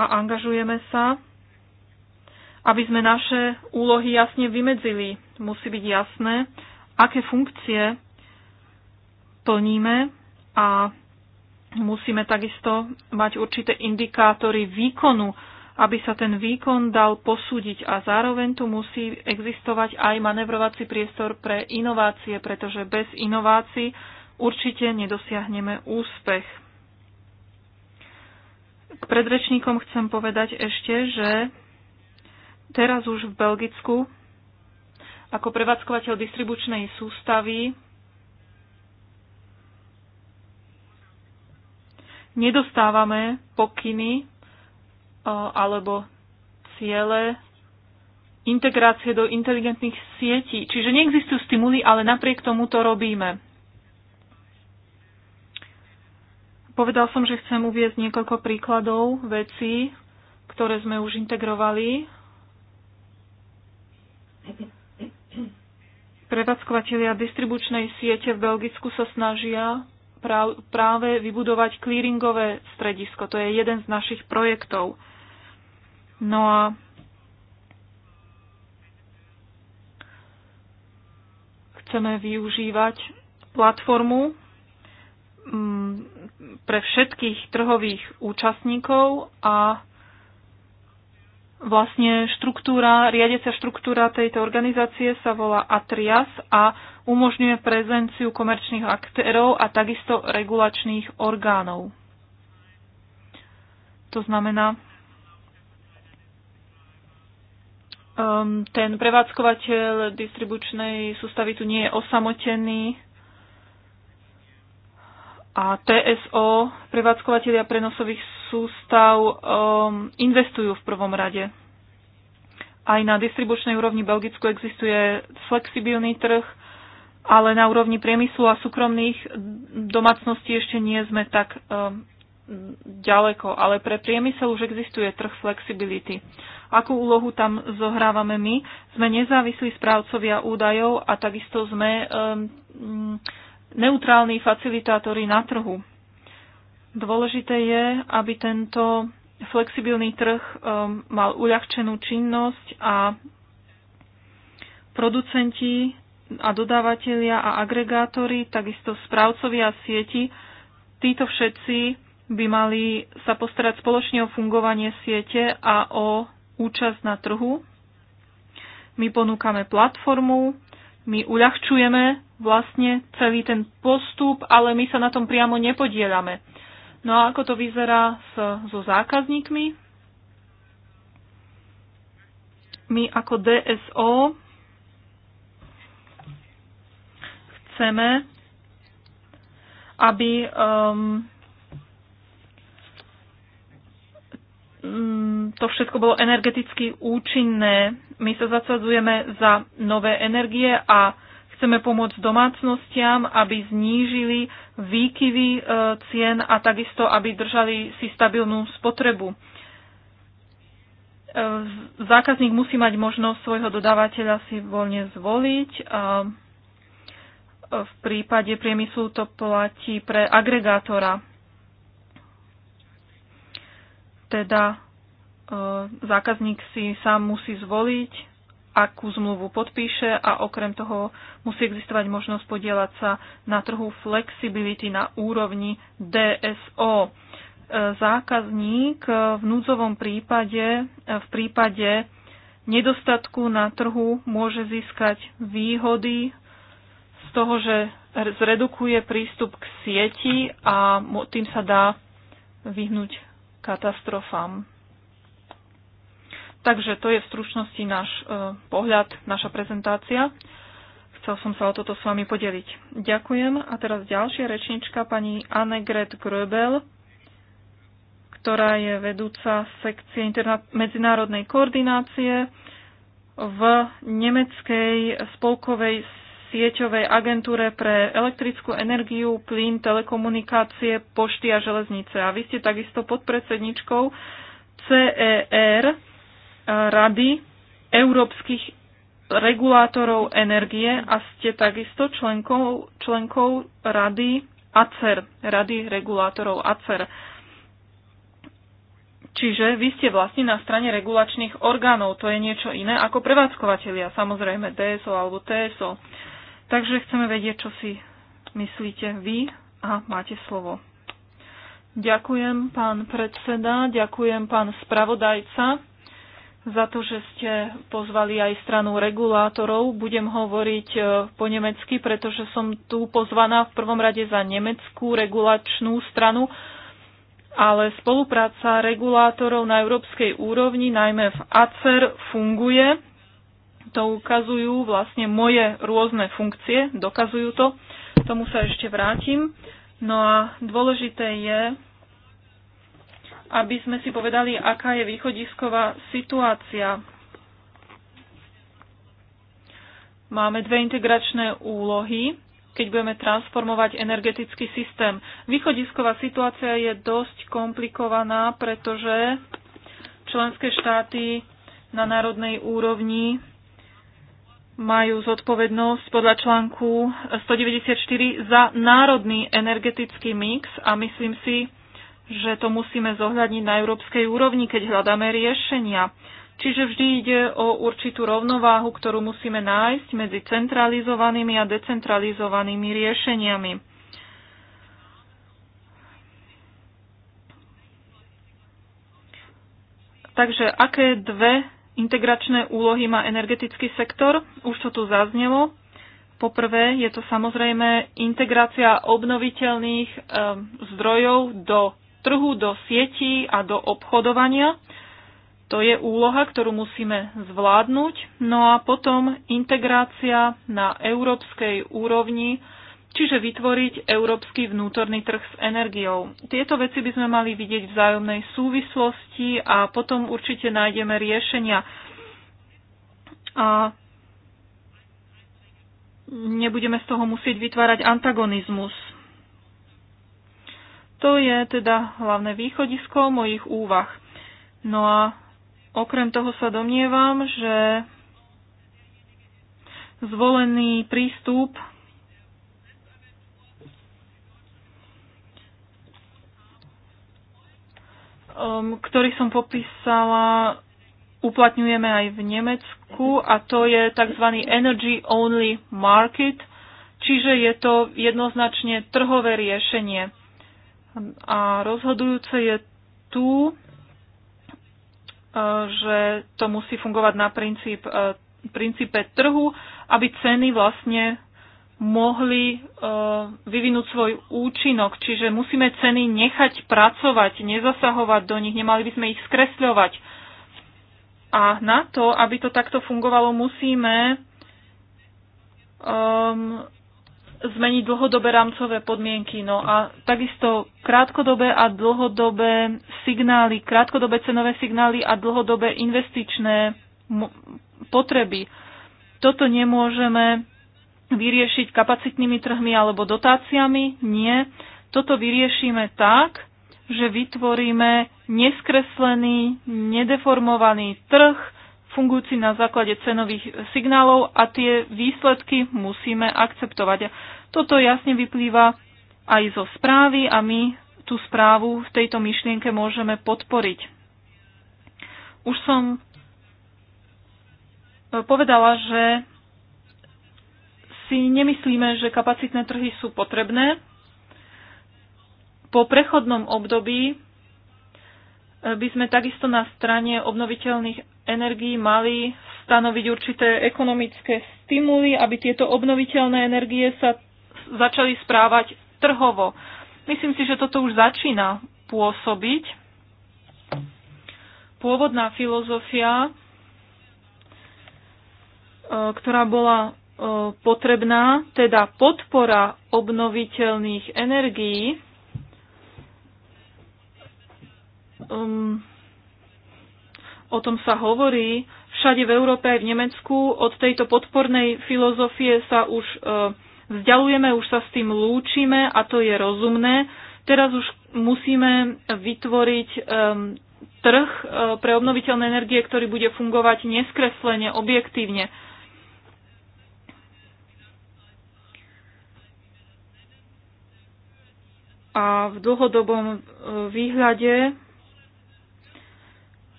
a angažujeme sa, aby sme naše úlohy jasne vymedzili. Musí byť jasné, aké funkcie plníme a musíme takisto mať určité indikátory výkonu, aby sa ten výkon dal posúdiť a zároveň tu musí existovať aj manevrovací priestor pre inovácie, pretože bez inovácií určite nedosiahneme úspech. Predrečníkom chcem povedať ešte, že teraz už v Belgicku ako prevádzkovateľ distribučnej sústavy nedostávame pokyny e, alebo ciele integrácie do inteligentných sietí. Čiže neexistujú stimuly, ale napriek tomu to robíme. Povedal som, že chcem uviezť niekoľko príkladov vecí, ktoré sme už integrovali. Prevádzkovateľia distribučnej siete v Belgicku sa snažia práve vybudovať clearingové stredisko. To je jeden z našich projektov. No a chceme využívať platformu mm, pre všetkých trhových účastníkov a vlastne štruktúra, riadiaca štruktúra tejto organizácie sa volá Atrias a umožňuje prezenciu komerčných aktérov a takisto regulačných orgánov. To znamená, um, ten prevádzkovateľ distribučnej sústavy tu nie je osamotený, a TSO, prevádzkovateľia prenosových sústav, um, investujú v prvom rade. Aj na distribučnej úrovni Belgicku existuje flexibilný trh, ale na úrovni priemyslu a súkromných domácností ešte nie sme tak um, ďaleko. Ale pre priemysel už existuje trh flexibility. Akú úlohu tam zohrávame my? Sme nezávislí správcovia údajov a takisto sme um, neutrálni facilitátori na trhu. Dôležité je, aby tento flexibilný trh um, mal uľahčenú činnosť a producenti a dodávateľia a agregátori, takisto správcovia sieti, títo všetci by mali sa postarať spoločne o fungovanie siete a o účasť na trhu. My ponúkame platformu, my uľahčujeme vlastne celý ten postup, ale my sa na tom priamo nepodielame. No a ako to vyzerá s, so zákazníkmi? My ako DSO chceme, aby um, mm, to všetko bolo energeticky účinné. My sa zasadzujeme za nové energie a Chceme pomôcť domácnostiam, aby znížili výkyvy e, cien a takisto, aby držali si stabilnú spotrebu. E, zákazník musí mať možnosť svojho dodávateľa si voľne zvoliť. A e, v prípade priemyslu to platí pre agregátora, teda zákazník si sám musí zvoliť, akú zmluvu podpíše a okrem toho musí existovať možnosť podielať sa na trhu flexibility na úrovni DSO. E, zákazník v núdzovom prípade, e, v prípade nedostatku na trhu môže získať výhody z toho, že zredukuje prístup k sieti a tým sa dá vyhnúť katastrofám. Takže to je v stručnosti náš e, pohľad, naša prezentácia. Chcel som sa o toto s vami podeliť. Ďakujem. A teraz ďalšia rečnička, pani Annegret Gröbel, ktorá je vedúca sekcie interna- medzinárodnej koordinácie v nemeckej spolkovej sieťovej agentúre pre elektrickú energiu, plyn, telekomunikácie, pošty a železnice. A vy ste takisto podpredsedničkou CER, rady európskych regulátorov energie a ste takisto členkou, členkou rady ACER, rady regulátorov ACER. Čiže vy ste vlastne na strane regulačných orgánov, to je niečo iné ako prevádzkovateľia, samozrejme DSO alebo TSO. Takže chceme vedieť, čo si myslíte vy a máte slovo. Ďakujem, pán predseda, ďakujem, pán spravodajca za to, že ste pozvali aj stranu regulátorov. Budem hovoriť e, po nemecky, pretože som tu pozvaná v prvom rade za nemeckú regulačnú stranu, ale spolupráca regulátorov na európskej úrovni, najmä v ACER, funguje. To ukazujú vlastne moje rôzne funkcie, dokazujú to. K tomu sa ešte vrátim. No a dôležité je, aby sme si povedali, aká je východisková situácia. Máme dve integračné úlohy, keď budeme transformovať energetický systém. Východisková situácia je dosť komplikovaná, pretože členské štáty na národnej úrovni majú zodpovednosť podľa článku 194 za národný energetický mix a myslím si, že to musíme zohľadniť na európskej úrovni, keď hľadáme riešenia. Čiže vždy ide o určitú rovnováhu, ktorú musíme nájsť medzi centralizovanými a decentralizovanými riešeniami. Takže aké dve integračné úlohy má energetický sektor? Už to tu zaznelo. Poprvé je to samozrejme integrácia obnoviteľných eh, zdrojov do trhu, do sietí a do obchodovania. To je úloha, ktorú musíme zvládnuť. No a potom integrácia na európskej úrovni, čiže vytvoriť európsky vnútorný trh s energiou. Tieto veci by sme mali vidieť v vzájomnej súvislosti a potom určite nájdeme riešenia. A nebudeme z toho musieť vytvárať antagonizmus. To je teda hlavné východisko mojich úvah. No a okrem toho sa domnievam, že zvolený prístup um, ktorý som popísala, uplatňujeme aj v Nemecku a to je tzv. Energy Only Market, čiže je to jednoznačne trhové riešenie. A rozhodujúce je tu, e, že to musí fungovať na princíp, e, princípe trhu, aby ceny vlastne mohli e, vyvinúť svoj účinok. Čiže musíme ceny nechať pracovať, nezasahovať do nich, nemali by sme ich skresľovať. A na to, aby to takto fungovalo, musíme um, zmeniť dlhodobé rámcové podmienky. No a takisto krátkodobé a dlhodobé signály, krátkodobé cenové signály a dlhodobé investičné potreby. Toto nemôžeme vyriešiť kapacitnými trhmi alebo dotáciami. Nie. Toto vyriešime tak, že vytvoríme neskreslený, nedeformovaný trh, fungujúci na základe cenových signálov a tie výsledky musíme akceptovať. Toto jasne vyplýva aj zo správy a my tú správu v tejto myšlienke môžeme podporiť. Už som e, povedala, že si nemyslíme, že kapacitné trhy sú potrebné. Po prechodnom období e, by sme takisto na strane obnoviteľných energií mali stanoviť určité ekonomické stimuly, aby tieto obnoviteľné energie sa začali správať trhovo. Myslím si, že toto už začína pôsobiť. Pôvodná filozofia, e, ktorá bola e, potrebná, teda podpora obnoviteľných energií, um, o tom sa hovorí všade v Európe aj v Nemecku. Od tejto podpornej filozofie sa už e, vzdialujeme, už sa s tým lúčime a to je rozumné. Teraz už musíme vytvoriť e, trh e, pre obnoviteľné energie, ktorý bude fungovať neskreslene, objektívne. A v dlhodobom výhľade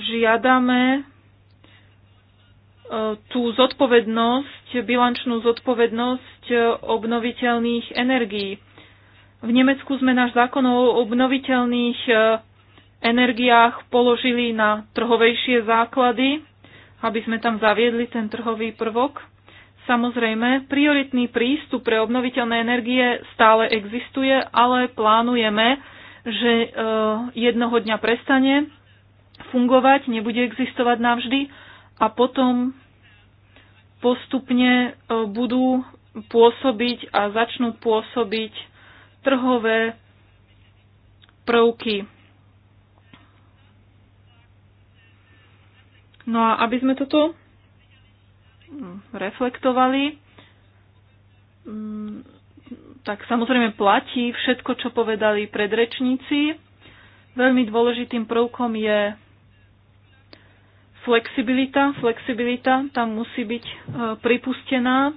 žiadame e, tú zodpovednosť, bilančnú zodpovednosť e, obnoviteľných energií. V Nemecku sme náš zákon o obnoviteľných e, energiách položili na trhovejšie základy, aby sme tam zaviedli ten trhový prvok. Samozrejme, prioritný prístup pre obnoviteľné energie stále existuje, ale plánujeme, že jednoho dňa prestane fungovať, nebude existovať navždy a potom postupne e, budú pôsobiť a začnú pôsobiť trhové prvky. No a aby sme toto mm, reflektovali, mm, tak samozrejme platí všetko, čo povedali predrečníci. Veľmi dôležitým prvkom je Flexibilita, flexibilita tam musí byť e, pripustená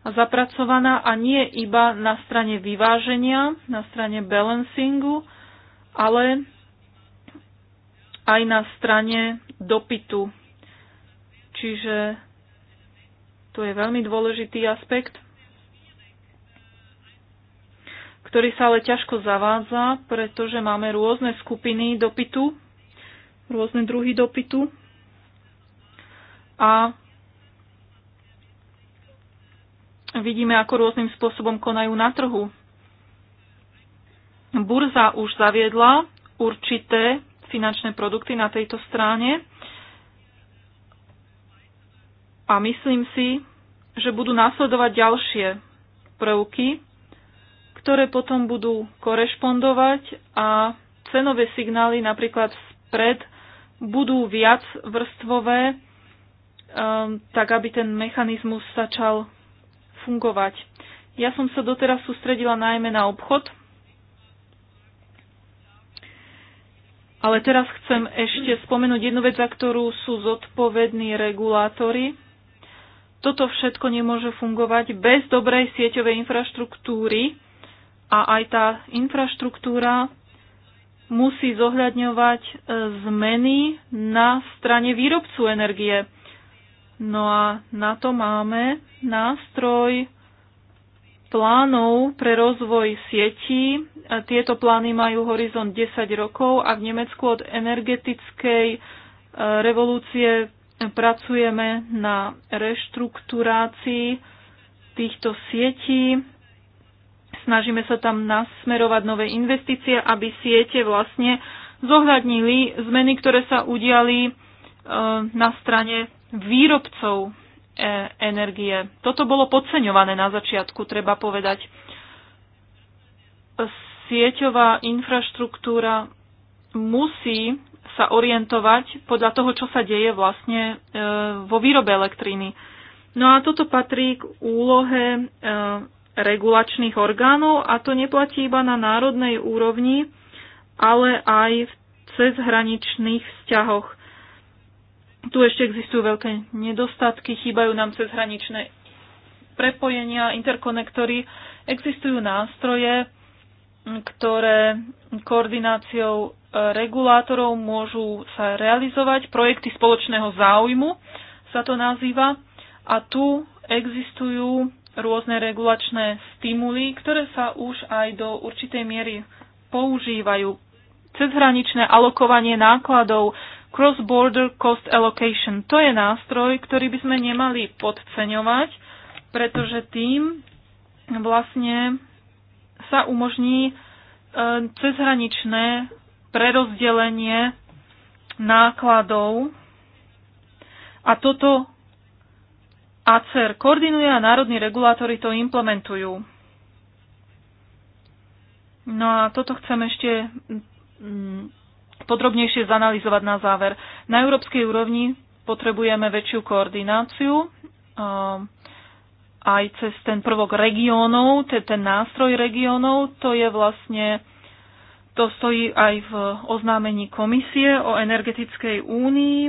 a zapracovaná a nie iba na strane vyváženia, na strane balancingu, ale aj na strane dopytu. Čiže to je veľmi dôležitý aspekt ktorý sa ale ťažko zavádza, pretože máme rôzne skupiny dopytu, rôzne druhy dopytu a vidíme, ako rôznym spôsobom konajú na trhu. Burza už zaviedla určité finančné produkty na tejto strane a myslím si, že budú následovať ďalšie prvky, ktoré potom budú korešpondovať a cenové signály napríklad spred budú viac vrstvové um, tak aby ten mechanizmus začal fungovať. Ja som sa doteraz sústredila najmä na obchod, ale teraz chcem ešte spomenúť jednu vec, za ktorú sú zodpovední regulátori. Toto všetko nemôže fungovať bez dobrej sieťovej infraštruktúry a aj tá infraštruktúra musí zohľadňovať e, zmeny na strane výrobcu energie No a na to máme nástroj plánov pre rozvoj sietí. Tieto plány majú horizont 10 rokov a v Nemecku od energetickej e, revolúcie pracujeme na reštrukturácii týchto sietí. Snažíme sa tam nasmerovať nové investície, aby siete vlastne zohľadnili zmeny, ktoré sa udiali e, na strane výrobcov e, energie. Toto bolo podceňované na začiatku, treba povedať. Sieťová infraštruktúra musí sa orientovať podľa toho, čo sa deje vlastne e, vo výrobe elektriny. No a toto patrí k úlohe e, regulačných orgánov a to neplatí iba na národnej úrovni, ale aj v cezhraničných vzťahoch. Tu ešte existujú veľké nedostatky, chýbajú nám cezhraničné prepojenia, interkonektory. Existujú nástroje, ktoré koordináciou e, regulátorov môžu sa realizovať. Projekty spoločného záujmu sa to nazýva. A tu existujú rôzne regulačné stimuly, ktoré sa už aj do určitej miery používajú. Cezhraničné alokovanie nákladov, Cross-border cost allocation. To je nástroj, ktorý by sme nemali podceňovať, pretože tým vlastne sa umožní e, cezhraničné prerozdelenie nákladov a toto ACER koordinuje a národní regulátory to implementujú. No a toto chcem ešte mm, podrobnejšie zanalizovať na záver. Na európskej úrovni potrebujeme väčšiu koordináciu ehm, aj cez ten prvok regiónov, ten nástroj regiónov, to je vlastne, to stojí aj v oznámení komisie o energetickej únii.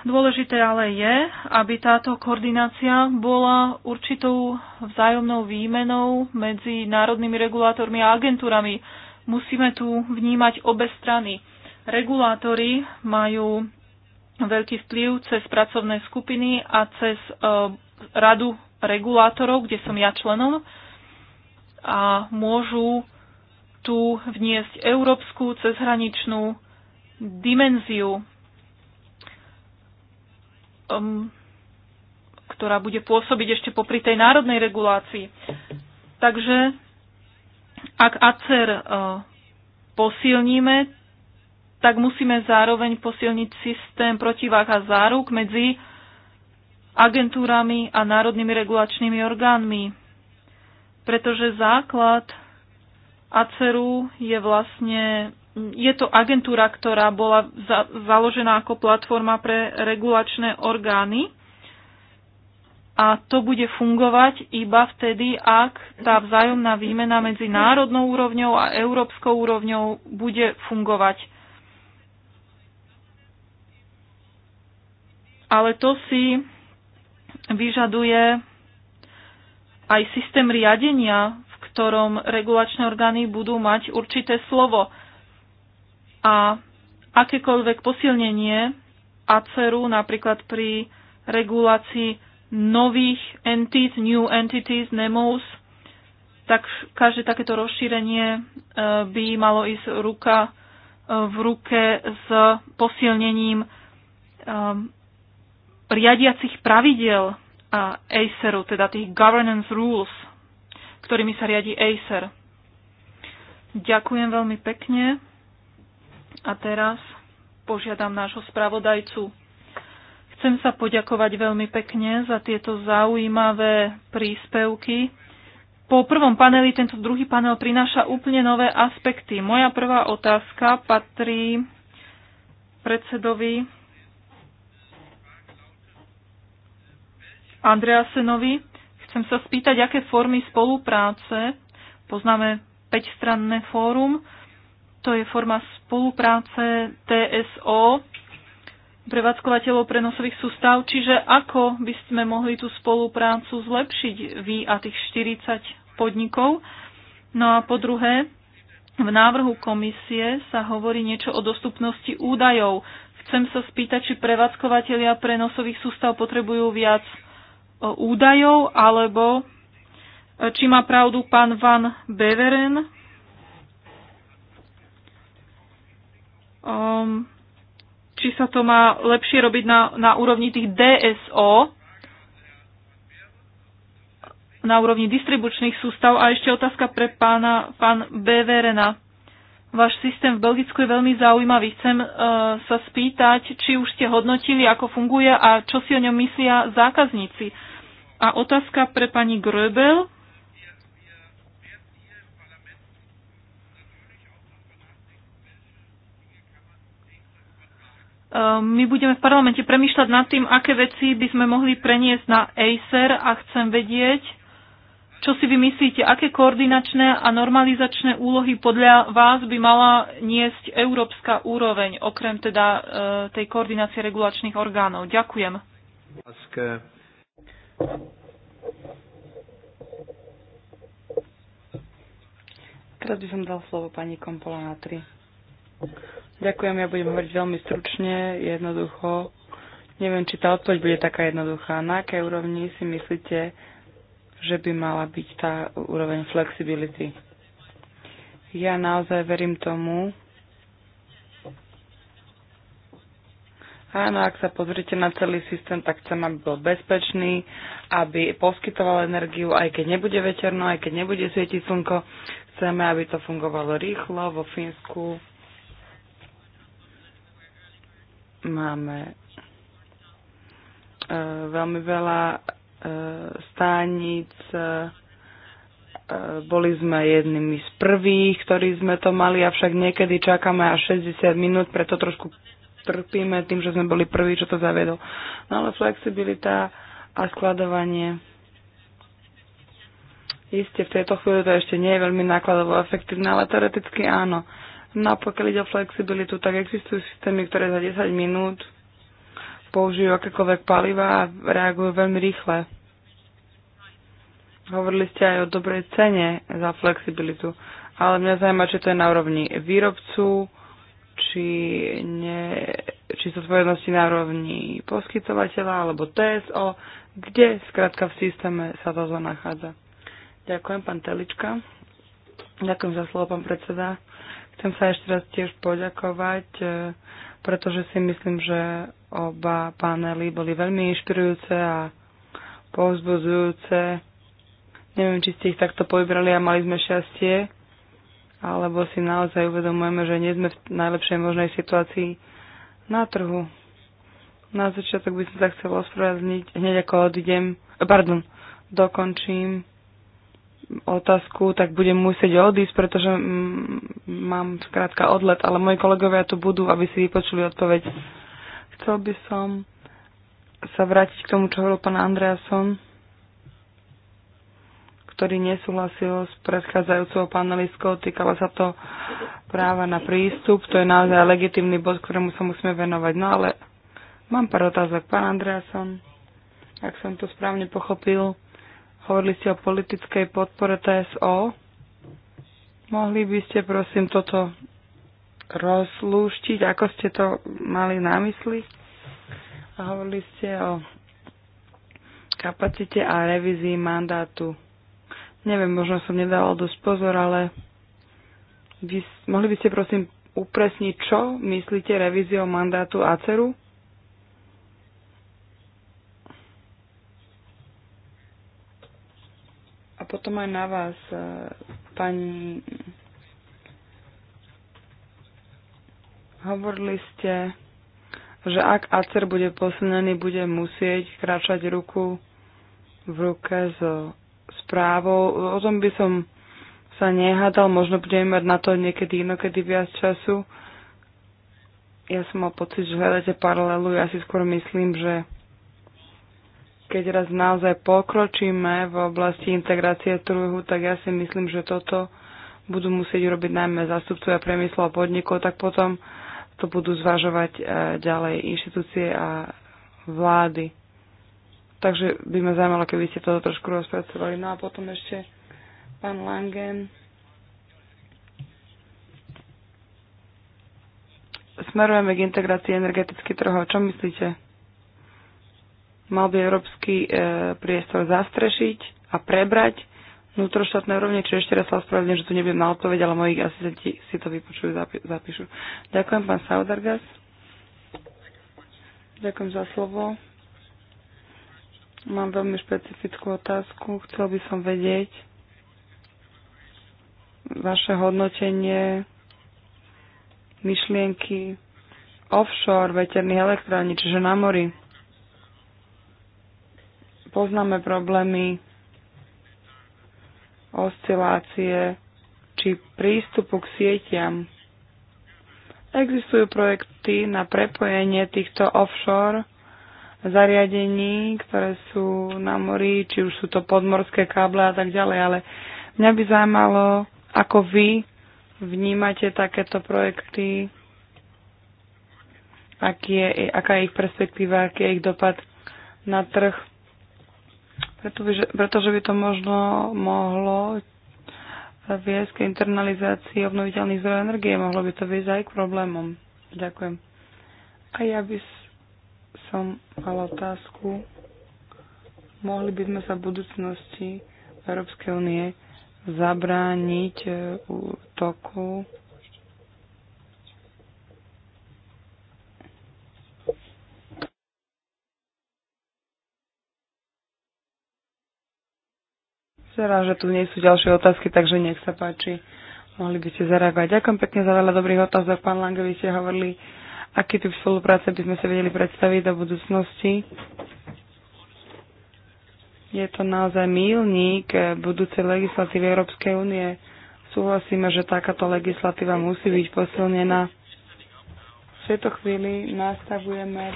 Dôležité ale je, aby táto koordinácia bola určitou vzájomnou výmenou medzi národnými regulátormi a agentúrami musíme tu vnímať obe strany. Regulátory majú veľký vplyv cez pracovné skupiny a cez e, radu regulátorov, kde som ja členom a môžu tu vniesť európsku cezhraničnú dimenziu, um, ktorá bude pôsobiť ešte popri tej národnej regulácii. Takže ak ACER eh, posilníme, tak musíme zároveň posilniť systém protiváha záruk medzi agentúrami a národnými regulačnými orgánmi. Pretože základ ACERu je vlastne, je to agentúra, ktorá bola za, založená ako platforma pre regulačné orgány a to bude fungovať iba vtedy, ak tá vzájomná výmena medzi národnou úrovňou a európskou úrovňou bude fungovať. Ale to si vyžaduje aj systém riadenia, v ktorom regulačné orgány budú mať určité slovo. A akékoľvek posilnenie ACERu, napríklad pri regulácii nových entities, new entities, NEMOS, tak každé takéto rozšírenie e, by malo ísť ruka e, v ruke s posilnením e, riadiacich pravidel a Aceru, teda tých governance rules, ktorými sa riadi Acer. Ďakujem veľmi pekne a teraz požiadam nášho spravodajcu Chcem sa poďakovať veľmi pekne za tieto zaujímavé príspevky. Po prvom paneli tento druhý panel prináša úplne nové aspekty. Moja prvá otázka patrí predsedovi Andreasenovi. Chcem sa spýtať, aké formy spolupráce, poznáme 5-stranné fórum, to je forma spolupráce TSO prevádzkovateľov prenosových sústav, čiže ako by sme mohli tú spoluprácu zlepšiť vy a tých 40 podnikov. No a po druhé, v návrhu komisie sa hovorí niečo o dostupnosti údajov. Chcem sa spýtať, či prevádzkovateľia prenosových sústav potrebujú viac e, údajov, alebo e, či má pravdu pán Van Beveren. Um, či sa to má lepšie robiť na, na úrovni tých DSO, na úrovni distribučných sústav. A ešte otázka pre pána, pán Beverena. Váš systém v Belgicku je veľmi zaujímavý. Chcem uh, sa spýtať, či už ste hodnotili, ako funguje a čo si o ňom myslia zákazníci. A otázka pre pani Gröbel. Ehm, my budeme v parlamente premýšľať nad tým, aké veci by sme mohli preniesť na Acer a chcem vedieť, čo si vymyslíte, aké koordinačné a normalizačné úlohy podľa vás by mala niesť európska úroveň, okrem teda e, tej koordinácie regulačných orgánov. Ďakujem. Teraz by som dal slovo pani Kompola na 3. Ďakujem, ja budem hovoriť veľmi stručne, jednoducho. Neviem, či tá odpoveď bude taká jednoduchá. Na akej úrovni si myslíte, že by mala byť tá úroveň flexibility? Ja naozaj verím tomu. Áno, ak sa pozrite na celý systém, tak chcem, aby bol bezpečný, aby poskytoval energiu, aj keď nebude veterno, aj keď nebude svietiť slnko. Chceme, aby to fungovalo rýchlo vo Fínsku Máme e, veľmi veľa e, stánic. E, boli sme jednými z prvých, ktorí sme to mali, avšak niekedy čakáme až 60 minút, preto trošku trpíme tým, že sme boli prví, čo to zaviedol. No ale flexibilita a skladovanie. Isté, v tejto chvíli to ešte nie je veľmi nákladovo efektívne, ale teoreticky áno. No a pokiaľ ide o flexibilitu, tak existujú systémy, ktoré za 10 minút použijú akékoľvek paliva a reagujú veľmi rýchle. Hovorili ste aj o dobrej cene za flexibilitu, ale mňa zaujíma, či to je na úrovni výrobcu, či, nie, či spojenosti na úrovni poskytovateľa alebo TSO, kde skrátka v systéme sa to nachádza. Ďakujem, pán Telička. Ďakujem za slovo, pán predseda. Chcem sa ešte raz tiež poďakovať, e, pretože si myslím, že oba panely boli veľmi inšpirujúce a povzbudzujúce. Neviem, či ste ich takto povybrali a mali sme šťastie, alebo si naozaj uvedomujeme, že nie sme v najlepšej možnej situácii na trhu. Na začiatok by som sa chcel ospravedlniť, hneď ako odidem, pardon, dokončím otázku, tak budem musieť odísť, pretože mám skrátka odlet, ale moji kolegovia tu budú, aby si vypočuli odpoveď. Chcel by som sa vrátiť k tomu, čo hovoril pán Andreason, ktorý nesúhlasil s predchádzajúcou panelistkou. Týkalo sa to práva na prístup. To je naozaj legitimný bod, ktorému sa musíme venovať. No ale mám pár otázok. Pán Andreason, ak som to správne pochopil, Hovorili ste o politickej podpore TSO. Mohli by ste prosím toto rozlúštiť, ako ste to mali na mysli? A hovorili ste o kapacite a revízii mandátu. Neviem, možno som nedával dosť pozor, ale vy, mohli by ste prosím upresniť, čo myslíte revíziou mandátu ACERu? potom aj na vás, e, pani. Hovorili ste, že ak ACER bude posunený, bude musieť kráčať ruku v ruke so správou. O tom by som sa nehádal, možno budeme mať na to niekedy inokedy viac času. Ja som mal pocit, že hľadáte paralelu, ja si skôr myslím, že keď raz naozaj pokročíme v oblasti integrácie trhu, tak ja si myslím, že toto budú musieť urobiť najmä zastupcovia priemyslu a podnikov, tak potom to budú zvažovať e, ďalej inštitúcie a vlády. Takže by ma zaujímalo, keby ste toto trošku rozpracovali. No a potom ešte pán Langen. Smerujeme k integrácii energetických trhov. Čo myslíte? Mal by európsky e, priestor zastrešiť a prebrať vnútroštátne úrovne, čiže ešte raz sa ospravedlňujem, že tu nebudem na odpoveď, ale moji asistenti si to vypočujú, zapíšu. Ďakujem, pán Saudargas. Ďakujem za slovo. Mám veľmi špecifickú otázku. Chcel by som vedieť vaše hodnotenie myšlienky offshore veterných elektrární, čiže na mori. Poznáme problémy oscilácie či prístupu k sieťam. Existujú projekty na prepojenie týchto offshore zariadení, ktoré sú na mori, či už sú to podmorské káble a tak ďalej, ale mňa by zaujímalo, ako vy vnímate takéto projekty, aký je, aká je ich perspektíva, aký je ich dopad na trh pretože, pretože by to možno mohlo viesť k internalizácii obnoviteľných zdrojov energie. Mohlo by to viesť aj k problémom. Ďakujem. A ja by som mala otázku. Mohli by sme sa v budúcnosti Európskej únie zabrániť e, toku Zerá, že tu nie sú ďalšie otázky, takže nech sa páči. Mohli by ste zareagovať. Ďakujem pekne za veľa dobrých otázok. Pán Lange, vy ste hovorili, aký typ spolupráce by sme sa vedeli predstaviť do budúcnosti. Je to naozaj mílnik budúcej legislatívy Európskej únie. Súhlasíme, že takáto legislatíva musí byť posilnená. V tejto chvíli nastavujeme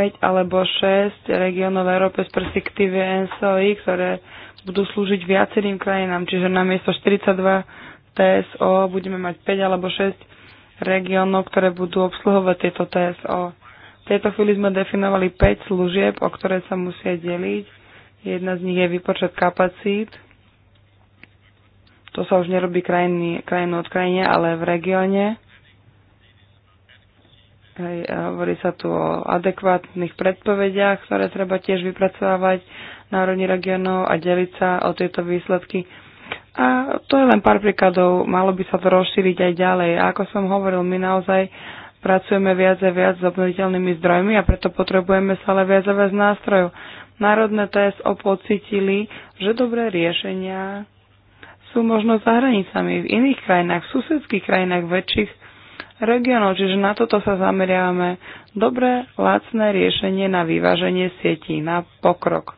5 alebo 6 regionov Európe z perspektíve NSOI, ktoré budú slúžiť viacerým krajinám, čiže na miesto 42 TSO budeme mať 5 alebo 6 regiónov, ktoré budú obsluhovať tieto TSO. V tejto chvíli sme definovali 5 služieb, o ktoré sa musia deliť. Jedna z nich je výpočet kapacít. To sa už nerobí krajiny, krajinu od krajine, ale v regióne. Hej, hovorí sa tu o adekvátnych predpovediach, ktoré treba tiež vypracovávať národní regionov a deliť sa o tieto výsledky. A to je len pár príkladov, malo by sa to rozšíriť aj ďalej. A ako som hovoril, my naozaj pracujeme viac a viac s obnoviteľnými zdrojmi a preto potrebujeme stále viac a viac nástrojov. Národné TSO pocitili, že dobré riešenia sú možno za hranicami v iných krajinách, v susedských krajinách väčších regionov, čiže na toto sa zameriavame. Dobré, lacné riešenie na vyváženie sietí, na pokrok.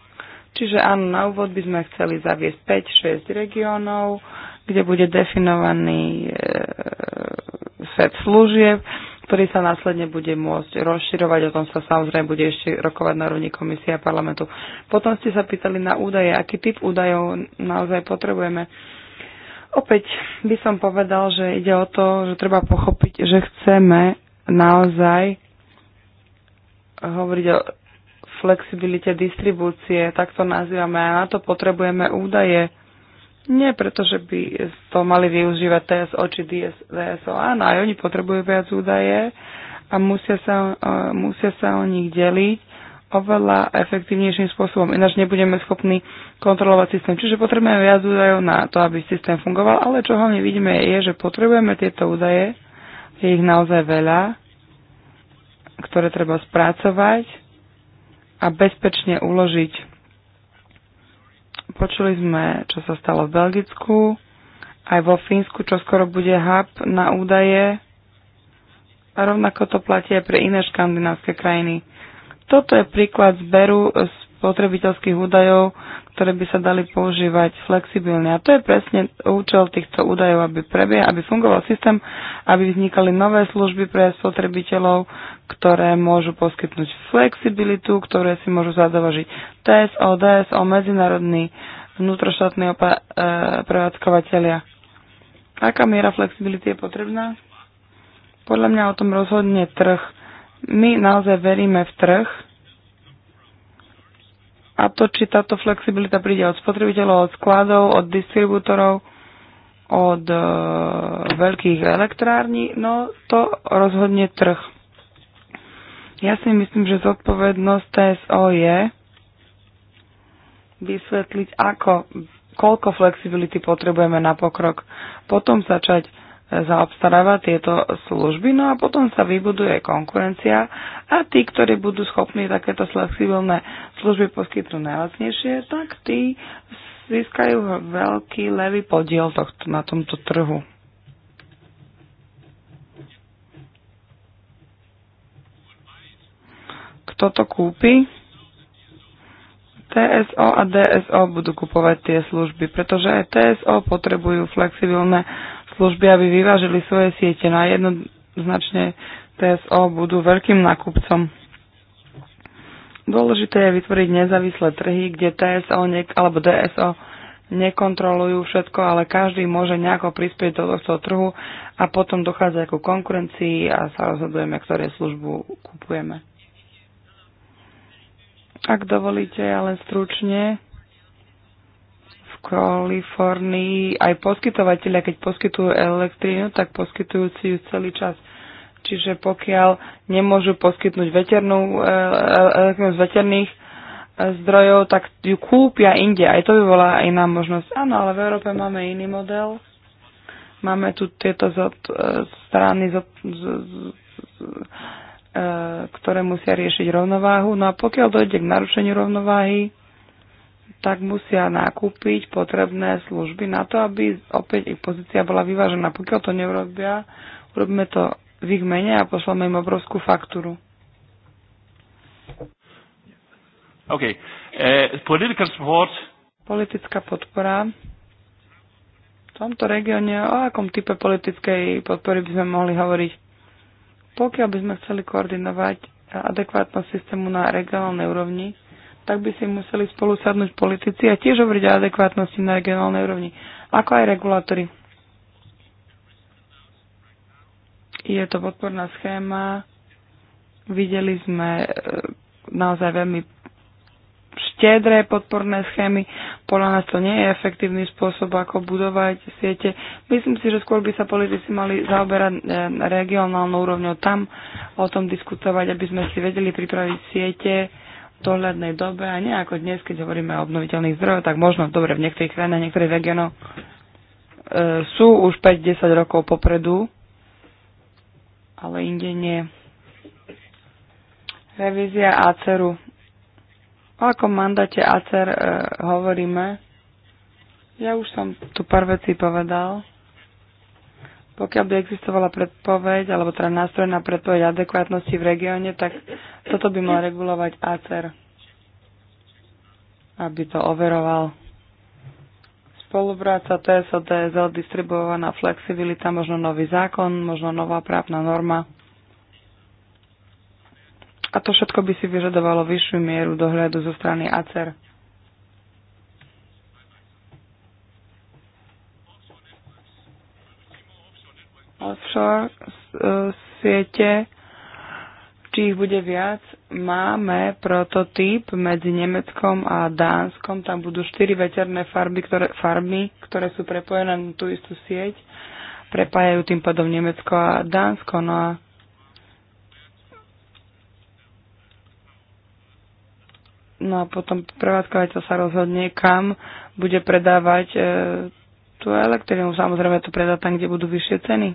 Čiže áno, na úvod by sme chceli zaviesť 5-6 regiónov, kde bude definovaný e, set služieb, ktorý sa následne bude môcť rozširovať. O tom sa samozrejme bude ešte rokovať na rovni komisie a parlamentu. Potom ste sa pýtali na údaje, aký typ údajov naozaj potrebujeme. Opäť by som povedal, že ide o to, že treba pochopiť, že chceme naozaj hovoriť o flexibilite distribúcie, tak to nazývame a na to potrebujeme údaje. Nie preto, že by to mali využívať TSO či DSO, áno, aj oni potrebujú viac údaje a musia sa, e, musia sa o nich deliť oveľa efektívnejším spôsobom. Ináč nebudeme schopní kontrolovať systém. Čiže potrebujeme viac údajov na to, aby systém fungoval, ale čo hlavne vidíme je, že potrebujeme tieto údaje, je ich naozaj veľa, ktoré treba spracovať a bezpečne uložiť. Počuli sme, čo sa stalo v Belgicku, aj vo Fínsku, čo skoro bude hub na údaje. A rovnako to platí aj pre iné škandinávské krajiny. Toto je príklad zberu spotrebiteľských údajov, ktoré by sa dali používať flexibilne. A to je presne účel týchto údajov, aby prebieha, aby fungoval systém, aby vznikali nové služby pre spotrebiteľov, ktoré môžu poskytnúť flexibilitu, ktoré si môžu zadovažiť TSO, DSO, medzinárodní vnútroštátni opa- e, prevádzkovateľia. Aká miera flexibility je potrebná? Podľa mňa o tom rozhodne trh. My naozaj veríme v trh, a to, či táto flexibilita príde od spotrebiteľov, od skladov, od distribútorov, od e, veľkých elektrární, no to rozhodne trh. Ja si myslím, že zodpovednosť TSO je vysvetliť, ako, koľko flexibility potrebujeme na pokrok, potom začať zaobstaráva tieto služby, no a potom sa vybuduje konkurencia a tí, ktorí budú schopní takéto flexibilné služby poskytnúť najlacnejšie, tak tí získajú veľký levý podiel tohto, na tomto trhu. Kto to kúpi? TSO a DSO budú kupovať tie služby, pretože aj TSO potrebujú flexibilné služby, aby vyvážili svoje siete. No a jednoznačne TSO budú veľkým nakupcom. Dôležité je vytvoriť nezávislé trhy, kde TSO niek- alebo DSO nekontrolujú všetko, ale každý môže nejako prispieť do tohto trhu a potom dochádza ku konkurencii a sa rozhodujeme, ktoré službu kupujeme. Ak dovolíte, ja len stručne Kalifornii aj poskytovateľia, keď poskytujú elektrínu, tak poskytujú si ju celý čas. Čiže pokiaľ nemôžu poskytnúť veternú, e, e, elektrínu z veterných e, zdrojov, tak ju kúpia inde. Aj to by bola iná možnosť. Áno, ale v Európe máme iný model. Máme tu tieto zod, strany, zod, z, z, z, ktoré musia riešiť rovnováhu. No a pokiaľ dojde k narušeniu rovnováhy, tak musia nakúpiť potrebné služby na to, aby opäť ich pozícia bola vyvážená. Pokiaľ to neurobia, urobíme to v ich mene a pošleme im obrovskú faktúru. OK. Uh, political support. Politická podpora. V tomto regióne o akom type politickej podpory by sme mohli hovoriť? Pokiaľ by sme chceli koordinovať adekvátnosť systému na regionálnej úrovni, tak by si museli spolu sadnúť politici a tiež hovoriť o adekvátnosti na regionálnej úrovni, ako aj regulátory. Je to podporná schéma. Videli sme e, naozaj veľmi štedré podporné schémy. Podľa nás to nie je efektívny spôsob, ako budovať siete. Myslím si, že skôr by sa politici mali zaoberať e, regionálnou úrovňou tam, o tom diskutovať, aby sme si vedeli pripraviť siete, dohľadnej dobe a nie ako dnes, keď hovoríme o obnoviteľných zdrojoch, tak možno dobre v niektorých krajinách, niektorých regiónoch e, sú už 5-10 rokov popredu, ale inde nie. Revízia ACERu. O akom mandáte ACER e, hovoríme? Ja už som tu pár vecí povedal. Pokiaľ by existovala predpoveď, alebo teda nástroj na predpoveď adekvátnosti v regióne, tak toto by mal regulovať ACER, aby to overoval. Spolupráca TSO, DSO, distribuovaná flexibilita, možno nový zákon, možno nová právna norma. A to všetko by si vyžadovalo vyššiu mieru dohľadu zo strany ACER. offshore e, siete, či ich bude viac. Máme prototyp medzi Nemeckom a Dánskom, tam budú štyri veterné farby, ktoré, farby, ktoré sú prepojené na tú istú sieť, prepájajú tým pádom Nemecko a Dánsko. No a No a potom prevádzkovateľ sa rozhodne, kam bude predávať e, tú elektrínu. Samozrejme to predá tam, kde budú vyššie ceny.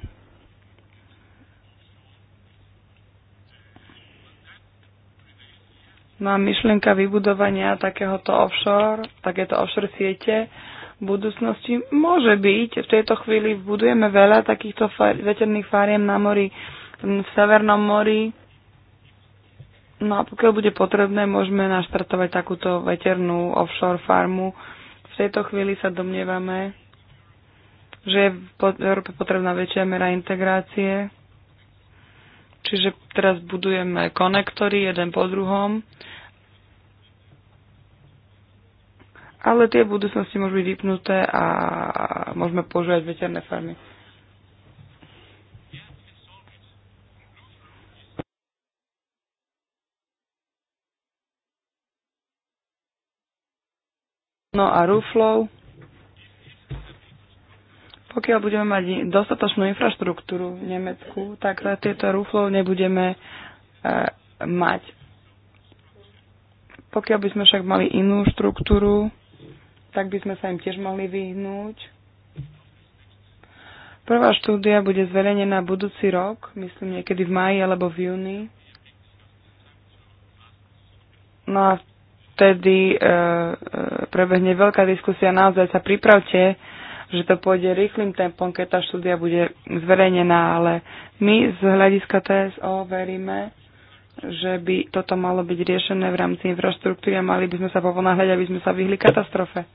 No a myšlienka vybudovania takéhoto offshore, takéto offshore siete v budúcnosti môže byť. V tejto chvíli budujeme veľa takýchto veterných fariem na mori, v Severnom mori. No a pokiaľ bude potrebné, môžeme naštartovať takúto veternú offshore farmu. V tejto chvíli sa domnievame, že je v Európe potrebná väčšia mera integrácie. Čiže teraz budujeme konektory jeden po druhom. Ale tie budúcnosti môžu byť vypnuté a môžeme používať veterné farmy. No a Ruflow. Pokiaľ budeme mať dostatočnú infraštruktúru v Nemecku, tak za tieto rúflov nebudeme e, mať. Pokiaľ by sme však mali inú štruktúru, tak by sme sa im tiež mohli vyhnúť. Prvá štúdia bude zverejnená budúci rok, myslím niekedy v maji alebo v júni. No a vtedy e, e, prebehne veľká diskusia, naozaj sa pripravte že to pôjde rýchlým tempom, keď tá štúdia bude zverejnená, ale my z hľadiska TSO veríme, že by toto malo byť riešené v rámci infraštruktúry a mali by sme sa povonáhľať, aby sme sa vyhli katastrofe.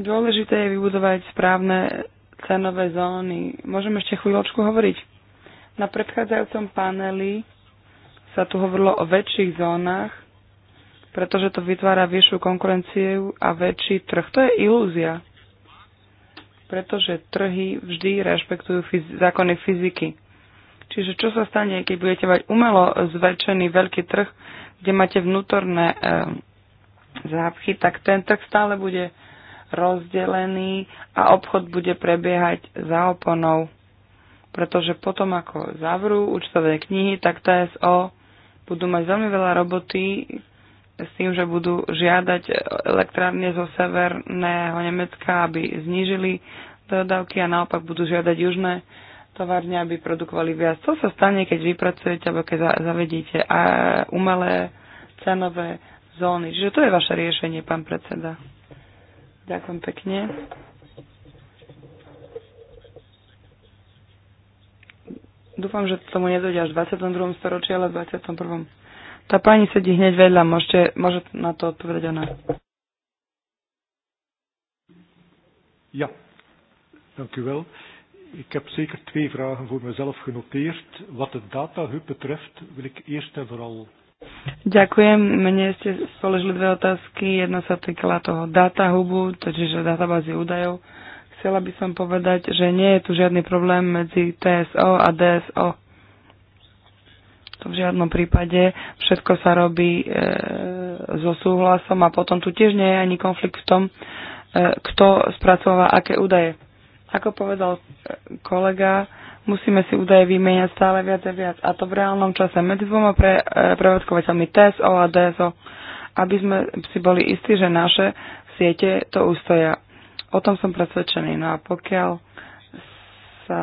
Dôležité je vybudovať správne cenové zóny. Môžem ešte chvíľočku hovoriť. Na predchádzajúcom paneli sa tu hovorilo o väčších zónach pretože to vytvára vyššiu konkurenciu a väčší trh. To je ilúzia, pretože trhy vždy rešpektujú fyz- zákony fyziky. Čiže čo sa stane, keď budete mať umelo zväčšený veľký trh, kde máte vnútorné e, zápchy, tak ten trh stále bude rozdelený a obchod bude prebiehať za oponou. Pretože potom, ako zavrú účtové knihy, tak TSO budú mať veľmi veľa roboty, s tým, že budú žiadať elektrárne zo severného Nemecka, aby znížili dodávky a naopak budú žiadať južné továrne, aby produkovali viac. To sa stane, keď vypracujete alebo keď zavedíte a umelé cenové zóny. Čiže to je vaše riešenie, pán predseda. Ďakujem pekne. Dúfam, že tomu nedojde až v 22. storočí, ale v 21. Tá pani sedí hneď vedľa, môžete, môže na to odpovedať ona. Ja, dank u wel. Ik heb zeker twee vragen voor mezelf genoteerd. Wat de datahub betreft wil ik eerst en vooral... Ďakujem. Mne ste položili dve otázky. Jedna sa týkala toho datahubu, čiže databázy údajov. Chcela by som povedať, že nie je tu žiadny problém medzi TSO a DSO. To v žiadnom prípade všetko sa robí e, so súhlasom a potom tu tiež nie je ani konflikt v tom, e, kto spracováva aké údaje. Ako povedal e, kolega, musíme si údaje vymieňať stále viac a viac. A to v reálnom čase medzi dvoma pre, e, prevádzkovateľmi TSO a DSO, aby sme si boli istí, že naše siete to ustoja. O tom som presvedčený. No a pokiaľ sa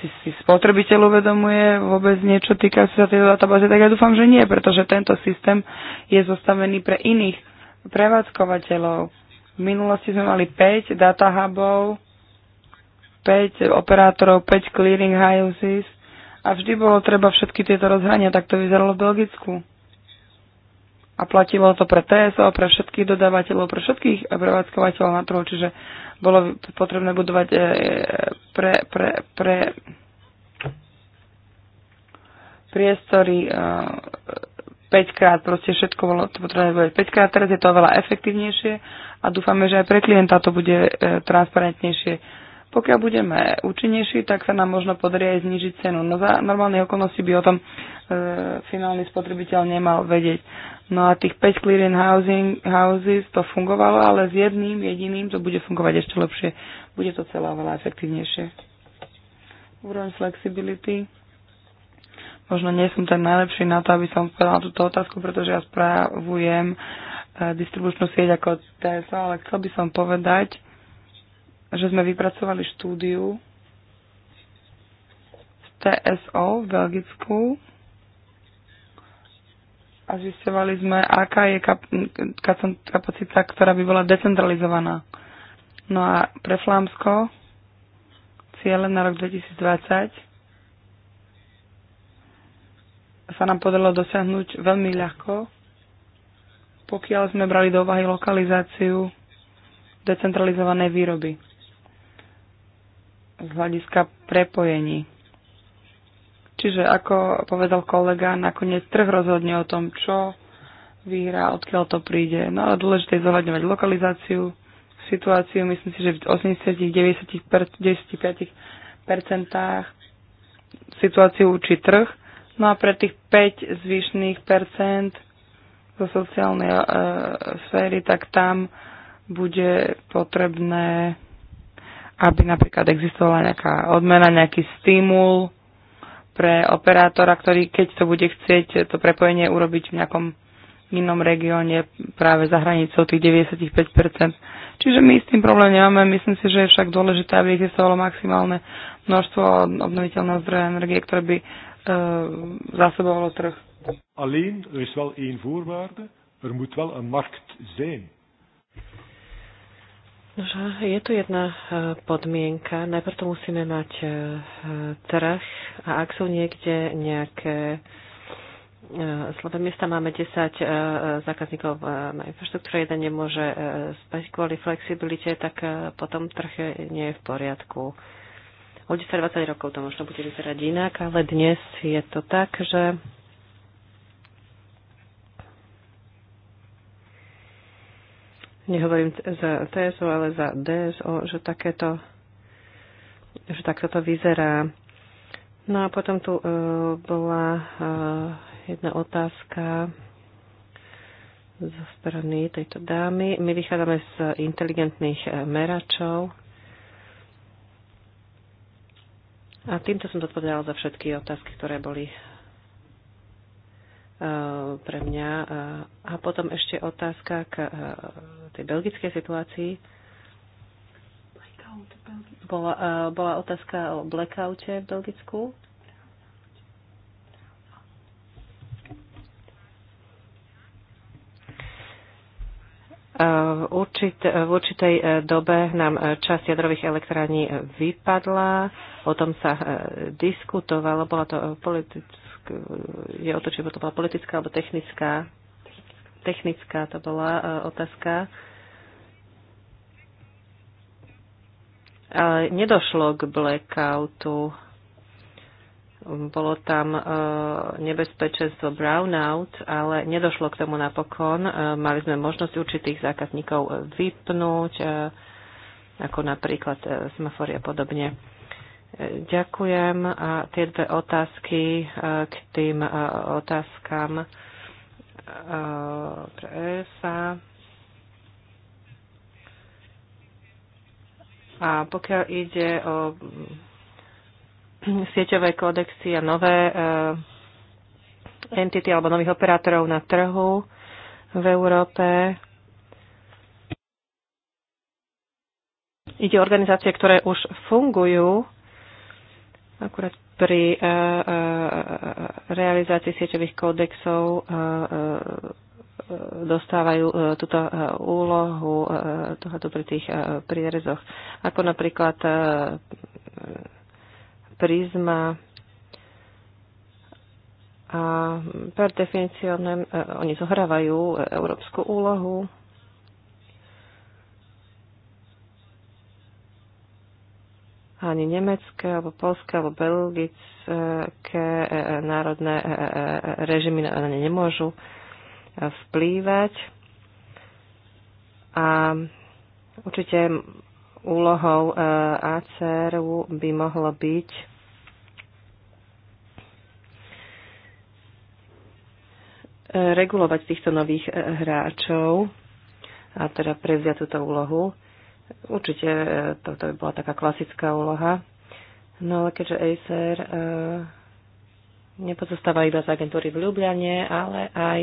si, si spotrebiteľ uvedomuje vôbec niečo týka sa tejto databázy, tak ja dúfam, že nie, pretože tento systém je zostavený pre iných prevádzkovateľov. V minulosti sme mali 5 data hubov, 5 operátorov, 5 clearing houses a vždy bolo treba všetky tieto rozhrania, tak to vyzeralo v Belgicku a platilo to pre TSO, pre všetkých dodávateľov, pre všetkých prevádzkovateľov na trhu, čiže bolo potrebné budovať e, pre, pre, pre priestory 5 e, krát, proste všetko bolo to potrebné budovať 5 krát, teraz je to oveľa efektívnejšie a dúfame, že aj pre klienta to bude e, transparentnejšie. Pokiaľ budeme účinnejší, tak sa nám možno podarí aj znižiť cenu. No za normálnych okolností by o tom e, finálny spotrebiteľ nemal vedieť. No a tých 5 clearing housing, houses to fungovalo, ale s jedným jediným to bude fungovať ešte lepšie. Bude to celá veľa efektívnejšie. Úroveň flexibility. Možno nie som ten najlepší na to, aby som povedala túto otázku, pretože ja správujem e, distribučnú sieť ako TSO, ale chcel by som povedať, že sme vypracovali štúdiu z TSO v Belgicku, a zistovali sme, aká je kap- kapacita, ktorá by bola decentralizovaná. No a pre Flámsko ciele na rok 2020 sa nám podarilo dosiahnuť veľmi ľahko, pokiaľ sme brali do úvahy lokalizáciu decentralizovanej výroby z hľadiska prepojení. Čiže ako povedal kolega, nakoniec trh rozhodne o tom, čo vyhrá, odkiaľ to príde. No a dôležité je zohľadňovať lokalizáciu, situáciu. Myslím si, že v 80-95% situáciu učí trh. No a pre tých 5 zvyšných percent zo sociálnej e, sféry, tak tam bude potrebné, aby napríklad existovala nejaká odmena, nejaký stimul, pre operátora, ktorý, keď to bude chcieť, to prepojenie urobiť v nejakom inom regióne práve za hranicou tých 95%. Čiže my s tým problém nemáme. Myslím si, že je však dôležité, aby existovalo maximálne množstvo obnoviteľného zdroja energie, ktoré by e, zásobovalo trh. Alleen, er is wel één voorwaarde, er moet wel een markt zijn. Nože, je tu jedna e, podmienka. Najprv to musíme mať e, trh a ak sú niekde nejaké e, slové miesta, máme 10 zákazníkov na infraštruktúre, jeden nemôže spať kvôli flexibilite, tak potom trh nie je v poriadku. O 10-20 rokov to možno bude vyzerať inak, ale dnes je to tak, že nehovorím za TSO, ale za DSO, že takéto, že takto to vyzerá. No a potom tu uh, bola uh, jedna otázka zo strany tejto dámy. My vychádzame z inteligentných e, meračov. A týmto som zodpovedala za všetky otázky, ktoré boli pre mňa. A potom ešte otázka k tej belgickej situácii. Blackout, bola, eh, bola otázka o blackoute v Belgicku. Eh, v, určit, v určitej eh, dobe nám časť jadrových elektrární vypadla, o tom sa diskutovalo, bola to politická, je o to, či to bola politická alebo technická, technická to bola otázka. Eh, nedošlo k blackoutu. Bolo tam eh, nebezpečenstvo brownout, ale nedošlo k tomu napokon. Eh, mali sme možnosť určitých zákazníkov vypnúť, ako napríklad semafory a podobne. Ďakujem. A tie dve otázky k tým otázkam pre ESA A pokiaľ ide o mm, sieťové kódexy a nové eh, entity alebo nových operátorov na trhu v Európe, ide o organizácie, ktoré už fungujú akurát pri eh, eh, realizácii sieťových kódexov dostávajú e, túto e, úlohu e, tohoto pri tých prierezoch. Ako napríklad prizma. a per definíciou oni zohrávajú európsku úlohu. Ani nemecké, alebo polské, alebo belgické národné režimy na ne nemôžu vplývať. A určite úlohou e, ACR by mohlo byť regulovať týchto nových e, hráčov a teda prevziať túto úlohu. Určite toto e, by bola taká klasická úloha. No ale keďže Acer nepozostáva iba z agentúry v Ljubljane, ale aj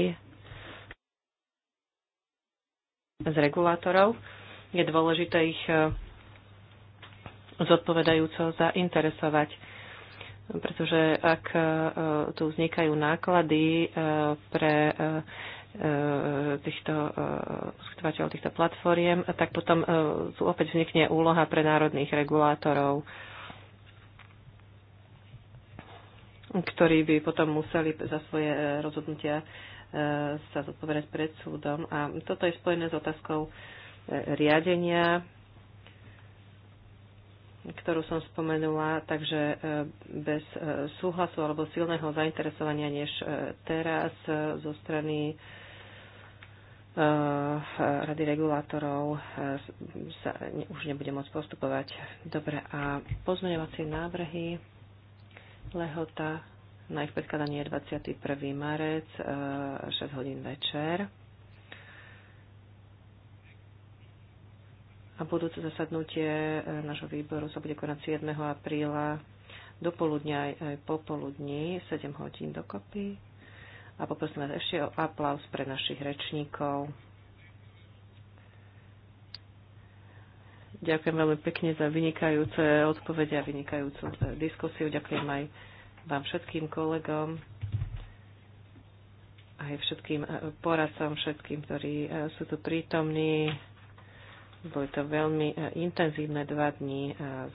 z regulátorov. Je dôležité ich e, zodpovedajúco zainteresovať, pretože ak e, tu vznikajú náklady e, pre týchto poskytovateľov týchto platformiem, tak potom tu opäť vznikne úloha pre národných regulátorov, ktorí by potom museli za svoje rozhodnutia E, sa zodpovedať pred súdom. A toto je spojené s otázkou e, riadenia, ktorú som spomenula, takže e, bez súhlasu alebo silného zainteresovania než teraz zo strany rady regulátorov sa už nebude môcť postupovať. Dobre, a pozmeňovacie návrhy, lehota na ich predkladanie je 21. marec, 6 e, hodín večer. A budúce zasadnutie e, nášho výboru sa bude konať 7. apríla do poludnia aj popoludní, 7 hodín dokopy. A poprosím vás ešte o aplaus pre našich rečníkov. Ďakujem veľmi pekne za vynikajúce odpovede a vynikajúcu e, diskusiu. Ďakujem aj vám všetkým kolegom, aj všetkým eh, poradcom, všetkým, ktorí eh, sú tu prítomní. Boli to veľmi eh, intenzívne dva dní.